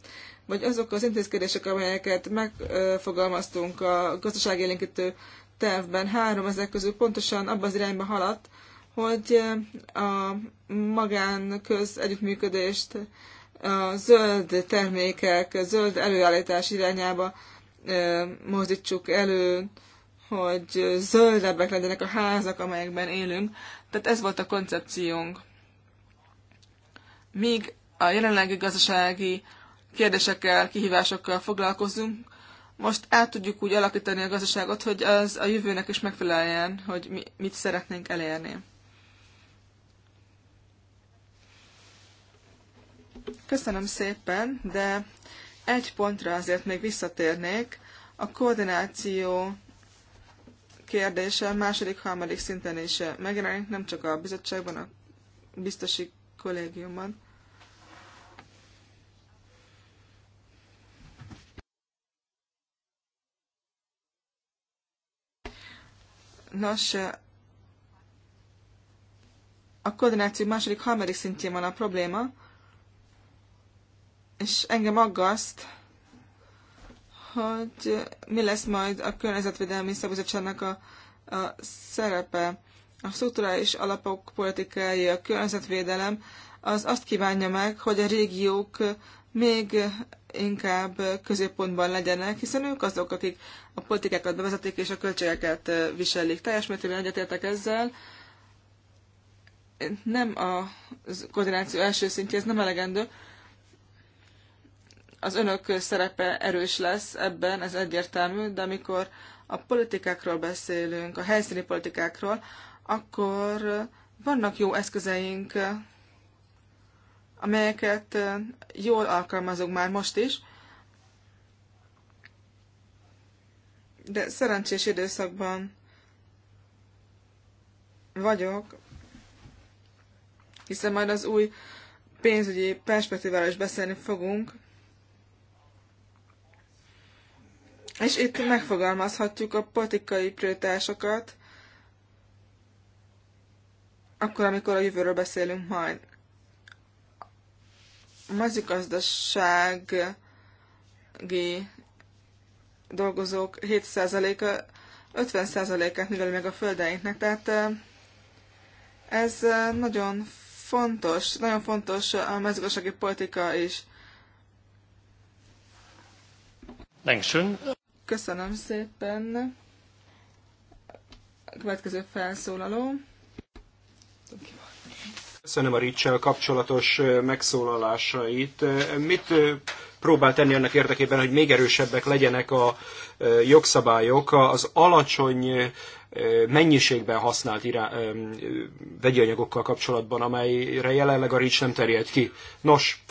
Vagy azok az intézkedések, amelyeket megfogalmaztunk a gazdaságélénkítő tervben három ezek közül pontosan abba az irányba haladt, hogy eh, a magánköz együttműködést a zöld termékek, a zöld előállítás irányába eh, mozdítsuk elő, hogy zöldebbek legyenek a házak, amelyekben élünk. Tehát ez volt a koncepciónk. Míg a jelenlegi gazdasági kérdésekkel, kihívásokkal foglalkozunk, most át tudjuk úgy alakítani a gazdaságot, hogy az a jövőnek is megfeleljen, hogy mi, mit szeretnénk elérni. Köszönöm szépen, de egy pontra azért még visszatérnék. A koordináció kérdése második, harmadik szinten is megjelenik, nem csak a bizottságban, a biztosi kollégiumban. Nos, a koordináció második, harmadik szintjén van a probléma, és engem aggaszt, hogy mi lesz majd a környezetvédelmi szabizottságnak a, a szerepe. A strukturális alapok politikája, a környezetvédelem, az azt kívánja meg, hogy a régiók még inkább középpontban legyenek, hiszen ők azok, akik a politikákat bevezetik és a költségeket viselik. Teljes mértékben egyetértek ezzel. Nem a koordináció első szintje, ez nem elegendő. Az önök szerepe erős lesz ebben, ez egyértelmű, de amikor a politikákról beszélünk, a helyszíni politikákról, akkor vannak jó eszközeink amelyeket jól alkalmazok már most is, de szerencsés időszakban vagyok, hiszen majd az új pénzügyi perspektíváról is beszélni fogunk, és itt megfogalmazhatjuk a politikai prioritásokat, akkor, amikor a jövőről beszélünk majd mezőgazdasági dolgozók 7%-a 50%-át műveli meg a földeinknek, tehát eh, ez eh, nagyon fontos, nagyon fontos a mezőgazdasági politika is. Köszönöm szépen. Következő felszólaló. Köszönöm a rich kapcsolatos megszólalásait. Mit próbál tenni annak érdekében, hogy még erősebbek legyenek a jogszabályok az alacsony mennyiségben használt irá, vegyi anyagokkal kapcsolatban, amelyre jelenleg a RICS nem terjed ki. Nos,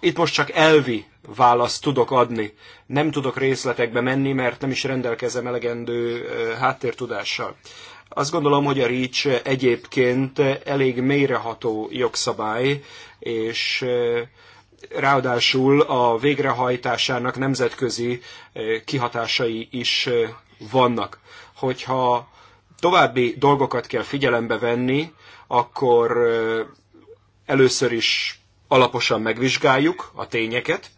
itt most csak elvi választ tudok adni. Nem tudok részletekbe menni, mert nem is rendelkezem elegendő háttértudással. Azt gondolom, hogy a REACH egyébként elég mélyreható jogszabály, és ráadásul a végrehajtásának nemzetközi kihatásai is vannak. Hogyha további dolgokat kell figyelembe venni, akkor először is alaposan megvizsgáljuk a tényeket,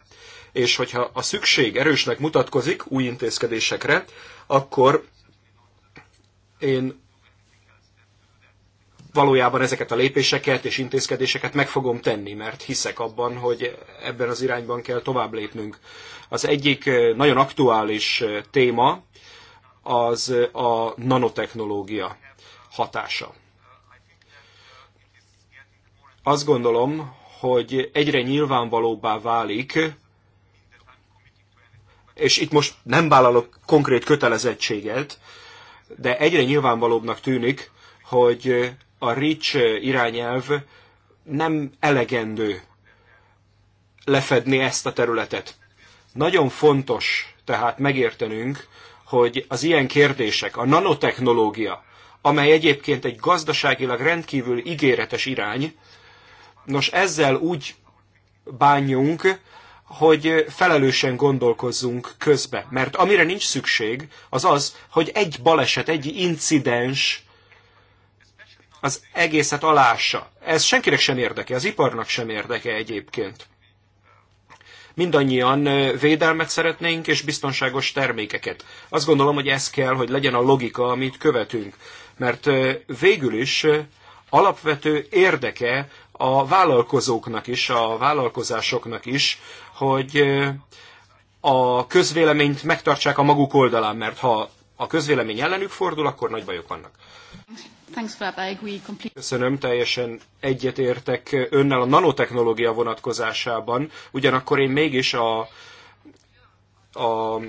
és hogyha a szükség erősnek mutatkozik új intézkedésekre, akkor én valójában ezeket a lépéseket és intézkedéseket meg fogom tenni, mert hiszek abban, hogy ebben az irányban kell tovább lépnünk. Az egyik nagyon aktuális téma az a nanotechnológia hatása. Azt gondolom, hogy egyre nyilvánvalóbbá válik, és itt most nem vállalok konkrét kötelezettséget, de egyre nyilvánvalóbbnak tűnik, hogy a rics eh, irányelv nem elegendő lefedni ezt a területet. Nagyon fontos tehát megértenünk, hogy az ilyen kérdések, a nanotechnológia, amely egyébként egy gazdaságilag rendkívül ígéretes irány, nos ezzel úgy bánjunk, hogy felelősen gondolkozzunk közbe. Mert amire nincs szükség, az az, hogy egy baleset, egy incidens az egészet alássa. Ez senkinek sem érdeke, az iparnak sem érdeke egyébként. Mindannyian védelmet szeretnénk, és biztonságos termékeket. Azt gondolom, hogy ez kell, hogy legyen a logika, amit követünk. Mert végül is alapvető érdeke a vállalkozóknak is, a vállalkozásoknak is, hogy a közvéleményt megtartsák a maguk oldalán, mert ha a közvélemény ellenük fordul, akkor nagy bajok vannak. Köszönöm, teljesen egyetértek önnel a nanotechnológia vonatkozásában, ugyanakkor én mégis a, a e,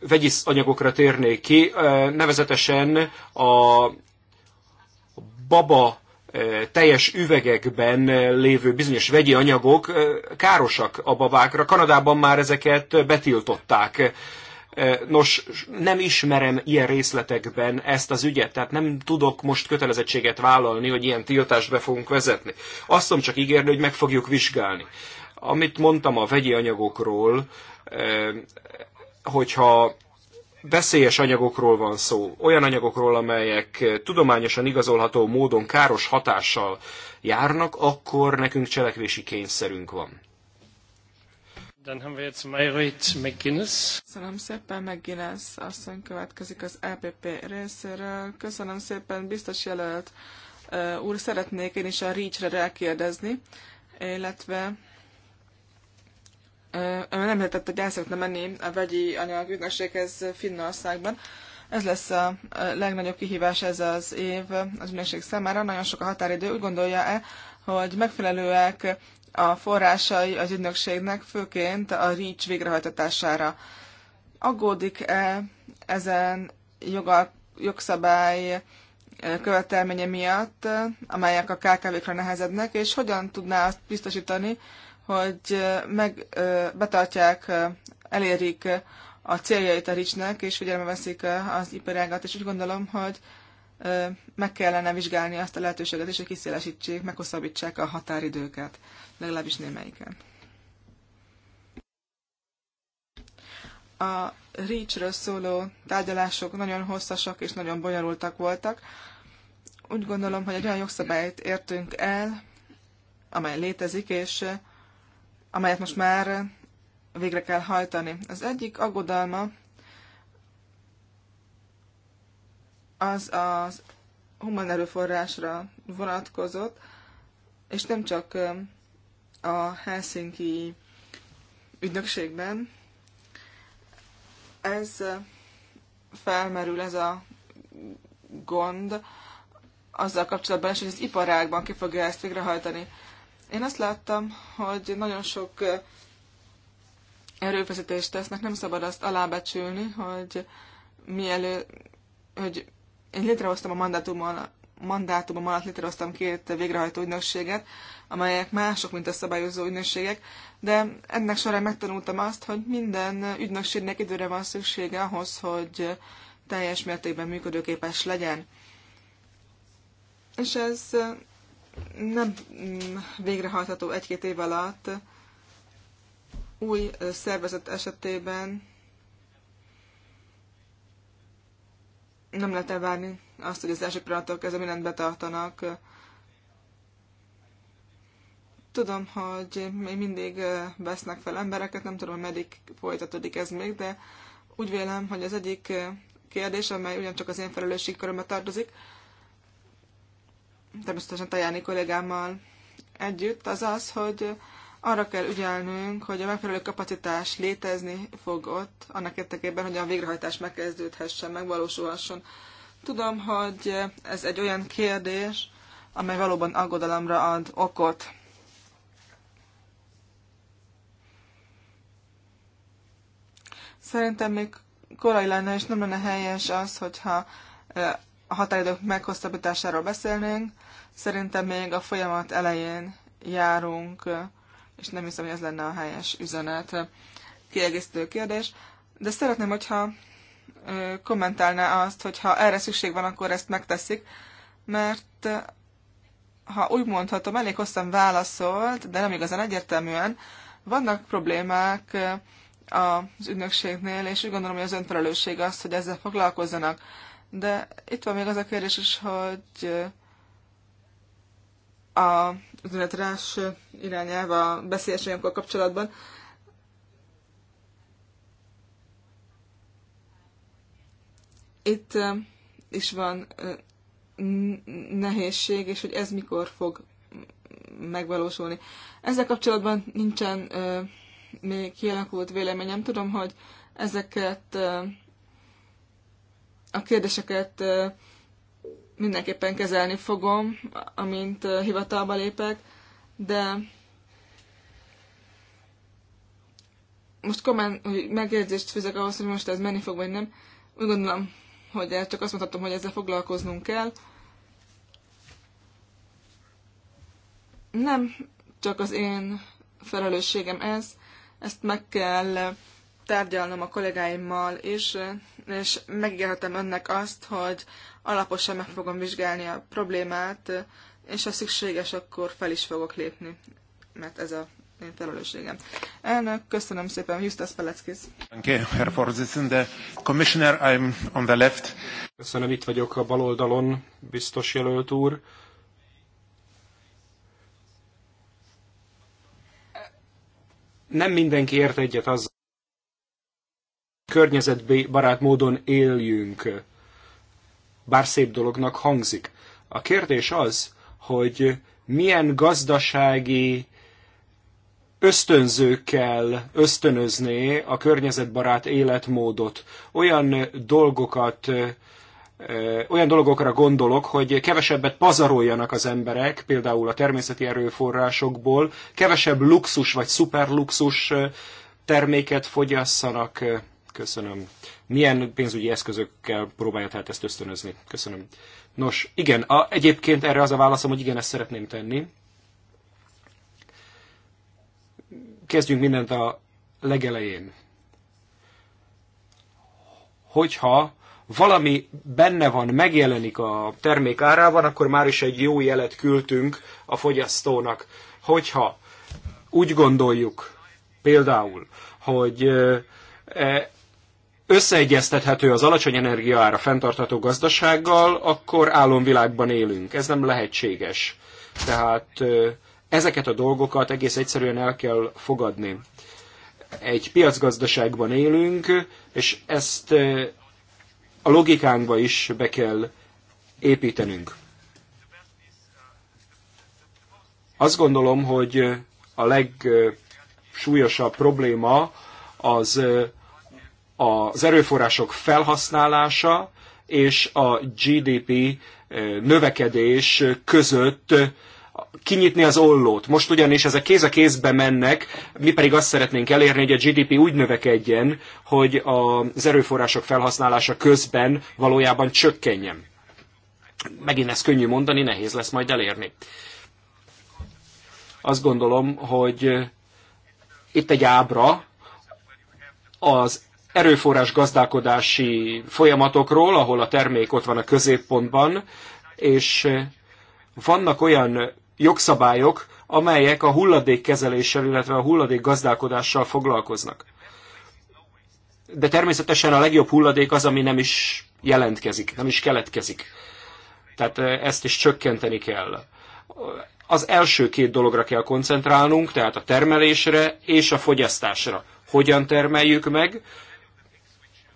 vegyis anyagokra térnék ki, e, nevezetesen a baba e, teljes üvegekben lévő bizonyos vegyi anyagok károsak a babákra. Kanadában már ezeket betiltották Nos, nem ismerem ilyen részletekben ezt az ügyet, tehát nem tudok most kötelezettséget vállalni, hogy ilyen tiltást be fogunk vezetni. Azt tudom csak ígérni, hogy meg fogjuk vizsgálni. Amit mondtam a vegyi anyagokról, hogyha veszélyes anyagokról van szó, olyan anyagokról, amelyek tudományosan igazolható módon káros hatással járnak, akkor nekünk cselekvési kényszerünk van. Dann haben wir jetzt Mayrit McGuinness. Köszönöm szépen, McGuinness asszony következik az EPP részéről. Köszönöm szépen, biztos jelölt úr, szeretnék én is a Reach-re rákérdezni, illetve nem lehetett, hogy el szeretne menni a vegyi anyag ügynökséghez Finnországban. Ez lesz a legnagyobb kihívás ez az év az ügynökség számára. Nagyon sok a határidő. Úgy gondolja-e, hogy megfelelőek a forrásai az ügynökségnek, főként a REACH végrehajtatására. Aggódik-e ezen jogal, jogszabály eh, követelménye miatt, amelyek a KKV-kra nehezednek, és hogyan tudná azt biztosítani, hogy eh, meg, eh, betartják, elérik a céljait a ricsnek, és figyelme veszik az iparágat, és úgy gondolom, hogy meg kellene vizsgálni azt a lehetőséget és hogy kiszélesítsék, meghosszabbítsák a határidőket, legalábbis némelyiken. A reach szóló tárgyalások nagyon hosszasak és nagyon bonyolultak voltak. Úgy gondolom, hogy egy olyan jogszabályt értünk el, amely létezik, és amelyet most már végre kell hajtani. Az egyik aggodalma az a human erőforrásra vonatkozott, és nem csak a Helsinki ügynökségben. Ez felmerül ez a gond azzal kapcsolatban is, hogy az iparágban ki fogja ezt végrehajtani. Én azt láttam, hogy nagyon sok erőfeszítést tesznek, nem szabad azt alábecsülni, hogy mielőtt, hogy én létrehoztam a mandátumon, mandátumom alatt létrehoztam két végrehajtó ügynökséget, amelyek mások, mint a szabályozó ügynökségek, de ennek során megtanultam azt, hogy minden ügynökségnek időre van szüksége ahhoz, hogy teljes mértékben működőképes legyen. És ez nem mm, végrehajtható egy-két év alatt. Új szervezet esetében nem lehet elvárni azt, hogy az első pillanattól kezdve mindent betartanak. Tudom, hogy még mindig vesznek fel embereket, nem tudom, hogy meddig folytatódik ez még, de úgy vélem, hogy az egyik kérdés, amely ugyancsak az én körömbe tartozik, természetesen Tajáni kollégámmal együtt, az az, hogy arra kell ügyelnünk, hogy a megfelelő kapacitás létezni fog ott, annak érdekében, hogy a végrehajtás megkezdődhessen, megvalósulhasson. Tudom, hogy ez egy olyan kérdés, amely valóban aggodalomra ad okot. Szerintem még korai lenne, és nem lenne helyes az, hogyha a határidők meghosszabbításáról beszélnénk. Szerintem még a folyamat elején járunk és nem hiszem, hogy ez lenne a helyes üzenet. Kiegészítő kérdés. De szeretném, hogyha kommentálná azt, hogy ha erre szükség van, akkor ezt megteszik, mert ha úgy mondhatom, elég hosszan válaszolt, de nem igazán egyértelműen. Vannak problémák az ügynökségnél, és úgy gondolom, hogy az önfelelősség az, hogy ezzel foglalkozzanak. De itt van még az a kérdés is, hogy a üzenetrás irányelv a beszélyes anyagokkal kapcsolatban. Itt is van nehézség, és hogy ez mikor fog megvalósulni. Ezzel kapcsolatban nincsen még kialakult véleményem. Tudom, hogy ezeket a kérdéseket mindenképpen kezelni fogom, amint hivatalba lépek, de most komment, hogy megjegyzést fizek ahhoz, hogy most ez menni fog, vagy nem. Úgy gondolom, hogy csak azt mondhatom, hogy ezzel foglalkoznunk kell. Nem csak az én felelősségem ez, ezt meg kell tárgyalnom a kollégáimmal, és, és megígérhetem önnek azt, hogy alaposan meg fogom vizsgálni a problémát, és ha szükséges, akkor fel is fogok lépni, mert ez a én felelősségem. Elnök, köszönöm szépen, Justus Peleckis. Commissioner, I'm on the left. Köszönöm, itt vagyok a bal oldalon, biztos jelölt úr. Nem mindenki ért egyet azzal, környezetbarát módon éljünk bár szép dolognak hangzik. A kérdés az, hogy milyen gazdasági ösztönzőkkel ösztönözné a környezetbarát életmódot. Olyan dolgokat, olyan dolgokra gondolok, hogy kevesebbet pazaroljanak az emberek, például a természeti erőforrásokból, kevesebb luxus vagy szuperluxus terméket fogyasszanak. Köszönöm. Milyen pénzügyi eszközökkel próbálja tehát ezt ösztönözni? Köszönöm. Nos, igen, a, egyébként erre az a válaszom, hogy igen, ezt szeretném tenni. Kezdjünk mindent a legelején. Hogyha valami benne van, megjelenik a termék árában, akkor már is egy jó jelet küldtünk a fogyasztónak. Hogyha úgy gondoljuk, például, hogy e, összeegyeztethető az alacsony energiaára fenntartható gazdasággal, akkor álomvilágban élünk. Ez nem lehetséges. Tehát ezeket a dolgokat egész egyszerűen el kell fogadni. Egy piacgazdaságban élünk, és ezt a logikánkba is be kell építenünk. Azt gondolom, hogy a legsúlyosabb probléma az az erőforrások felhasználása és a GDP eh, növekedés között kinyitni az ollót. Most ugyanis ezek kéz a kézbe mennek, mi pedig azt szeretnénk elérni, hogy a GDP úgy növekedjen, hogy az erőforrások felhasználása közben valójában csökkenjen. Megint ezt könnyű mondani, nehéz lesz majd elérni. Azt gondolom, hogy eh, itt egy ábra az erőforrás gazdálkodási folyamatokról, ahol a termék ott van a középpontban, és vannak olyan jogszabályok, amelyek a hulladékkezeléssel, illetve a hulladékgazdálkodással foglalkoznak. De természetesen a legjobb hulladék az, ami nem is jelentkezik, nem is keletkezik. Tehát ezt is csökkenteni kell. Az első két dologra kell koncentrálnunk, tehát a termelésre és a fogyasztásra. Hogyan termeljük meg,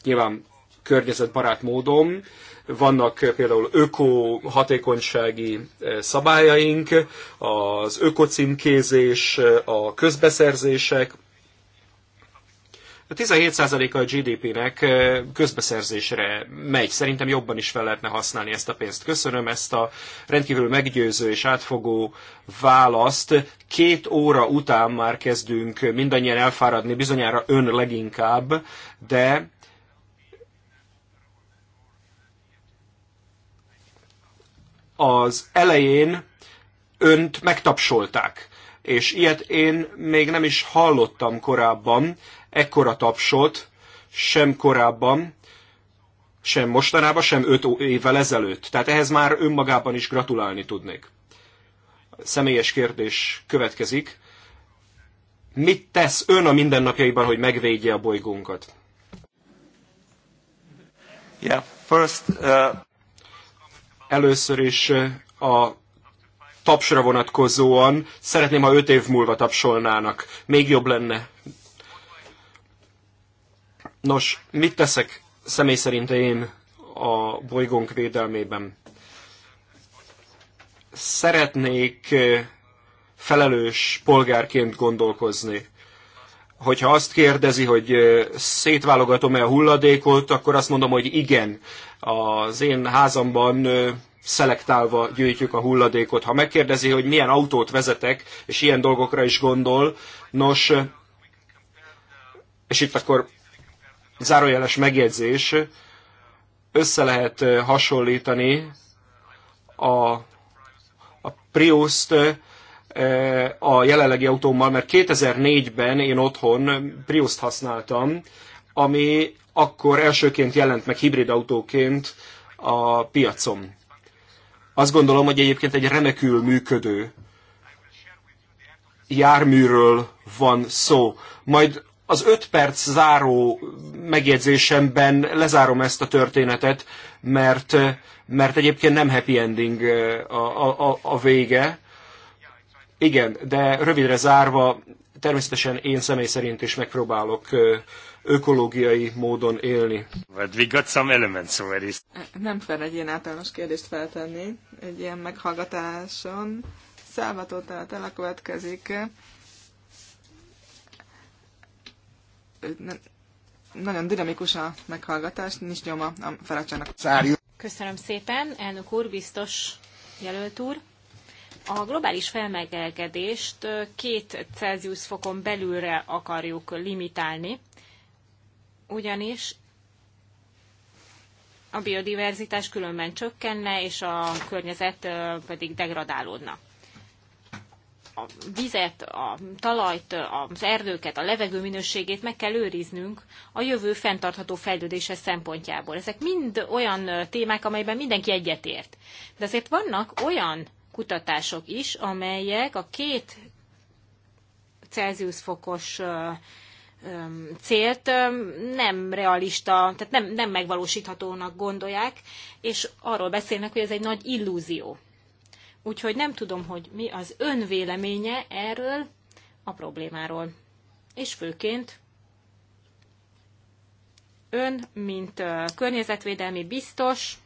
nyilván környezetbarát módon. Vannak eh, például öko hatékonysági eh, szabályaink, az ökocímkézés, eh, a közbeszerzések. a 17%-a a GDP-nek közbeszerzésre megy. Szerintem jobban is fel lehetne használni ezt a pénzt. Köszönöm ezt a rendkívül meggyőző és átfogó választ. Két óra után már kezdünk mindannyian elfáradni, bizonyára ön leginkább, de az elején önt megtapsolták. És ilyet én még nem is hallottam korábban, ekkora tapsot, sem korábban, sem mostanában, sem öt évvel ezelőtt. Tehát ehhez már önmagában is gratulálni tudnék. Személyes kérdés következik. Mit tesz ön a mindennapjaiban, hogy megvédje a bolygónkat? Yeah, first, uh... Először is a tapsra vonatkozóan szeretném, ha öt év múlva tapsolnának. Még jobb lenne. Nos, mit teszek személy szerint én a bolygónk védelmében? Szeretnék felelős polgárként gondolkozni hogyha azt kérdezi, hogy szétválogatom-e a hulladékot, akkor azt mondom, hogy igen. Az én házamban szelektálva gyűjtjük a hulladékot. Ha megkérdezi, hogy milyen autót vezetek, és ilyen dolgokra is gondol, nos, és itt akkor zárójeles megjegyzés, össze lehet hasonlítani a, a Prius-t Eh, a jelenlegi autómmal, mert 2004-ben én otthon Prius-t használtam, ami akkor elsőként jelent meg hibrid autóként a piacon. Azt gondolom, hogy egyébként egy remekül működő járműről van szó. Majd az öt perc záró megjegyzésemben lezárom ezt a történetet, mert, mert egyébként nem happy ending eh, a, a, a vége. Igen, de rövidre zárva, természetesen én személy szerint is megpróbálok ökológiai módon élni. But we got some elements already. Nem fel egy ilyen általános kérdést feltenni egy ilyen meghallgatáson. Szálvató Teletele következik. Nagyon dinamikus a meghallgatás, nincs nyoma a feladságnak. Köszönöm szépen, elnök úr, biztos jelölt úr a globális felmelegedést két Celsius fokon belülre akarjuk limitálni, ugyanis a biodiverzitás különben csökkenne, és a környezet pedig degradálódna. A vizet, a talajt, az erdőket, a levegő minőségét meg kell őriznünk a jövő fenntartható fejlődése szempontjából. Ezek mind olyan témák, amelyben mindenki egyetért. De azért vannak olyan kutatások is, amelyek a két Celsius fokos célt nem realista, tehát nem, nem megvalósíthatónak gondolják, és arról beszélnek, hogy ez egy nagy illúzió. Úgyhogy nem tudom, hogy mi az ön véleménye erről a problémáról. És főként ön, mint környezetvédelmi biztos,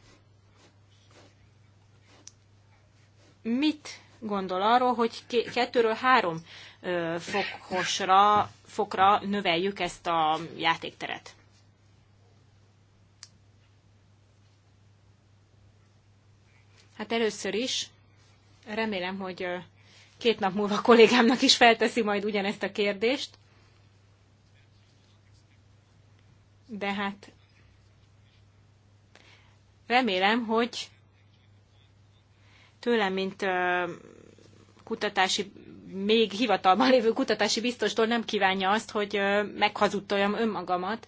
mit gondol arról, hogy kettőről három fokhosra, fokra növeljük ezt a játékteret? Hát először is remélem, hogy két nap múlva a kollégámnak is felteszi majd ugyanezt a kérdést. De hát remélem, hogy tőlem, mint kutatási, még hivatalban lévő kutatási biztostól nem kívánja azt, hogy meghazudtoljam önmagamat.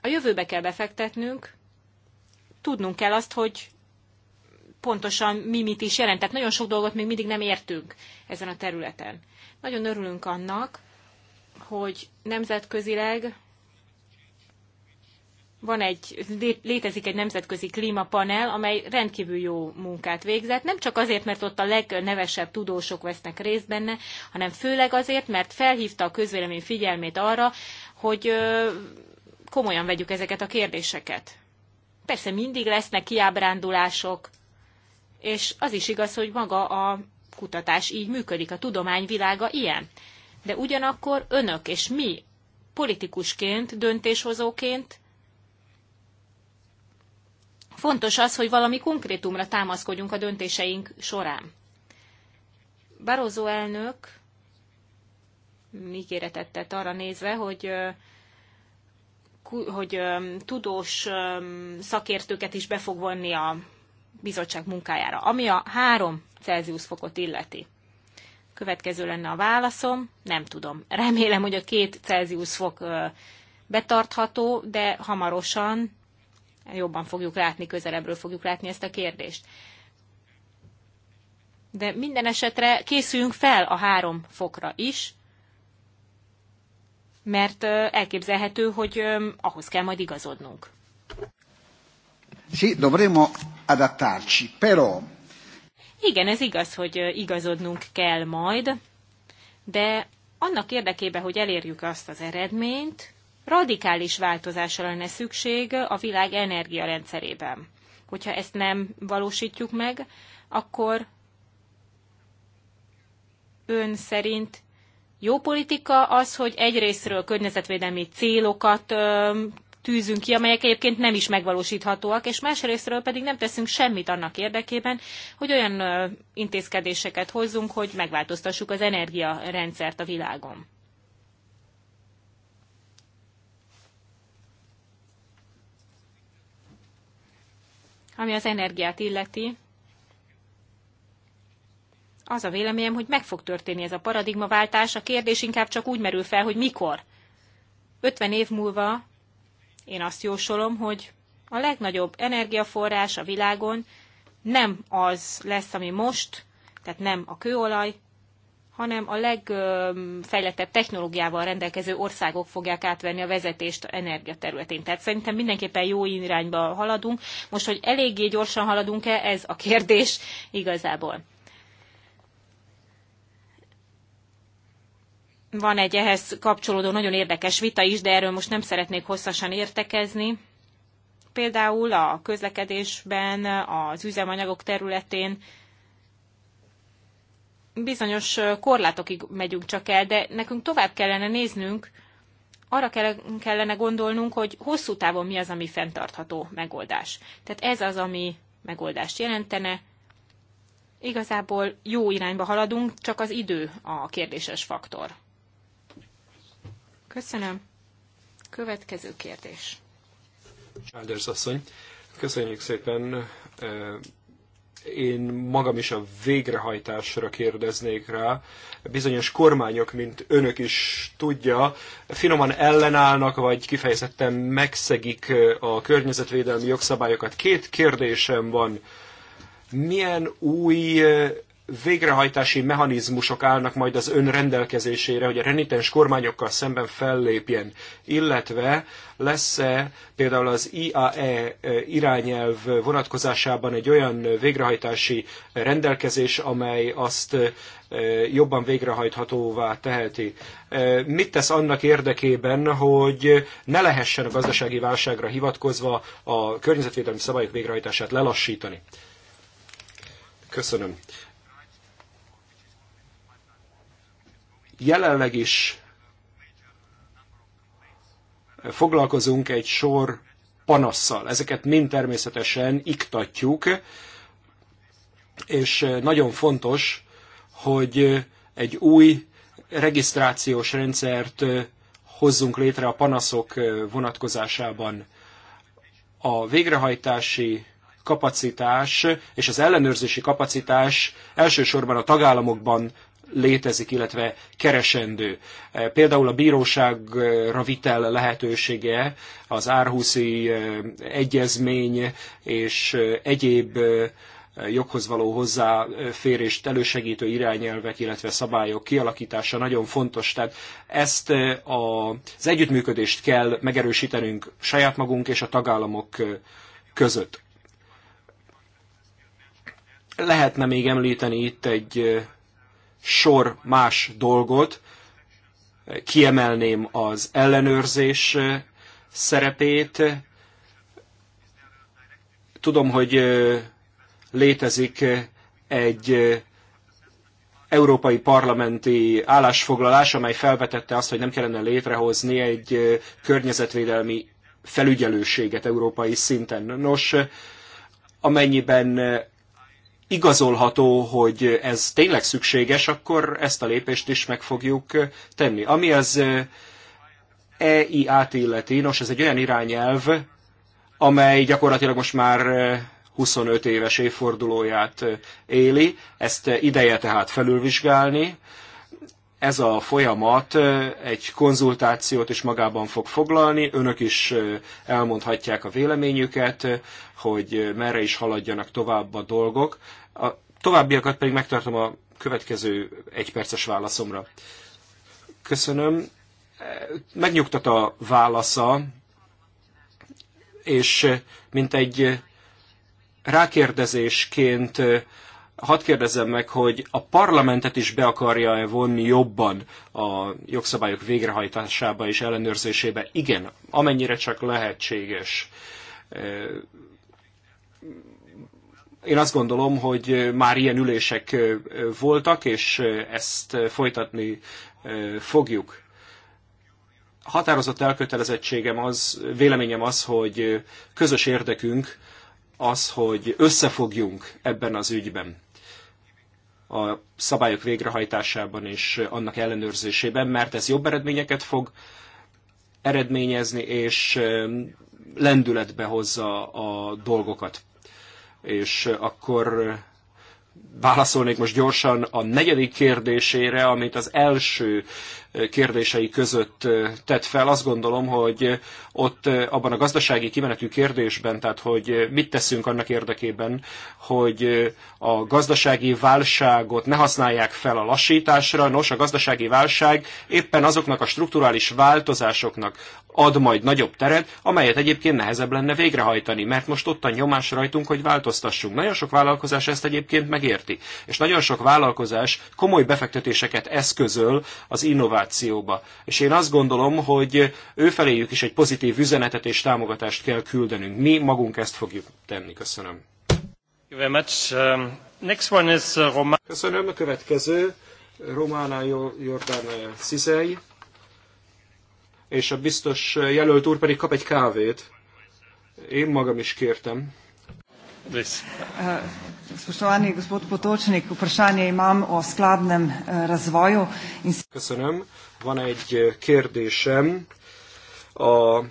A jövőbe kell befektetnünk, tudnunk kell azt, hogy pontosan mi mit is jelent. Tehát nagyon sok dolgot még mindig nem értünk ezen a területen. Nagyon örülünk annak, hogy nemzetközileg van egy, létezik egy nemzetközi klímapanel, amely rendkívül jó munkát végzett, nem csak azért, mert ott a legnevesebb tudósok vesznek részt benne, hanem főleg azért, mert felhívta a közvélemény figyelmét arra, hogy komolyan vegyük ezeket a kérdéseket. Persze mindig lesznek kiábrándulások, és az is igaz, hogy maga a kutatás így működik, a tudomány világa ilyen. De ugyanakkor önök és mi politikusként, döntéshozóként Fontos az, hogy valami konkrétumra támaszkodjunk a döntéseink során. Barozó elnök ígéretet tett arra nézve, hogy hogy tudós szakértőket is be fog vonni a bizottság munkájára, ami a 3 Celsius fokot illeti. Következő lenne a válaszom, nem tudom. Remélem, hogy a 2 Celsius fok betartható, de hamarosan jobban fogjuk látni, közelebbről fogjuk látni ezt a kérdést. De minden esetre készüljünk fel a három fokra is, mert elképzelhető, hogy ahhoz kell majd igazodnunk. Sì, dovremo adattarci, però... Igen, ez igaz, hogy igazodnunk kell majd, de annak érdekében, hogy elérjük azt az eredményt, radikális változásra lenne szükség a világ energiarendszerében. Hogyha ezt nem valósítjuk meg, akkor ön szerint jó politika az, hogy egyrésztről környezetvédelmi célokat tűzünk ki, amelyek egyébként nem is megvalósíthatóak, és másrésztről pedig nem teszünk semmit annak érdekében, hogy olyan intézkedéseket hozzunk, hogy megváltoztassuk az energiarendszert a világon. Ami az energiát illeti, az a véleményem, hogy meg fog történni ez a paradigmaváltás, a kérdés inkább csak úgy merül fel, hogy mikor. 50 év múlva én azt jósolom, hogy a legnagyobb energiaforrás a világon nem az lesz, ami most, tehát nem a kőolaj, hanem a legfejlettebb technológiával rendelkező országok fogják átvenni a vezetést energiaterületén. Tehát szerintem mindenképpen jó irányba haladunk. Most, hogy eléggé gyorsan haladunk-e, ez a kérdés igazából. Van egy ehhez kapcsolódó nagyon érdekes vita is, de erről most nem szeretnék hosszasan értekezni. Például a közlekedésben, az üzemanyagok területén bizonyos korlátokig megyünk csak el, de nekünk tovább kellene néznünk, arra kellene gondolnunk, hogy hosszú távon mi az, ami fenntartható megoldás. Tehát ez az, ami megoldást jelentene. Igazából jó irányba haladunk, csak az idő a kérdéses faktor. Köszönöm. Következő kérdés. Sálders asszony, köszönjük szépen én magam is a végrehajtásra kérdeznék rá. Bizonyos kormányok, mint önök is tudja, finoman ellenállnak, vagy kifejezetten megszegik a környezetvédelmi jogszabályokat. Két kérdésem van. Milyen új végrehajtási mechanizmusok állnak majd az önrendelkezésére, hogy a renitens kormányokkal szemben fellépjen, illetve lesz-e például az IAE irányelv vonatkozásában egy olyan végrehajtási rendelkezés, amely azt jobban végrehajthatóvá teheti. Mit tesz annak érdekében, hogy ne lehessen a gazdasági válságra hivatkozva a környezetvédelmi szabályok végrehajtását lelassítani? Köszönöm. Jelenleg is foglalkozunk egy sor panasszal. Ezeket mind természetesen iktatjuk, és nagyon fontos, hogy egy új regisztrációs rendszert hozzunk létre a panaszok vonatkozásában. A végrehajtási kapacitás és az ellenőrzési kapacitás elsősorban a tagállamokban létezik, illetve keresendő. Eh, például a bíróságra vitel lehetősége, az Árhuszi eh, egyezmény és eh, egyéb joghoz való hozzáférést elősegítő irányelvek, illetve szabályok kialakítása nagyon fontos. Tehát ezt a, az együttműködést kell megerősítenünk saját magunk és a tagállamok között. Lehetne még említeni itt egy sor más dolgot. Kiemelném az ellenőrzés eh, szerepét. Tudom, hogy eh, létezik eh, egy európai parlamenti állásfoglalás, amely felvetette azt, hogy nem kellene létrehozni egy környezetvédelmi felügyelőséget európai szinten. Nos, amennyiben igazolható, hogy ez tényleg szükséges, akkor ezt a lépést is meg fogjuk tenni. Ami az EIA-t illeti, nos, ez egy olyan irányelv, amely gyakorlatilag most már 25 éves évfordulóját éli, ezt ideje tehát felülvizsgálni, ez a folyamat egy konzultációt is magában fog foglalni, önök is elmondhatják a véleményüket, hogy merre is haladjanak tovább a dolgok. A továbbiakat pedig megtartom a következő egyperces válaszomra. Köszönöm. Megnyugtat a válasza, és mint egy rákérdezésként hadd kérdezzem meg, hogy a parlamentet is be akarja-e vonni jobban a jogszabályok végrehajtásába és ellenőrzésébe? Igen, amennyire csak lehetséges. Én azt gondolom, hogy már ilyen ülések voltak, és ezt folytatni fogjuk. Határozott elkötelezettségem az, véleményem az, hogy közös érdekünk, az, hogy összefogjunk ebben az ügyben a szabályok végrehajtásában és annak ellenőrzésében, mert ez jobb eredményeket fog eredményezni, és um, lendületbe hozza a dolgokat. És uh, akkor uh, válaszolnék most gyorsan a negyedik kérdésére, amit az első kérdései között tett fel. Azt gondolom, hogy ott abban a gazdasági kimenetű kérdésben, tehát hogy mit teszünk annak érdekében, hogy a gazdasági válságot ne használják fel a lassításra. Nos, a gazdasági válság éppen azoknak a strukturális változásoknak ad majd nagyobb teret, amelyet egyébként nehezebb lenne végrehajtani, mert most ott a nyomás rajtunk, hogy változtassunk. Nagyon sok vállalkozás ezt egyébként megérti, és nagyon sok vállalkozás komoly befektetéseket eszközöl az innováció szituációba. És én azt gondolom, hogy őfeléjük is egy pozitív üzenetet és támogatást kell küldenünk. Mi magunk ezt fogjuk tenni. Köszönöm. Köszönöm. A következő Romána Jordán Szizei, és a biztos jelölt úr pedig kap egy kávét. Én magam is kértem. This. Uh, Spoštovani gospod Potočnik, vprašanje imam o skladnem eh, razvoju. Köszönöm. Van egy eh, kérdésem. A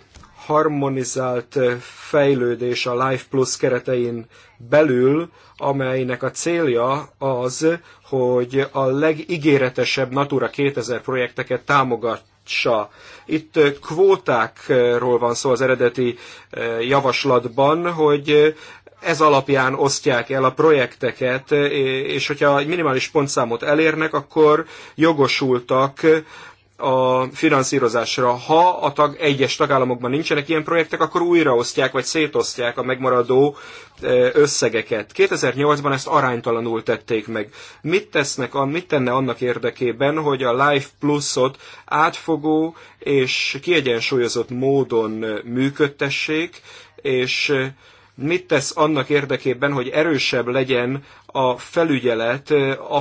harmonizált eh, fejlődés a Life Plus keretein belül, amelynek a célja az, hogy a legígéretesebb Natura 2000 projekteket támogat tartsa. Itt kvótákról van szó az eredeti javaslatban, hogy ez alapján osztják el a projekteket, és hogyha egy minimális pontszámot elérnek, akkor jogosultak a finanszírozásra. Ha a tag, egyes tagállamokban nincsenek ilyen projektek, akkor újraosztják vagy szétosztják a megmaradó e, összegeket. 2008-ban ezt aránytalanul tették meg. Mit, tesznek, mit tenne annak érdekében, hogy a Life Plus-ot átfogó és kiegyensúlyozott módon működtessék, és mit tesz annak érdekében, hogy erősebb legyen a felügyelet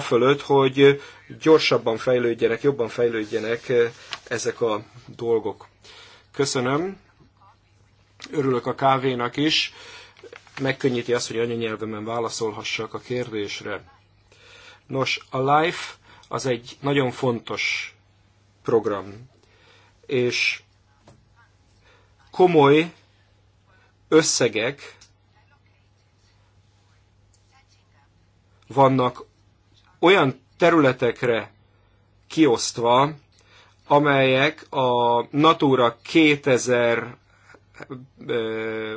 fölött, hogy gyorsabban fejlődjenek, jobban fejlődjenek ezek a dolgok. Köszönöm. Örülök a kávénak is. Megkönnyíti azt, hogy anyanyelvemen válaszolhassak a kérdésre. Nos, a LIFE az egy nagyon fontos program, és komoly összegek vannak olyan területekre kiosztva, amelyek a Natura 2000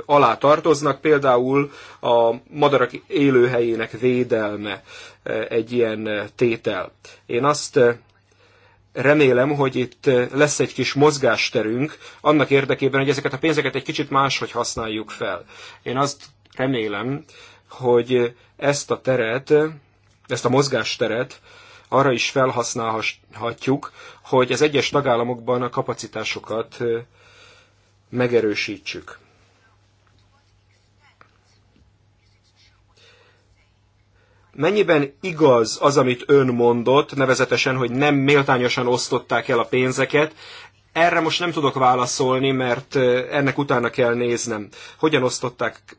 alá tartoznak, például a madarak élőhelyének védelme egy ilyen tétel. Én azt remélem, hogy itt lesz egy kis mozgásterünk annak érdekében, hogy ezeket a pénzeket egy kicsit máshogy használjuk fel. Én azt remélem, hogy ezt a teret, ezt a mozgásteret arra is felhasználhatjuk, hogy az egyes tagállamokban a kapacitásokat megerősítsük. Mennyiben igaz az, amit ön mondott, nevezetesen, hogy nem méltányosan osztották el a pénzeket, erre most nem tudok válaszolni, mert ennek utána kell néznem. Hogyan osztották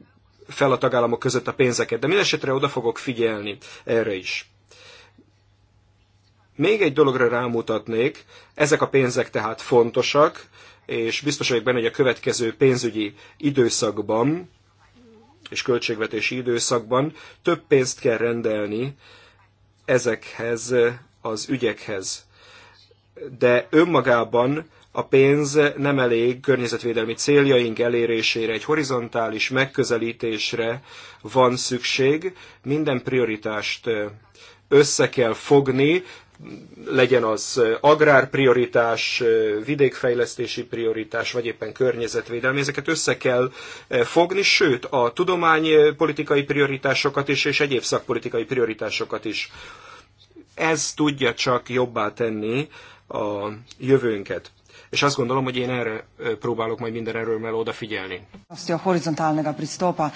fel a tagállamok között a pénzeket, de mindesetre oda fogok figyelni erre is. Még egy dologra rámutatnék, ezek a pénzek tehát fontosak, és biztos vagyok benne, hogy a következő pénzügyi időszakban és költségvetési időszakban több pénzt kell rendelni ezekhez az ügyekhez. De önmagában a pénz nem elég környezetvédelmi céljaink elérésére, egy horizontális megközelítésre van szükség. Minden prioritást össze kell fogni, legyen az agrárprioritás, vidékfejlesztési prioritás, vagy éppen környezetvédelmi, ezeket össze kell fogni, sőt a tudománypolitikai prioritásokat is, és egyéb szakpolitikai prioritásokat is. Ez tudja csak jobbá tenni a jövőnket és azt gondolom, hogy én erre próbálok majd minden erőmmel odafigyelni. Azt a a pristópa.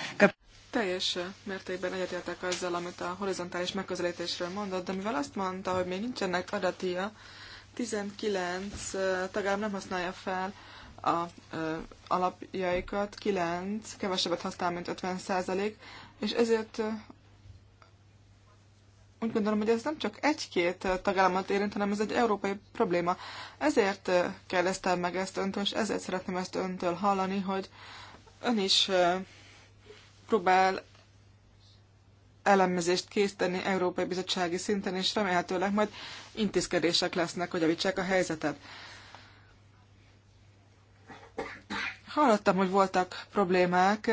Teljes mértékben egyetértek azzal, amit a horizontális megközelítésről mondott, de mivel azt mondta, hogy még nincsenek adatia, 19 tagállam nem használja fel a ö, alapjaikat, 9 kevesebbet használ, mint 50 százalék, és ezért úgy gondolom, hogy ez nem csak egy-két tagállamot érint, hanem ez egy európai probléma. Ezért kérdeztem meg ezt öntől, és ezért szeretném ezt öntől hallani, hogy ön is próbál elemezést készíteni Európai Bizottsági szinten, és remélhetőleg majd intézkedések lesznek, hogy javítsák a helyzetet. Hallottam, hogy voltak problémák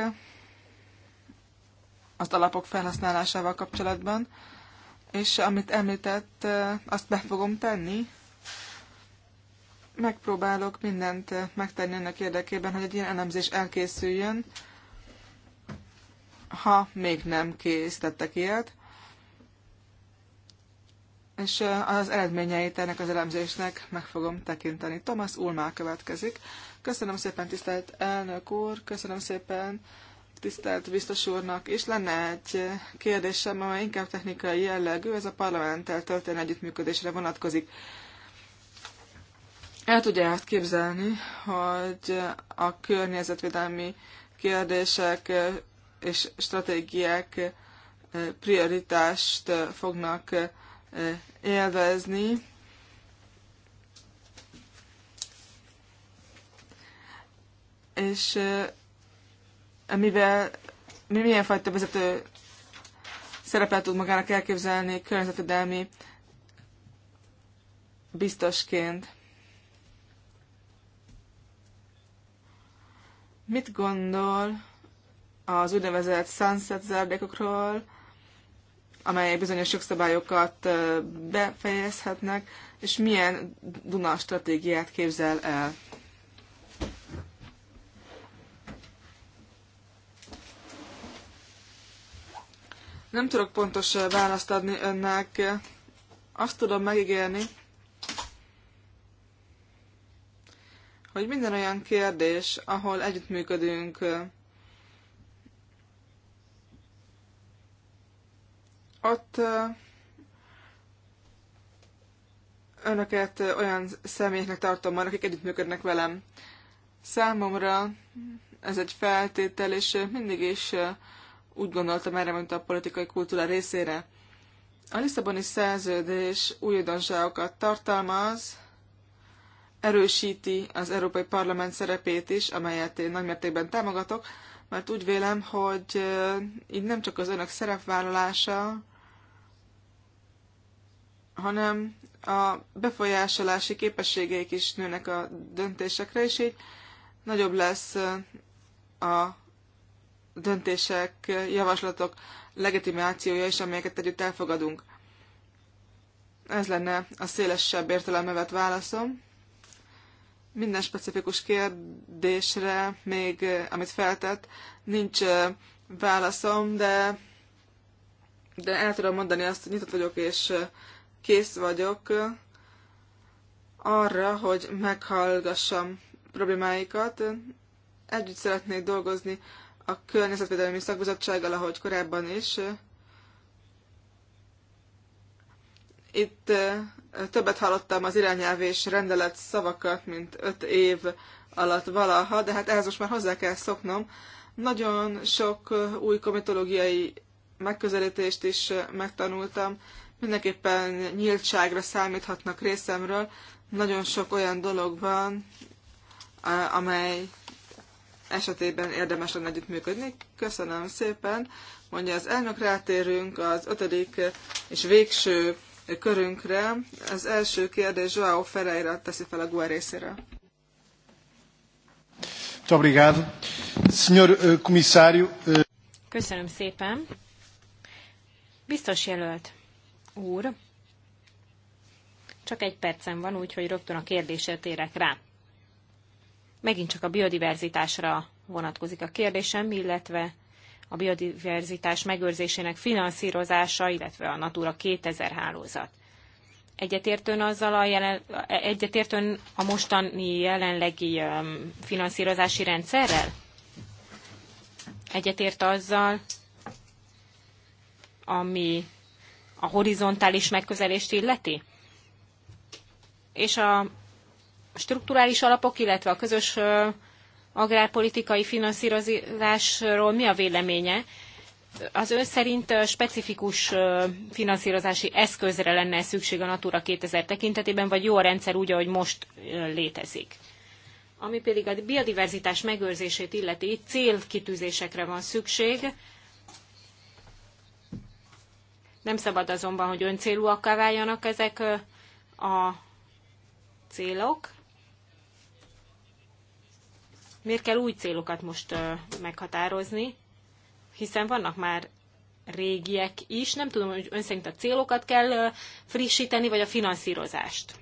az alapok felhasználásával kapcsolatban és amit említett, azt be fogom tenni. Megpróbálok mindent megtenni ennek érdekében, hogy egy ilyen elemzés elkészüljön, ha még nem készítettek ilyet. És az eredményeit ennek az elemzésnek meg fogom tekinteni. Thomas Ulmá következik. Köszönöm szépen, tisztelt elnök úr, köszönöm szépen tisztelt biztos úrnak is. Lenne egy kérdésem, amely inkább technikai jellegű, ez a parlamenttel történő együttműködésre vonatkozik. El tudja -e azt képzelni, hogy a környezetvédelmi kérdések és stratégiák prioritást fognak élvezni. És Amivel, mi milyen fajta vezető szerepet tud magának elképzelni környezetedelmi biztosként. Mit gondol az úgynevezett sunset zárdékokról, amelyek bizonyos jogszabályokat befejezhetnek, és milyen Duna stratégiát képzel el? Nem tudok pontos eh, választ adni önnek. Azt tudom megígérni, hogy minden olyan kérdés, ahol együttműködünk, eh, ott eh, önöket olyan személyeknek tartom már, akik együttműködnek velem. Számomra ez egy feltétel, és mindig is úgy gondoltam erre, mint a politikai kultúra részére. A Lisszaboni szerződés újdonságokat tartalmaz, erősíti az Európai Parlament szerepét is, amelyet én nagymértékben támogatok, mert úgy vélem, hogy így nem csak az önök szerepvállalása, hanem a befolyásolási képességeik is nőnek a döntésekre, és így nagyobb lesz a döntések, javaslatok legitimációja is, amelyeket együtt elfogadunk. Ez lenne a szélesebb értelemövet válaszom. Minden specifikus kérdésre még, amit feltett, nincs válaszom, de, de el tudom mondani azt, hogy nyitott vagyok és kész vagyok arra, hogy meghallgassam problémáikat. Együtt szeretnék dolgozni a Környezetvédelmi Szakbizottsággal, ahogy korábban is. Itt többet hallottam az irányelv és rendelet szavakat, mint öt év alatt valaha, de hát ehhez most már hozzá kell szoknom. Nagyon sok új komitológiai megközelítést is megtanultam. Mindenképpen nyíltságra számíthatnak részemről. Nagyon sok olyan dolog van, amely esetében érdemes lenne együttműködni. Köszönöm szépen, mondja az elnök, rátérünk az ötödik és végső körünkre. Az első kérdés Joao Ferreira teszi fel a GUE részére. Eh, eh, Köszönöm szépen. Biztos jelölt úr, csak egy percem van, úgyhogy rögtön a kérdésre térek rá. Megint csak a biodiverzitásra vonatkozik a kérdésem, illetve a biodiverzitás megőrzésének finanszírozása, illetve a Natura 2000 hálózat. Egyetértőn, azzal a jelen, egyetértőn a mostani jelenlegi finanszírozási rendszerrel? Egyetért azzal, ami a horizontális megközelést illeti? És a strukturális alapok, illetve a közös agrárpolitikai finanszírozásról mi a véleménye? Az ön szerint specifikus finanszírozási eszközre lenne szükség a Natura 2000 tekintetében, vagy jó a rendszer úgy, ahogy most létezik? Ami pedig a biodiverzitás megőrzését illeti, itt célkitűzésekre van szükség. Nem szabad azonban, hogy öncélúakká váljanak ezek a célok miért kell új célokat most meghatározni, hiszen vannak már régiek is. Nem tudom, hogy ön szerint a célokat kell frissíteni, vagy a finanszírozást.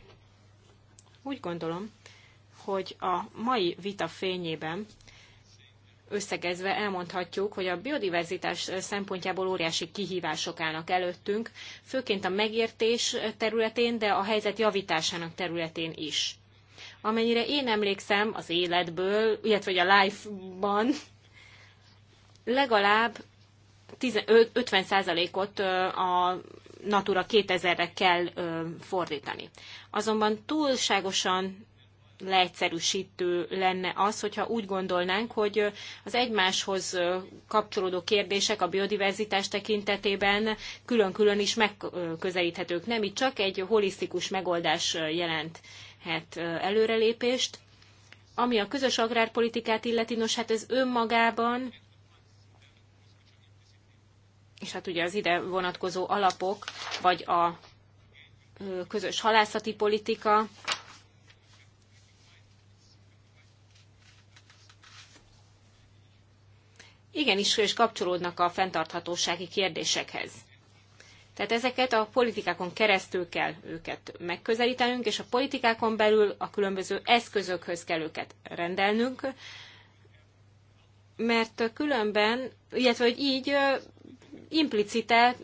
Úgy gondolom, hogy a mai vita fényében összegezve elmondhatjuk, hogy a biodiverzitás szempontjából óriási kihívások állnak előttünk, főként a megértés területén, de a helyzet javításának területén is. Amennyire én emlékszem az életből, illetve a life-ban, legalább 50%-ot a Natura 2000-re kell fordítani. Azonban túlságosan leegyszerűsítő lenne az, hogyha úgy gondolnánk, hogy az egymáshoz kapcsolódó kérdések a biodiverzitás tekintetében külön-külön is megközelíthetők. Nem, itt csak egy holisztikus megoldás jelent hát előrelépést. Ami a közös agrárpolitikát illeti, nos hát ez önmagában, és hát ugye az ide vonatkozó alapok, vagy a közös halászati politika, igenis és kapcsolódnak a fenntarthatósági kérdésekhez. Tehát ezeket a politikákon keresztül kell őket megközelítenünk, és a politikákon belül a különböző eszközökhöz kell őket rendelnünk, mert különben, illetve hogy így implicite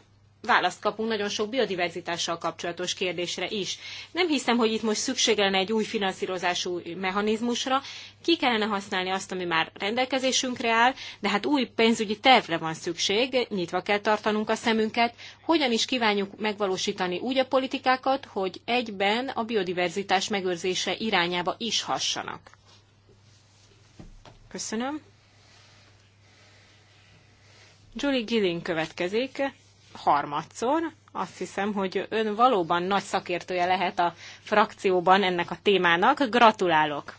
választ kapunk nagyon sok biodiverzitással kapcsolatos kérdésre is. Nem hiszem, hogy itt most szükség lenne egy új finanszírozású mechanizmusra. Ki kellene használni azt, ami már rendelkezésünkre áll, de hát új pénzügyi tervre van szükség, nyitva kell tartanunk a szemünket, hogyan is kívánjuk megvalósítani úgy a politikákat, hogy egyben a biodiverzitás megőrzése irányába is hassanak. Köszönöm. Julie Gilling következik harmadszor. Azt hiszem, hogy ön valóban nagy szakértője lehet a frakcióban ennek a témának. Gratulálok!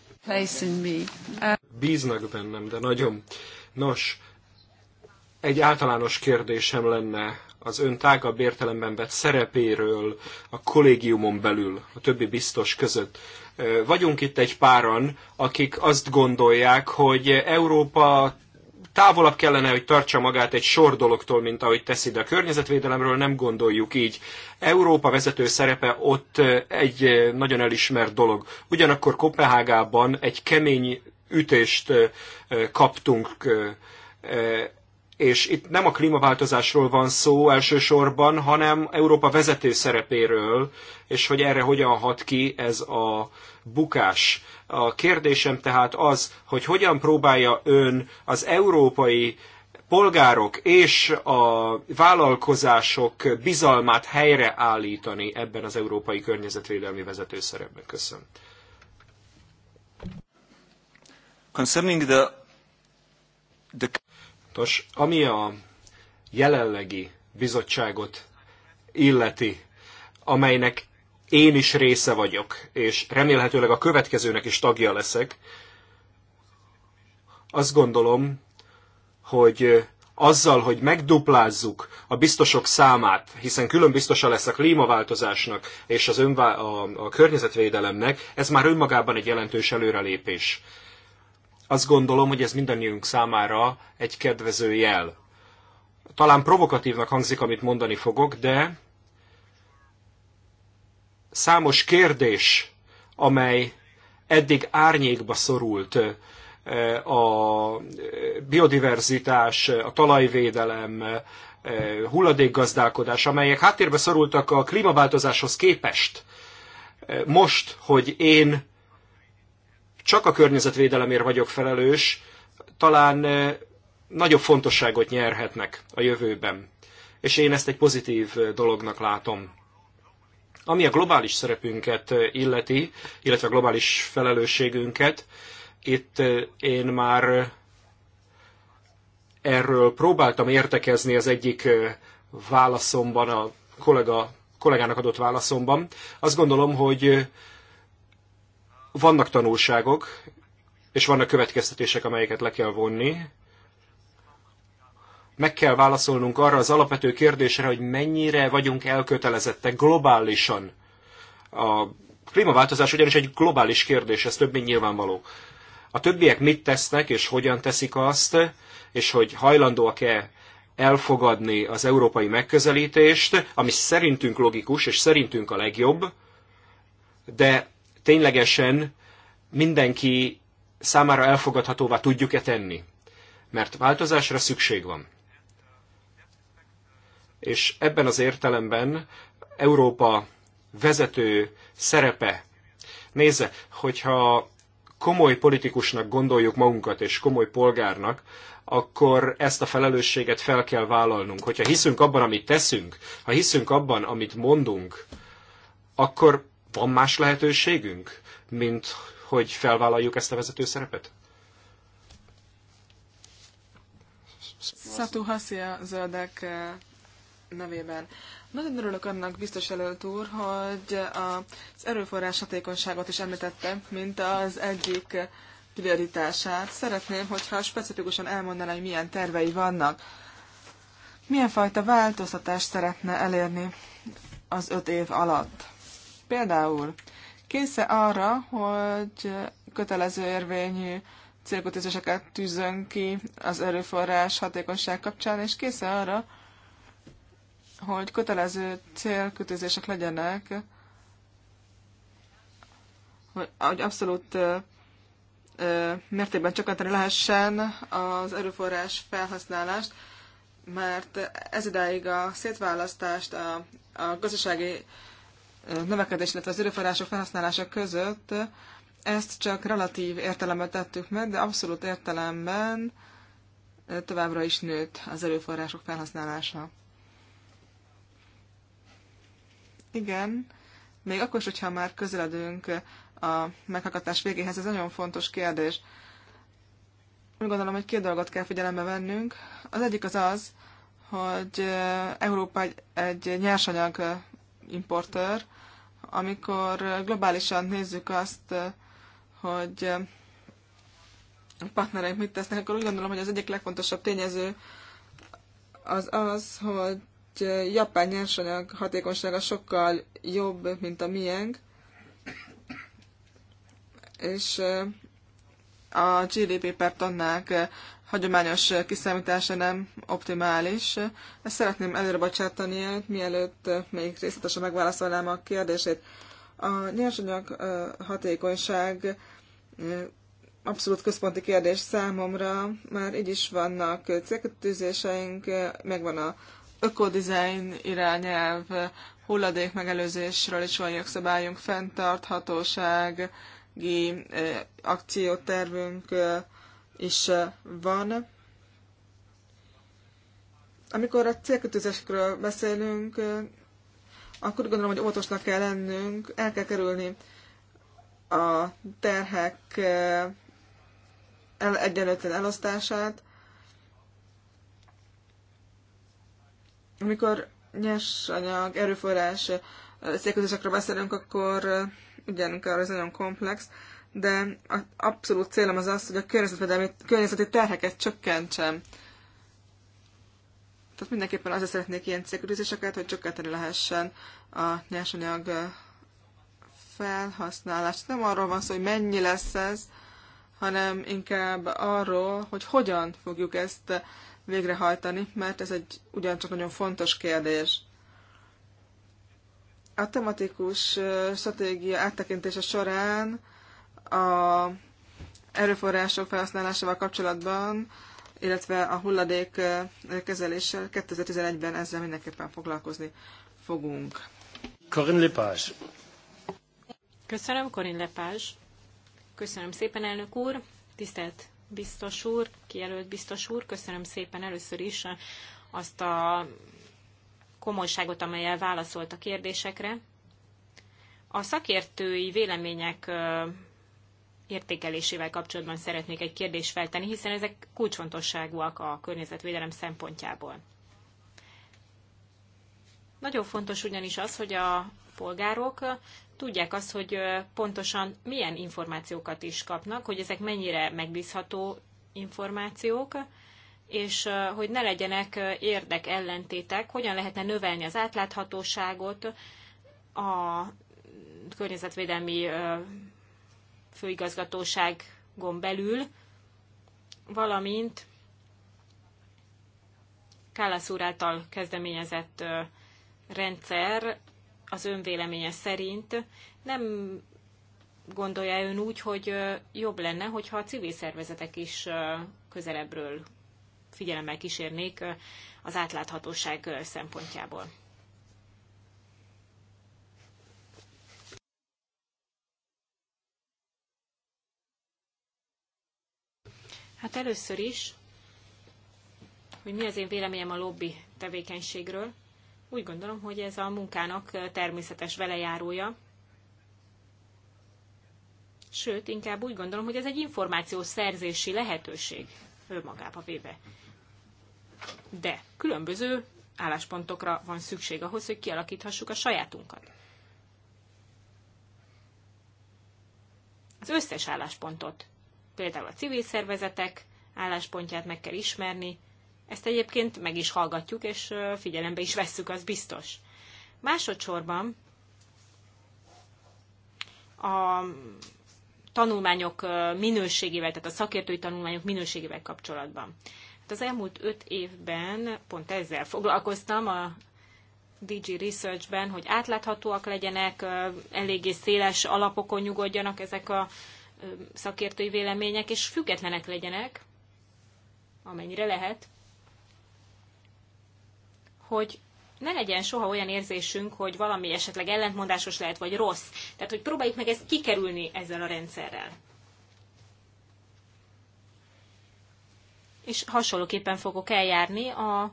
Bíznak bennem, de nagyon. Nos, egy általános kérdésem lenne az ön tágabb értelemben vett szerepéről a kollégiumon belül, a többi biztos között. Vagyunk itt egy páran, akik azt gondolják, hogy Európa távolabb kellene, hogy tartsa magát egy sor dologtól, mint ahogy teszi, de a környezetvédelemről nem gondoljuk így. Európa vezető szerepe ott egy nagyon elismert dolog. Ugyanakkor Kopenhágában egy kemény ütést kaptunk és itt nem a klímaváltozásról van szó elsősorban, hanem Európa vezető szerepéről, és hogy erre hogyan hat ki ez a bukás. A kérdésem tehát az, hogy hogyan próbálja ön az európai polgárok és a vállalkozások bizalmát helyreállítani ebben az európai környezetvédelmi szerepben. Köszönöm. Concerning the, the... Nos, ami a jelenlegi bizottságot illeti, amelynek én is része vagyok, és remélhetőleg a következőnek is tagja leszek, azt gondolom, hogy azzal, hogy megduplázzuk a biztosok számát, hiszen külön biztosa lesz a klímaváltozásnak és az önvá- a, a környezetvédelemnek, ez már önmagában egy jelentős előrelépés. Azt gondolom, hogy ez mindannyiunk számára egy kedvező jel. Talán provokatívnak hangzik, amit mondani fogok, de számos kérdés, amely eddig árnyékba szorult, a biodiverzitás, a talajvédelem, hulladékgazdálkodás, amelyek háttérbe szorultak a klímaváltozáshoz képest. Most, hogy én csak a környezetvédelemért vagyok felelős, talán nagyobb fontosságot nyerhetnek a jövőben. És én ezt egy pozitív dolognak látom. Ami a globális szerepünket illeti, illetve a globális felelősségünket, itt én már erről próbáltam értekezni az egyik válaszomban, a kollega, kollégának adott válaszomban. Azt gondolom, hogy vannak tanulságok, és vannak következtetések, amelyeket le kell vonni. Meg kell válaszolnunk arra az alapvető kérdésre, hogy mennyire vagyunk elkötelezettek globálisan. A klímaváltozás ugyanis egy globális kérdés, ez több mint nyilvánvaló. A többiek mit tesznek, és hogyan teszik azt, és hogy hajlandóak-e elfogadni az európai megközelítést, ami szerintünk logikus, és szerintünk a legjobb, de ténylegesen mindenki számára elfogadhatóvá tudjuk-e tenni. Mert változásra szükség van. És ebben az értelemben Európa vezető szerepe. Nézze, hogyha komoly politikusnak gondoljuk magunkat, és komoly polgárnak, akkor ezt a felelősséget fel kell vállalnunk. Hogyha hiszünk abban, amit teszünk, ha hiszünk abban, amit mondunk, akkor van más lehetőségünk, mint hogy felvállaljuk ezt a vezető szerepet? Szatú Haszia zöldek eh, nevében. Nagyon örülök annak, biztos előtt úr, hogy az erőforrás hatékonyságot is említette, mint az egyik prioritását. Szeretném, hogyha specifikusan elmondaná, hogy milyen tervei vannak. Milyen fajta változtatást szeretne elérni az öt év alatt? Például kényszer arra, hogy kötelező érvényű célkotézéseket tűzön ki az erőforrás hatékonyság kapcsán, és késze arra, hogy kötelező célkötözések legyenek, hogy abszolút mértékben csökkenteni lehessen az erőforrás felhasználást, mert ez idáig a szétválasztást, a, a gazdasági növekedés, illetve az erőforrások felhasználása között ezt csak relatív értelemben tettük meg, de abszolút értelemben továbbra is nőtt az erőforrások felhasználása. Igen, még akkor is, hogyha már közeledünk a meghakatás végéhez, ez nagyon fontos kérdés. Úgy gondolom, hogy két dolgot kell figyelembe vennünk. Az egyik az az, hogy Európa egy, nyersanyag importőr, amikor globálisan nézzük azt, hogy a partnereink mit tesznek, akkor úgy gondolom, hogy az egyik legfontosabb tényező az az, hogy japán nyersanyag hatékonysága sokkal jobb, mint a miénk, és a GDP per tonnák hagyományos kiszámítása nem optimális. Ezt szeretném előre bocsátani, hát mielőtt még részletesen megválaszolnám a kérdését. A nyersanyag hatékonyság abszolút központi kérdés számomra. Már így is vannak célkötőzéseink, megvan a ökodizájn irányelv, hulladék megelőzésről is van jogszabályunk, fenntarthatósági akciótervünk, is van. Amikor a célkötőzésekről beszélünk, akkor gondolom, hogy óvatosnak kell lennünk, el kell kerülni a terhek el, egyenlőtlen elosztását. Amikor nyers anyag erőforrás célközésekről beszélünk, akkor ugyankor ez nagyon komplex de az abszolút célom az az, hogy a környezetvédelmi, környezeti terheket csökkentsem. Tehát mindenképpen azért szeretnék ilyen célkörülzéseket, hogy csökkenteni lehessen a nyersanyag felhasználást. Nem arról van szó, hogy mennyi lesz ez, hanem inkább arról, hogy hogyan fogjuk ezt végrehajtani, mert ez egy ugyancsak nagyon fontos kérdés. A tematikus stratégia áttekintése során a erőforrások felhasználásával kapcsolatban, illetve a hulladék kezeléssel 2011-ben ezzel mindenképpen foglalkozni fogunk. Corinne Lepage. Köszönöm, Corinne Lepage. Köszönöm szépen, elnök úr, tisztelt biztos úr, kijelölt biztos úr, köszönöm szépen először is azt a komolyságot, amelyel válaszolt a kérdésekre. A szakértői vélemények értékelésével kapcsolatban szeretnék egy kérdést feltenni, hiszen ezek kulcsfontosságúak a környezetvédelem szempontjából. Nagyon fontos ugyanis az, hogy a polgárok tudják azt, hogy pontosan milyen információkat is kapnak, hogy ezek mennyire megbízható információk, és hogy ne legyenek érdek ellentétek. hogyan lehetne növelni az átláthatóságot, a környezetvédelmi főigazgatóságon belül, valamint Kállász úr által kezdeményezett rendszer az önvéleménye szerint nem gondolja ön úgy, hogy jobb lenne, hogyha a civil szervezetek is közelebbről figyelemmel kísérnék az átláthatóság szempontjából. Hát először is, hogy mi az én véleményem a lobby tevékenységről. Úgy gondolom, hogy ez a munkának természetes velejárója. Sőt, inkább úgy gondolom, hogy ez egy szerzési lehetőség önmagába véve. De különböző álláspontokra van szükség ahhoz, hogy kialakíthassuk a sajátunkat. Az összes álláspontot például a civil szervezetek álláspontját meg kell ismerni. Ezt egyébként meg is hallgatjuk, és figyelembe is vesszük, az biztos. Másodszorban a tanulmányok minőségével, tehát a szakértői tanulmányok minőségével kapcsolatban. Hát az elmúlt öt évben pont ezzel foglalkoztam a DG Research-ben, hogy átláthatóak legyenek, eléggé széles alapokon nyugodjanak ezek a szakértői vélemények, és függetlenek legyenek, amennyire lehet, hogy ne legyen soha olyan érzésünk, hogy valami esetleg ellentmondásos lehet, vagy rossz. Tehát, hogy próbáljuk meg ezt kikerülni ezzel a rendszerrel. És hasonlóképpen fogok eljárni a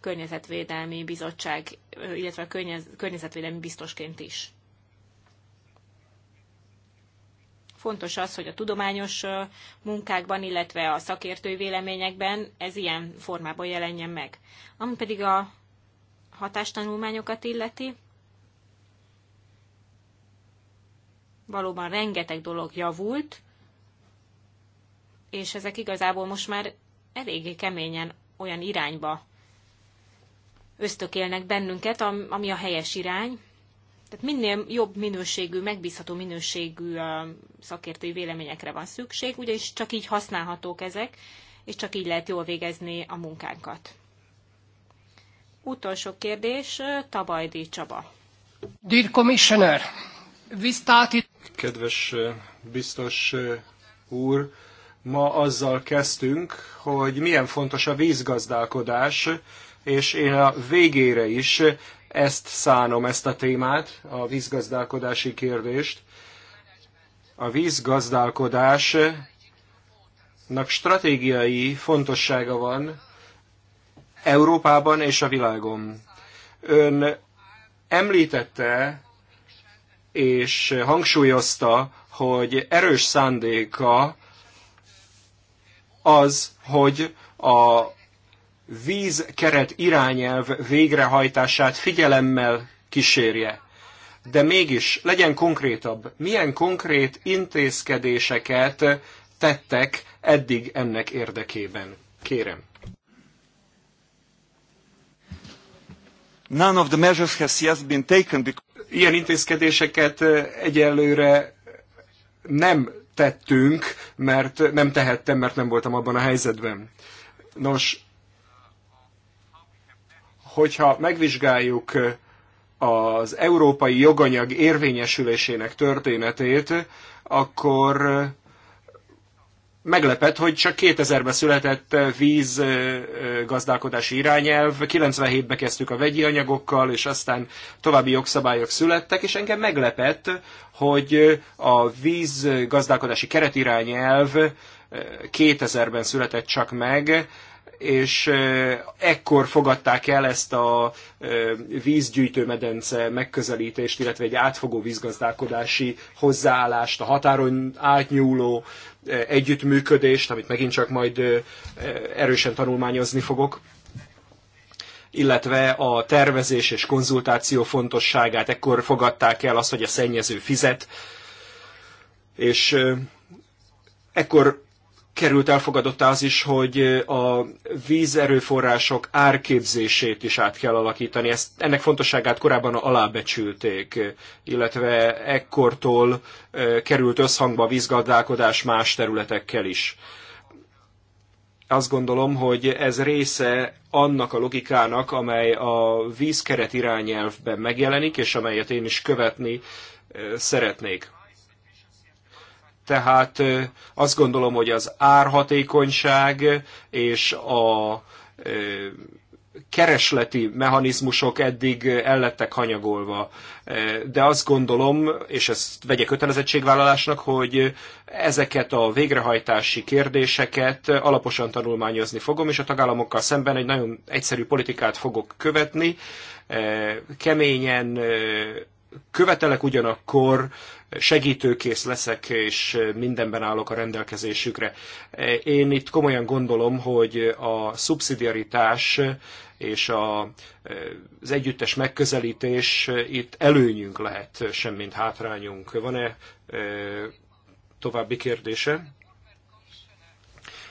Környezetvédelmi Bizottság, illetve a Környezetvédelmi Biztosként is. Fontos az, hogy a tudományos munkákban, illetve a szakértői véleményekben ez ilyen formában jelenjen meg. Ami pedig a hatástanulmányokat illeti, valóban rengeteg dolog javult, és ezek igazából most már eléggé keményen olyan irányba ösztökélnek bennünket, ami a helyes irány, tehát minél jobb minőségű, megbízható minőségű szakértői véleményekre van szükség, ugyanis csak így használhatók ezek, és csak így lehet jól végezni a munkánkat. Utolsó kérdés, Tabajdi Csaba. Dear Commissioner, we started... Kedves biztos úr, ma azzal kezdtünk, hogy milyen fontos a vízgazdálkodás, és én a végére is ezt szánom, ezt a témát, a vízgazdálkodási kérdést. A vízgazdálkodásnak stratégiai fontossága van Európában és a világon. Ön említette és hangsúlyozta, hogy erős szándéka az, hogy a vízkeret irányelv végrehajtását figyelemmel kísérje. De mégis legyen konkrétabb, milyen konkrét intézkedéseket tettek eddig ennek érdekében. Kérem. None of the measures has yet been taken because... Ilyen intézkedéseket egyelőre nem tettünk, mert nem tehettem, mert nem voltam abban a helyzetben. Nos, hogyha megvizsgáljuk az európai joganyag érvényesülésének történetét, akkor meglepet, hogy csak 2000-ben született vízgazdálkodási irányelv, 97-ben kezdtük a vegyi anyagokkal, és aztán további jogszabályok születtek, és engem meglepet, hogy a vízgazdálkodási keretirányelv 2000-ben született csak meg, és ekkor fogadták el ezt a vízgyűjtőmedence megközelítést, illetve egy átfogó vízgazdálkodási hozzáállást, a határon átnyúló együttműködést, amit megint csak majd erősen tanulmányozni fogok illetve a tervezés és konzultáció fontosságát, ekkor fogadták el azt, hogy a szennyező fizet, és ekkor került elfogadottá az is, hogy a vízerőforrások árképzését is át kell alakítani. Ezt, ennek fontosságát korábban alábecsülték, illetve ekkortól került összhangba a vízgazdálkodás más területekkel is. Azt gondolom, hogy ez része annak a logikának, amely a vízkeret irányelvben megjelenik, és amelyet én is követni szeretnék tehát azt gondolom, hogy az árhatékonyság és a keresleti mechanizmusok eddig ellettek hanyagolva. De azt gondolom, és ezt vegye kötelezettségvállalásnak, hogy ezeket a végrehajtási kérdéseket alaposan tanulmányozni fogom, és a tagállamokkal szemben egy nagyon egyszerű politikát fogok követni, keményen követelek, ugyanakkor segítőkész leszek, és mindenben állok a rendelkezésükre. Én itt komolyan gondolom, hogy a szubszidiaritás és a, az együttes megközelítés itt előnyünk lehet, semmint hátrányunk. Van-e további kérdése?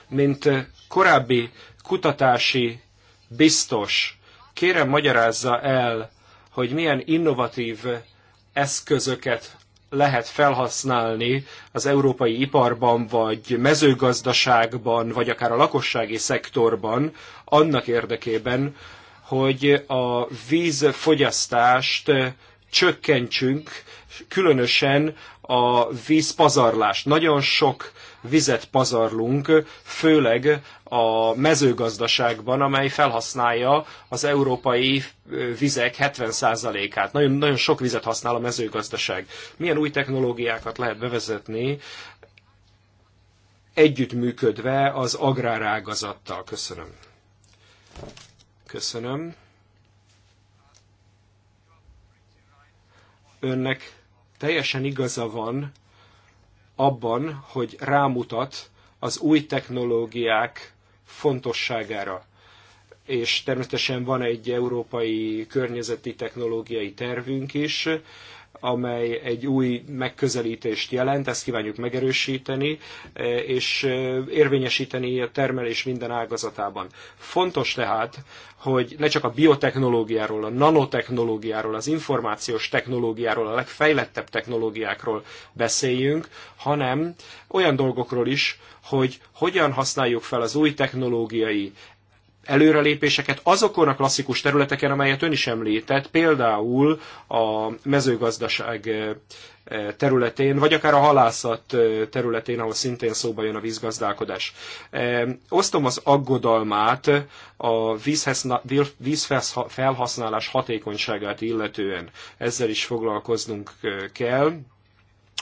Mint korábbi kutatási biztos, kérem magyarázza el, hogy milyen innovatív eszközöket lehet felhasználni az európai iparban, vagy mezőgazdaságban, vagy akár a lakossági szektorban annak érdekében, hogy a vízfogyasztást csökkentsünk, különösen a vízpazarlást. Nagyon sok vizet pazarlunk, főleg a mezőgazdaságban, amely felhasználja az európai vizek 70%-át. Nagyon, nagyon sok vizet használ a mezőgazdaság. Milyen új technológiákat lehet bevezetni együttműködve az agrárágazattal? Köszönöm. Köszönöm. Önnek teljesen igaza van abban, hogy rámutat az új technológiák fontosságára. És természetesen van egy európai környezeti technológiai tervünk is, amely egy új megközelítést jelent, ezt kívánjuk megerősíteni, e, és e, érvényesíteni a termelés minden ágazatában. Fontos tehát, hogy ne csak a biotechnológiáról, a nanotechnológiáról, az információs technológiáról, a legfejlettebb technológiákról beszéljünk, hanem olyan dolgokról is, hogy hogyan használjuk fel az új technológiai előrelépéseket azokon a klasszikus területeken, amelyet ön is említett, például a mezőgazdaság eh, eh, területén, vagy akár a halászat eh, területén, ahol szintén szóba jön a vízgazdálkodás. Osztom az aggodalmát a vízfelhasználás hatékonyságát illetően. Ezzel is foglalkoznunk kell.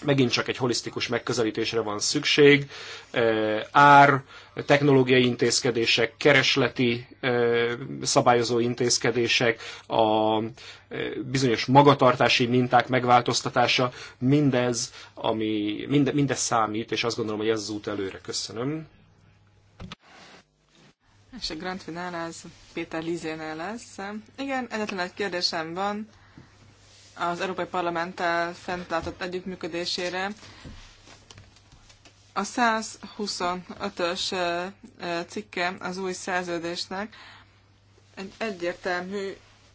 Megint csak egy holisztikus megközelítésre van szükség. Ár, technológiai intézkedések, keresleti szabályozó intézkedések, a bizonyos magatartási minták megváltoztatása, mindez, ami, minde, mindez számít, és azt gondolom, hogy ez az út előre. Köszönöm. És a Grand Finale az Péter Lizénél lesz. Igen, egyetlen egy kérdésem van az Európai Parlamenttel fenntartott együttműködésére. A 125-ös cikke az új szerződésnek egy egyértelmű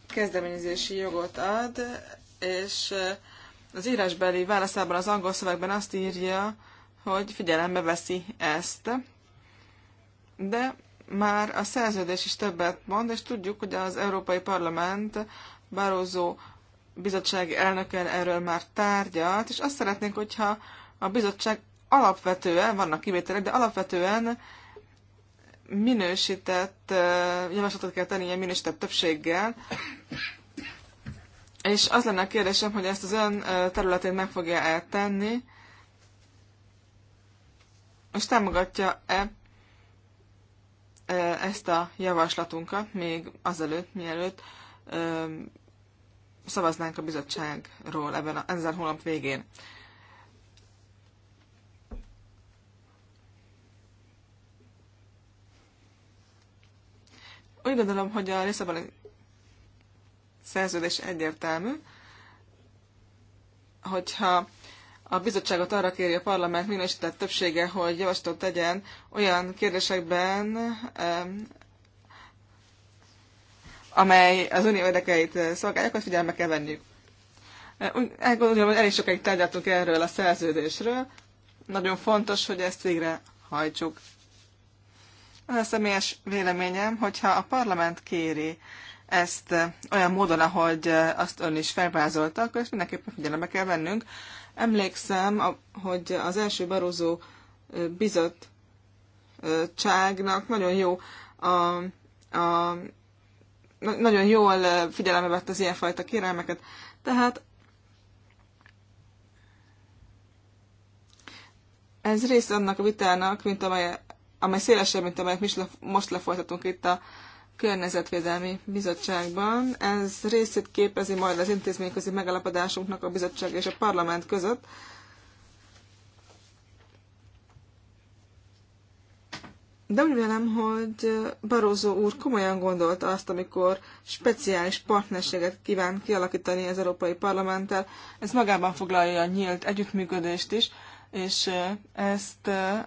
kezdeményezési jogot ad, és az írásbeli válaszában az angol szövegben azt írja, hogy figyelembe veszi ezt. De már a szerződés is többet mond, és tudjuk, hogy az Európai Parlament Barroso bizottsági elnöken erről már tárgyalt, és azt szeretnénk, hogyha a bizottság alapvetően, vannak kivételek, de alapvetően minősített javaslatot kell tenni, ilyen minősített többséggel, és az lenne a kérdésem, hogy ezt az ön területén meg fogja eltenni, és támogatja-e ezt a javaslatunkat még azelőtt, mielőtt szavaznánk a bizottságról ebben a, ezen hónap végén. Úgy gondolom, hogy a Lisszaboni szerződés egyértelmű, hogyha a bizottságot arra kéri a parlament minősített többsége, hogy javaslatot tegyen olyan kérdésekben, amely az unió érdekeit szolgálják, akkor figyelme kell venniük. E, úgy gondolom, hogy elég sokáig tárgyaltunk erről a szerződésről. Nagyon fontos, hogy ezt végre hajtsuk az a személyes véleményem, hogyha a parlament kéri ezt eh, olyan módon, ahogy eh, azt ön is felvázolta, akkor ezt mindenképpen figyelembe kell vennünk. Emlékszem, hogy az első Barozó eh, bizottságnak nagyon jó a, a, nagyon jól figyelembe vett az ilyenfajta kérelmeket. Tehát ez része annak a vitának, mint amely amely szélesebb, mint amelyet most, most lefolytatunk itt a Környezetvédelmi Bizottságban. Ez részét képezi majd az intézményközi megalapodásunknak a bizottság és a parlament között. De úgy vélem, hogy Barózó úr komolyan gondolta azt, amikor speciális partnerséget kíván kialakítani az Európai Parlamenttel. Ez magában foglalja a nyílt együttműködést is, és eh, ezt eh,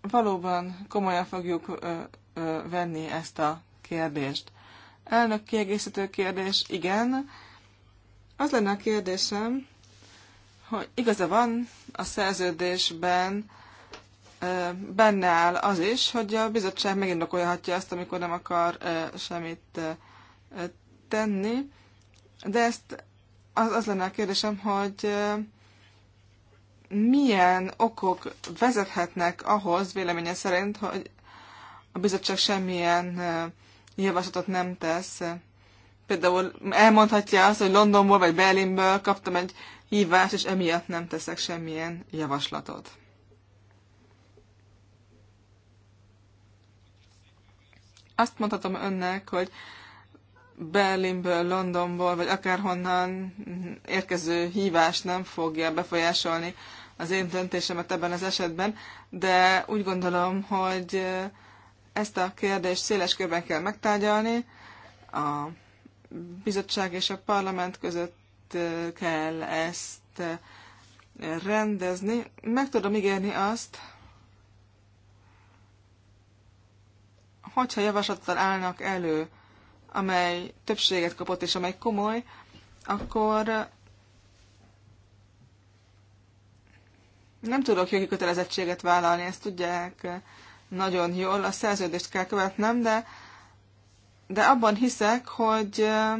valóban komolyan fogjuk ö, ö, venni ezt a kérdést. Elnök kiegészítő kérdés, igen. Az lenne a kérdésem, hogy igaza van a szerződésben, ö, benne áll az is, hogy a bizottság megindokolhatja azt, amikor nem akar ö, semmit ö, tenni, de ezt az, az lenne a kérdésem, hogy milyen okok vezethetnek ahhoz, véleménye szerint, hogy a bizottság semmilyen javaslatot nem tesz. Például elmondhatja azt, hogy Londonból vagy Berlinből kaptam egy hívást, és emiatt nem teszek semmilyen javaslatot. Azt mondhatom önnek, hogy Berlinből, Londonból, vagy akárhonnan érkező hívás nem fogja befolyásolni az én döntésemet ebben az esetben, de úgy gondolom, hogy ezt a kérdést széles körben kell megtárgyalni, a bizottság és a parlament között kell ezt rendezni. Meg tudom ígérni azt, hogyha javaslattal állnak elő, amely többséget kapott és amely komoly, akkor nem tudok jogi kötelezettséget vállalni, ezt tudják eh, nagyon jól, a szerződést kell követnem, de, de abban hiszek, hogy eh,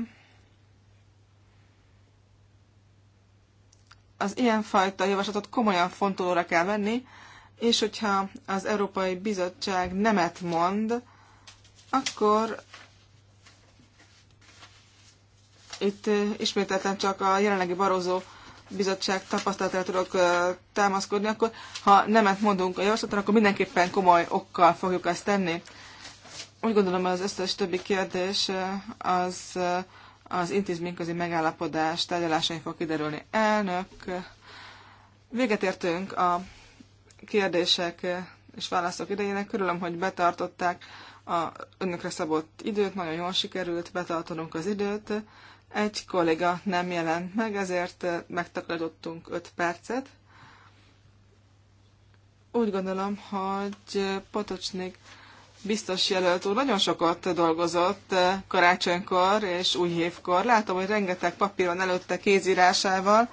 az ilyenfajta javaslatot komolyan fontolóra kell venni, és hogyha az Európai Bizottság nemet mond, akkor itt eh, ismételten csak a jelenlegi Barozó bizottság tapasztalatára tudok támaszkodni, akkor ha nemet mondunk a javaslatra, akkor mindenképpen komoly okkal fogjuk ezt tenni. Úgy gondolom, az összes többi kérdés az az intézményközi megállapodás tárgyalásain fog kiderülni. Elnök, véget értünk a kérdések és válaszok idejének. Körülöm, hogy betartották a önökre szabott időt, nagyon jól sikerült, betartanunk az időt. Egy kolléga nem jelent meg, ezért eh, megtakarítottunk 5 percet. Úgy gondolom, hogy eh, Potocsnik biztos jelölt úr nagyon sokat dolgozott eh, karácsonykor és új évkor. Látom, hogy rengeteg papír van előtte kézírásával,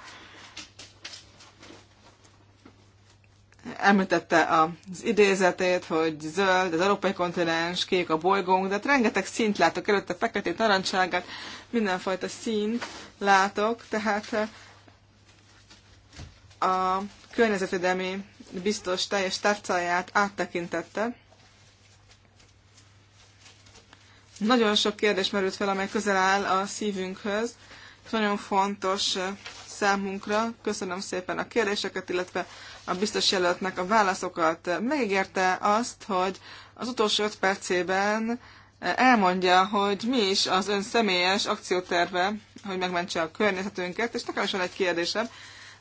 említette az idézetét, hogy zöld, az európai kontinens, kék a bolygónk, de hát rengeteg színt látok előtte, feketét, narancságát, mindenfajta szín látok, tehát eh, a környezetvédelmi biztos teljes tárcáját áttekintette. Nagyon sok kérdés merült fel, amely közel áll a szívünkhöz, és nagyon fontos eh, számunkra. Köszönöm szépen a kérdéseket, illetve a biztos jelöltnek a válaszokat. Megígérte azt, hogy az utolsó öt percében elmondja, hogy mi is az ön személyes akcióterve, hogy megmentse a környezetünket, és nekem is van egy kérdésem.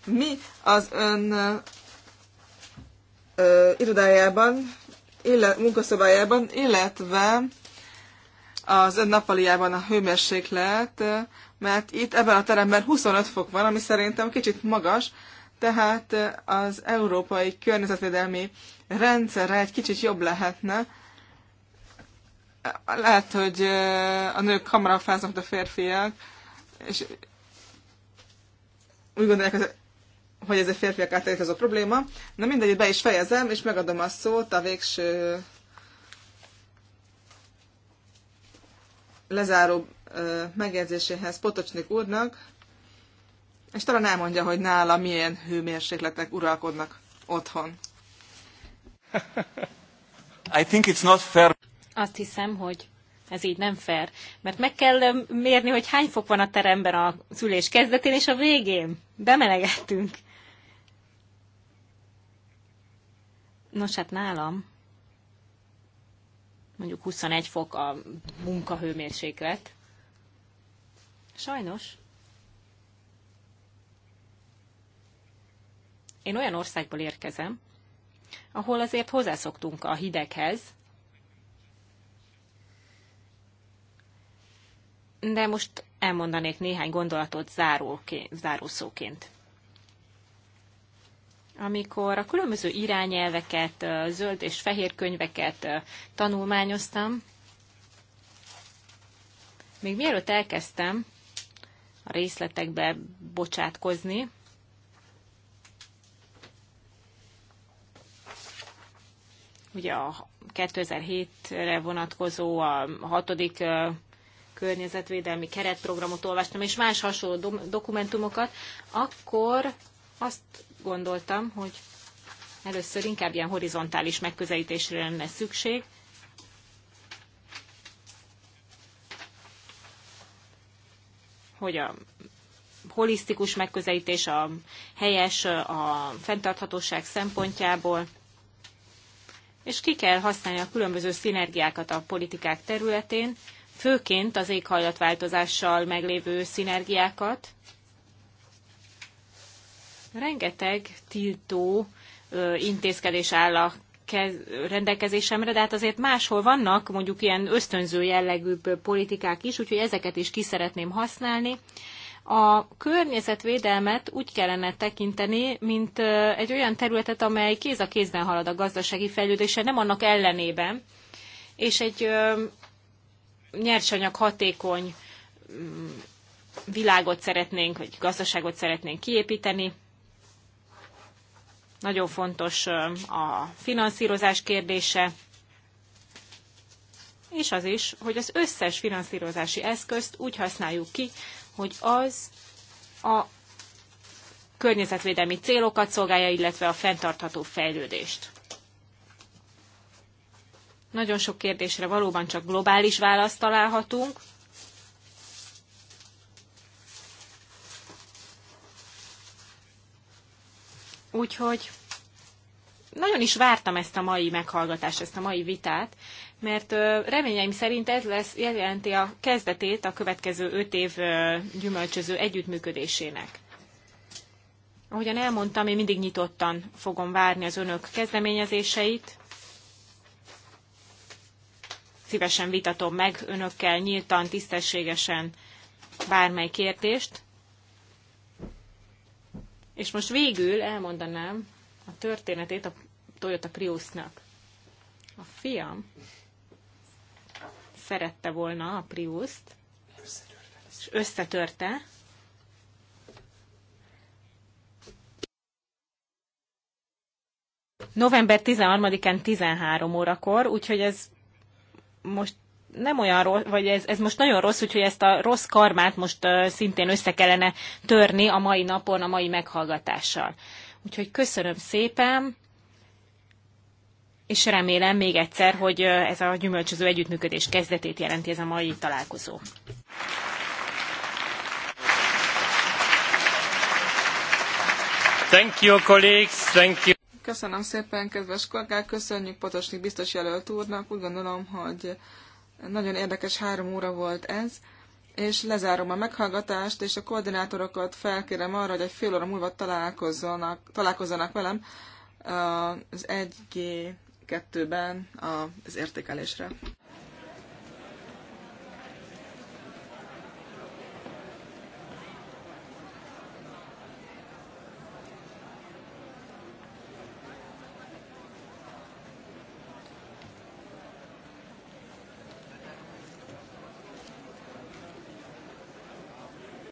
Mi az ön ö, irodájában, illet, munkaszobájában, illetve az ön nappaliában a hőmérséklet mert itt ebben a teremben 25 fok van, ami szerintem kicsit magas, tehát az európai környezetvédelmi rendszerre egy kicsit jobb lehetne. Lehet, hogy a nők hamarabb fáznak, a férfiak, és úgy gondolják, hogy ez a férfiak által az a probléma. Na mindegy, be is fejezem, és megadom a szót a végső lezáró megjegyzéséhez Potocsnik úrnak, és talán elmondja, hogy nála milyen hőmérsékletek uralkodnak otthon. I think it's not fair. Azt hiszem, hogy ez így nem fair, mert meg kell mérni, hogy hány fok van a teremben a szülés kezdetén és a végén. Bemelegettünk. Nos, hát nálam mondjuk 21 fok a munkahőmérséklet. Sajnos én olyan országból érkezem, ahol azért hozzászoktunk a hideghez, de most elmondanék néhány gondolatot záróként, zárószóként. Amikor a különböző irányelveket, zöld és fehér könyveket tanulmányoztam, még mielőtt elkezdtem, a részletekbe bocsátkozni. Ugye a 2007-re vonatkozó a hatodik környezetvédelmi keretprogramot olvastam, és más hasonló dokumentumokat, akkor azt gondoltam, hogy először inkább ilyen horizontális megközelítésre lenne szükség, hogy a holisztikus megközelítés a helyes a fenntarthatóság szempontjából, és ki kell használni a különböző szinergiákat a politikák területén, főként az éghajlatváltozással meglévő szinergiákat. Rengeteg tiltó intézkedés áll a rendelkezésemre, de hát azért máshol vannak mondjuk ilyen ösztönző jellegű politikák is, úgyhogy ezeket is ki szeretném használni. A környezetvédelmet úgy kellene tekinteni, mint egy olyan területet, amely kéz a kézben halad a gazdasági fejlődése, nem annak ellenében, és egy nyersanyag hatékony mm, világot szeretnénk, vagy gazdaságot szeretnénk kiépíteni, nagyon fontos a finanszírozás kérdése, és az is, hogy az összes finanszírozási eszközt úgy használjuk ki, hogy az a környezetvédelmi célokat szolgálja, illetve a fenntartható fejlődést. Nagyon sok kérdésre valóban csak globális választ találhatunk, Úgyhogy nagyon is vártam ezt a mai meghallgatást, ezt a mai vitát, mert reményeim szerint ez lesz, jelenti a kezdetét a következő öt év gyümölcsöző együttműködésének. Ahogyan elmondtam, én mindig nyitottan fogom várni az önök kezdeményezéseit. Szívesen vitatom meg önökkel nyíltan, tisztességesen bármely kérdést. És most végül elmondanám a történetét a Toyota Priusnak. A fiam szerette volna a Priuszt, és összetörte, november 13-án 13 órakor, úgyhogy ez most nem olyan rossz, vagy ez, ez most nagyon rossz, úgyhogy ezt a rossz karmát most uh, szintén össze kellene törni a mai napon, a mai meghallgatással. Úgyhogy köszönöm szépen, és remélem még egyszer, hogy ez a gyümölcsöző együttműködés kezdetét jelenti ez a mai találkozó. Thank you, colleagues. Thank you. Köszönöm szépen, kedves kollégák, köszönjük Potosnik biztos jelölt úrnak. Úgy gondolom, hogy nagyon érdekes három óra volt ez, és lezárom a meghallgatást, és a koordinátorokat felkérem arra, hogy egy fél óra múlva találkozzanak, találkozzanak velem az 1G2-ben az értékelésre.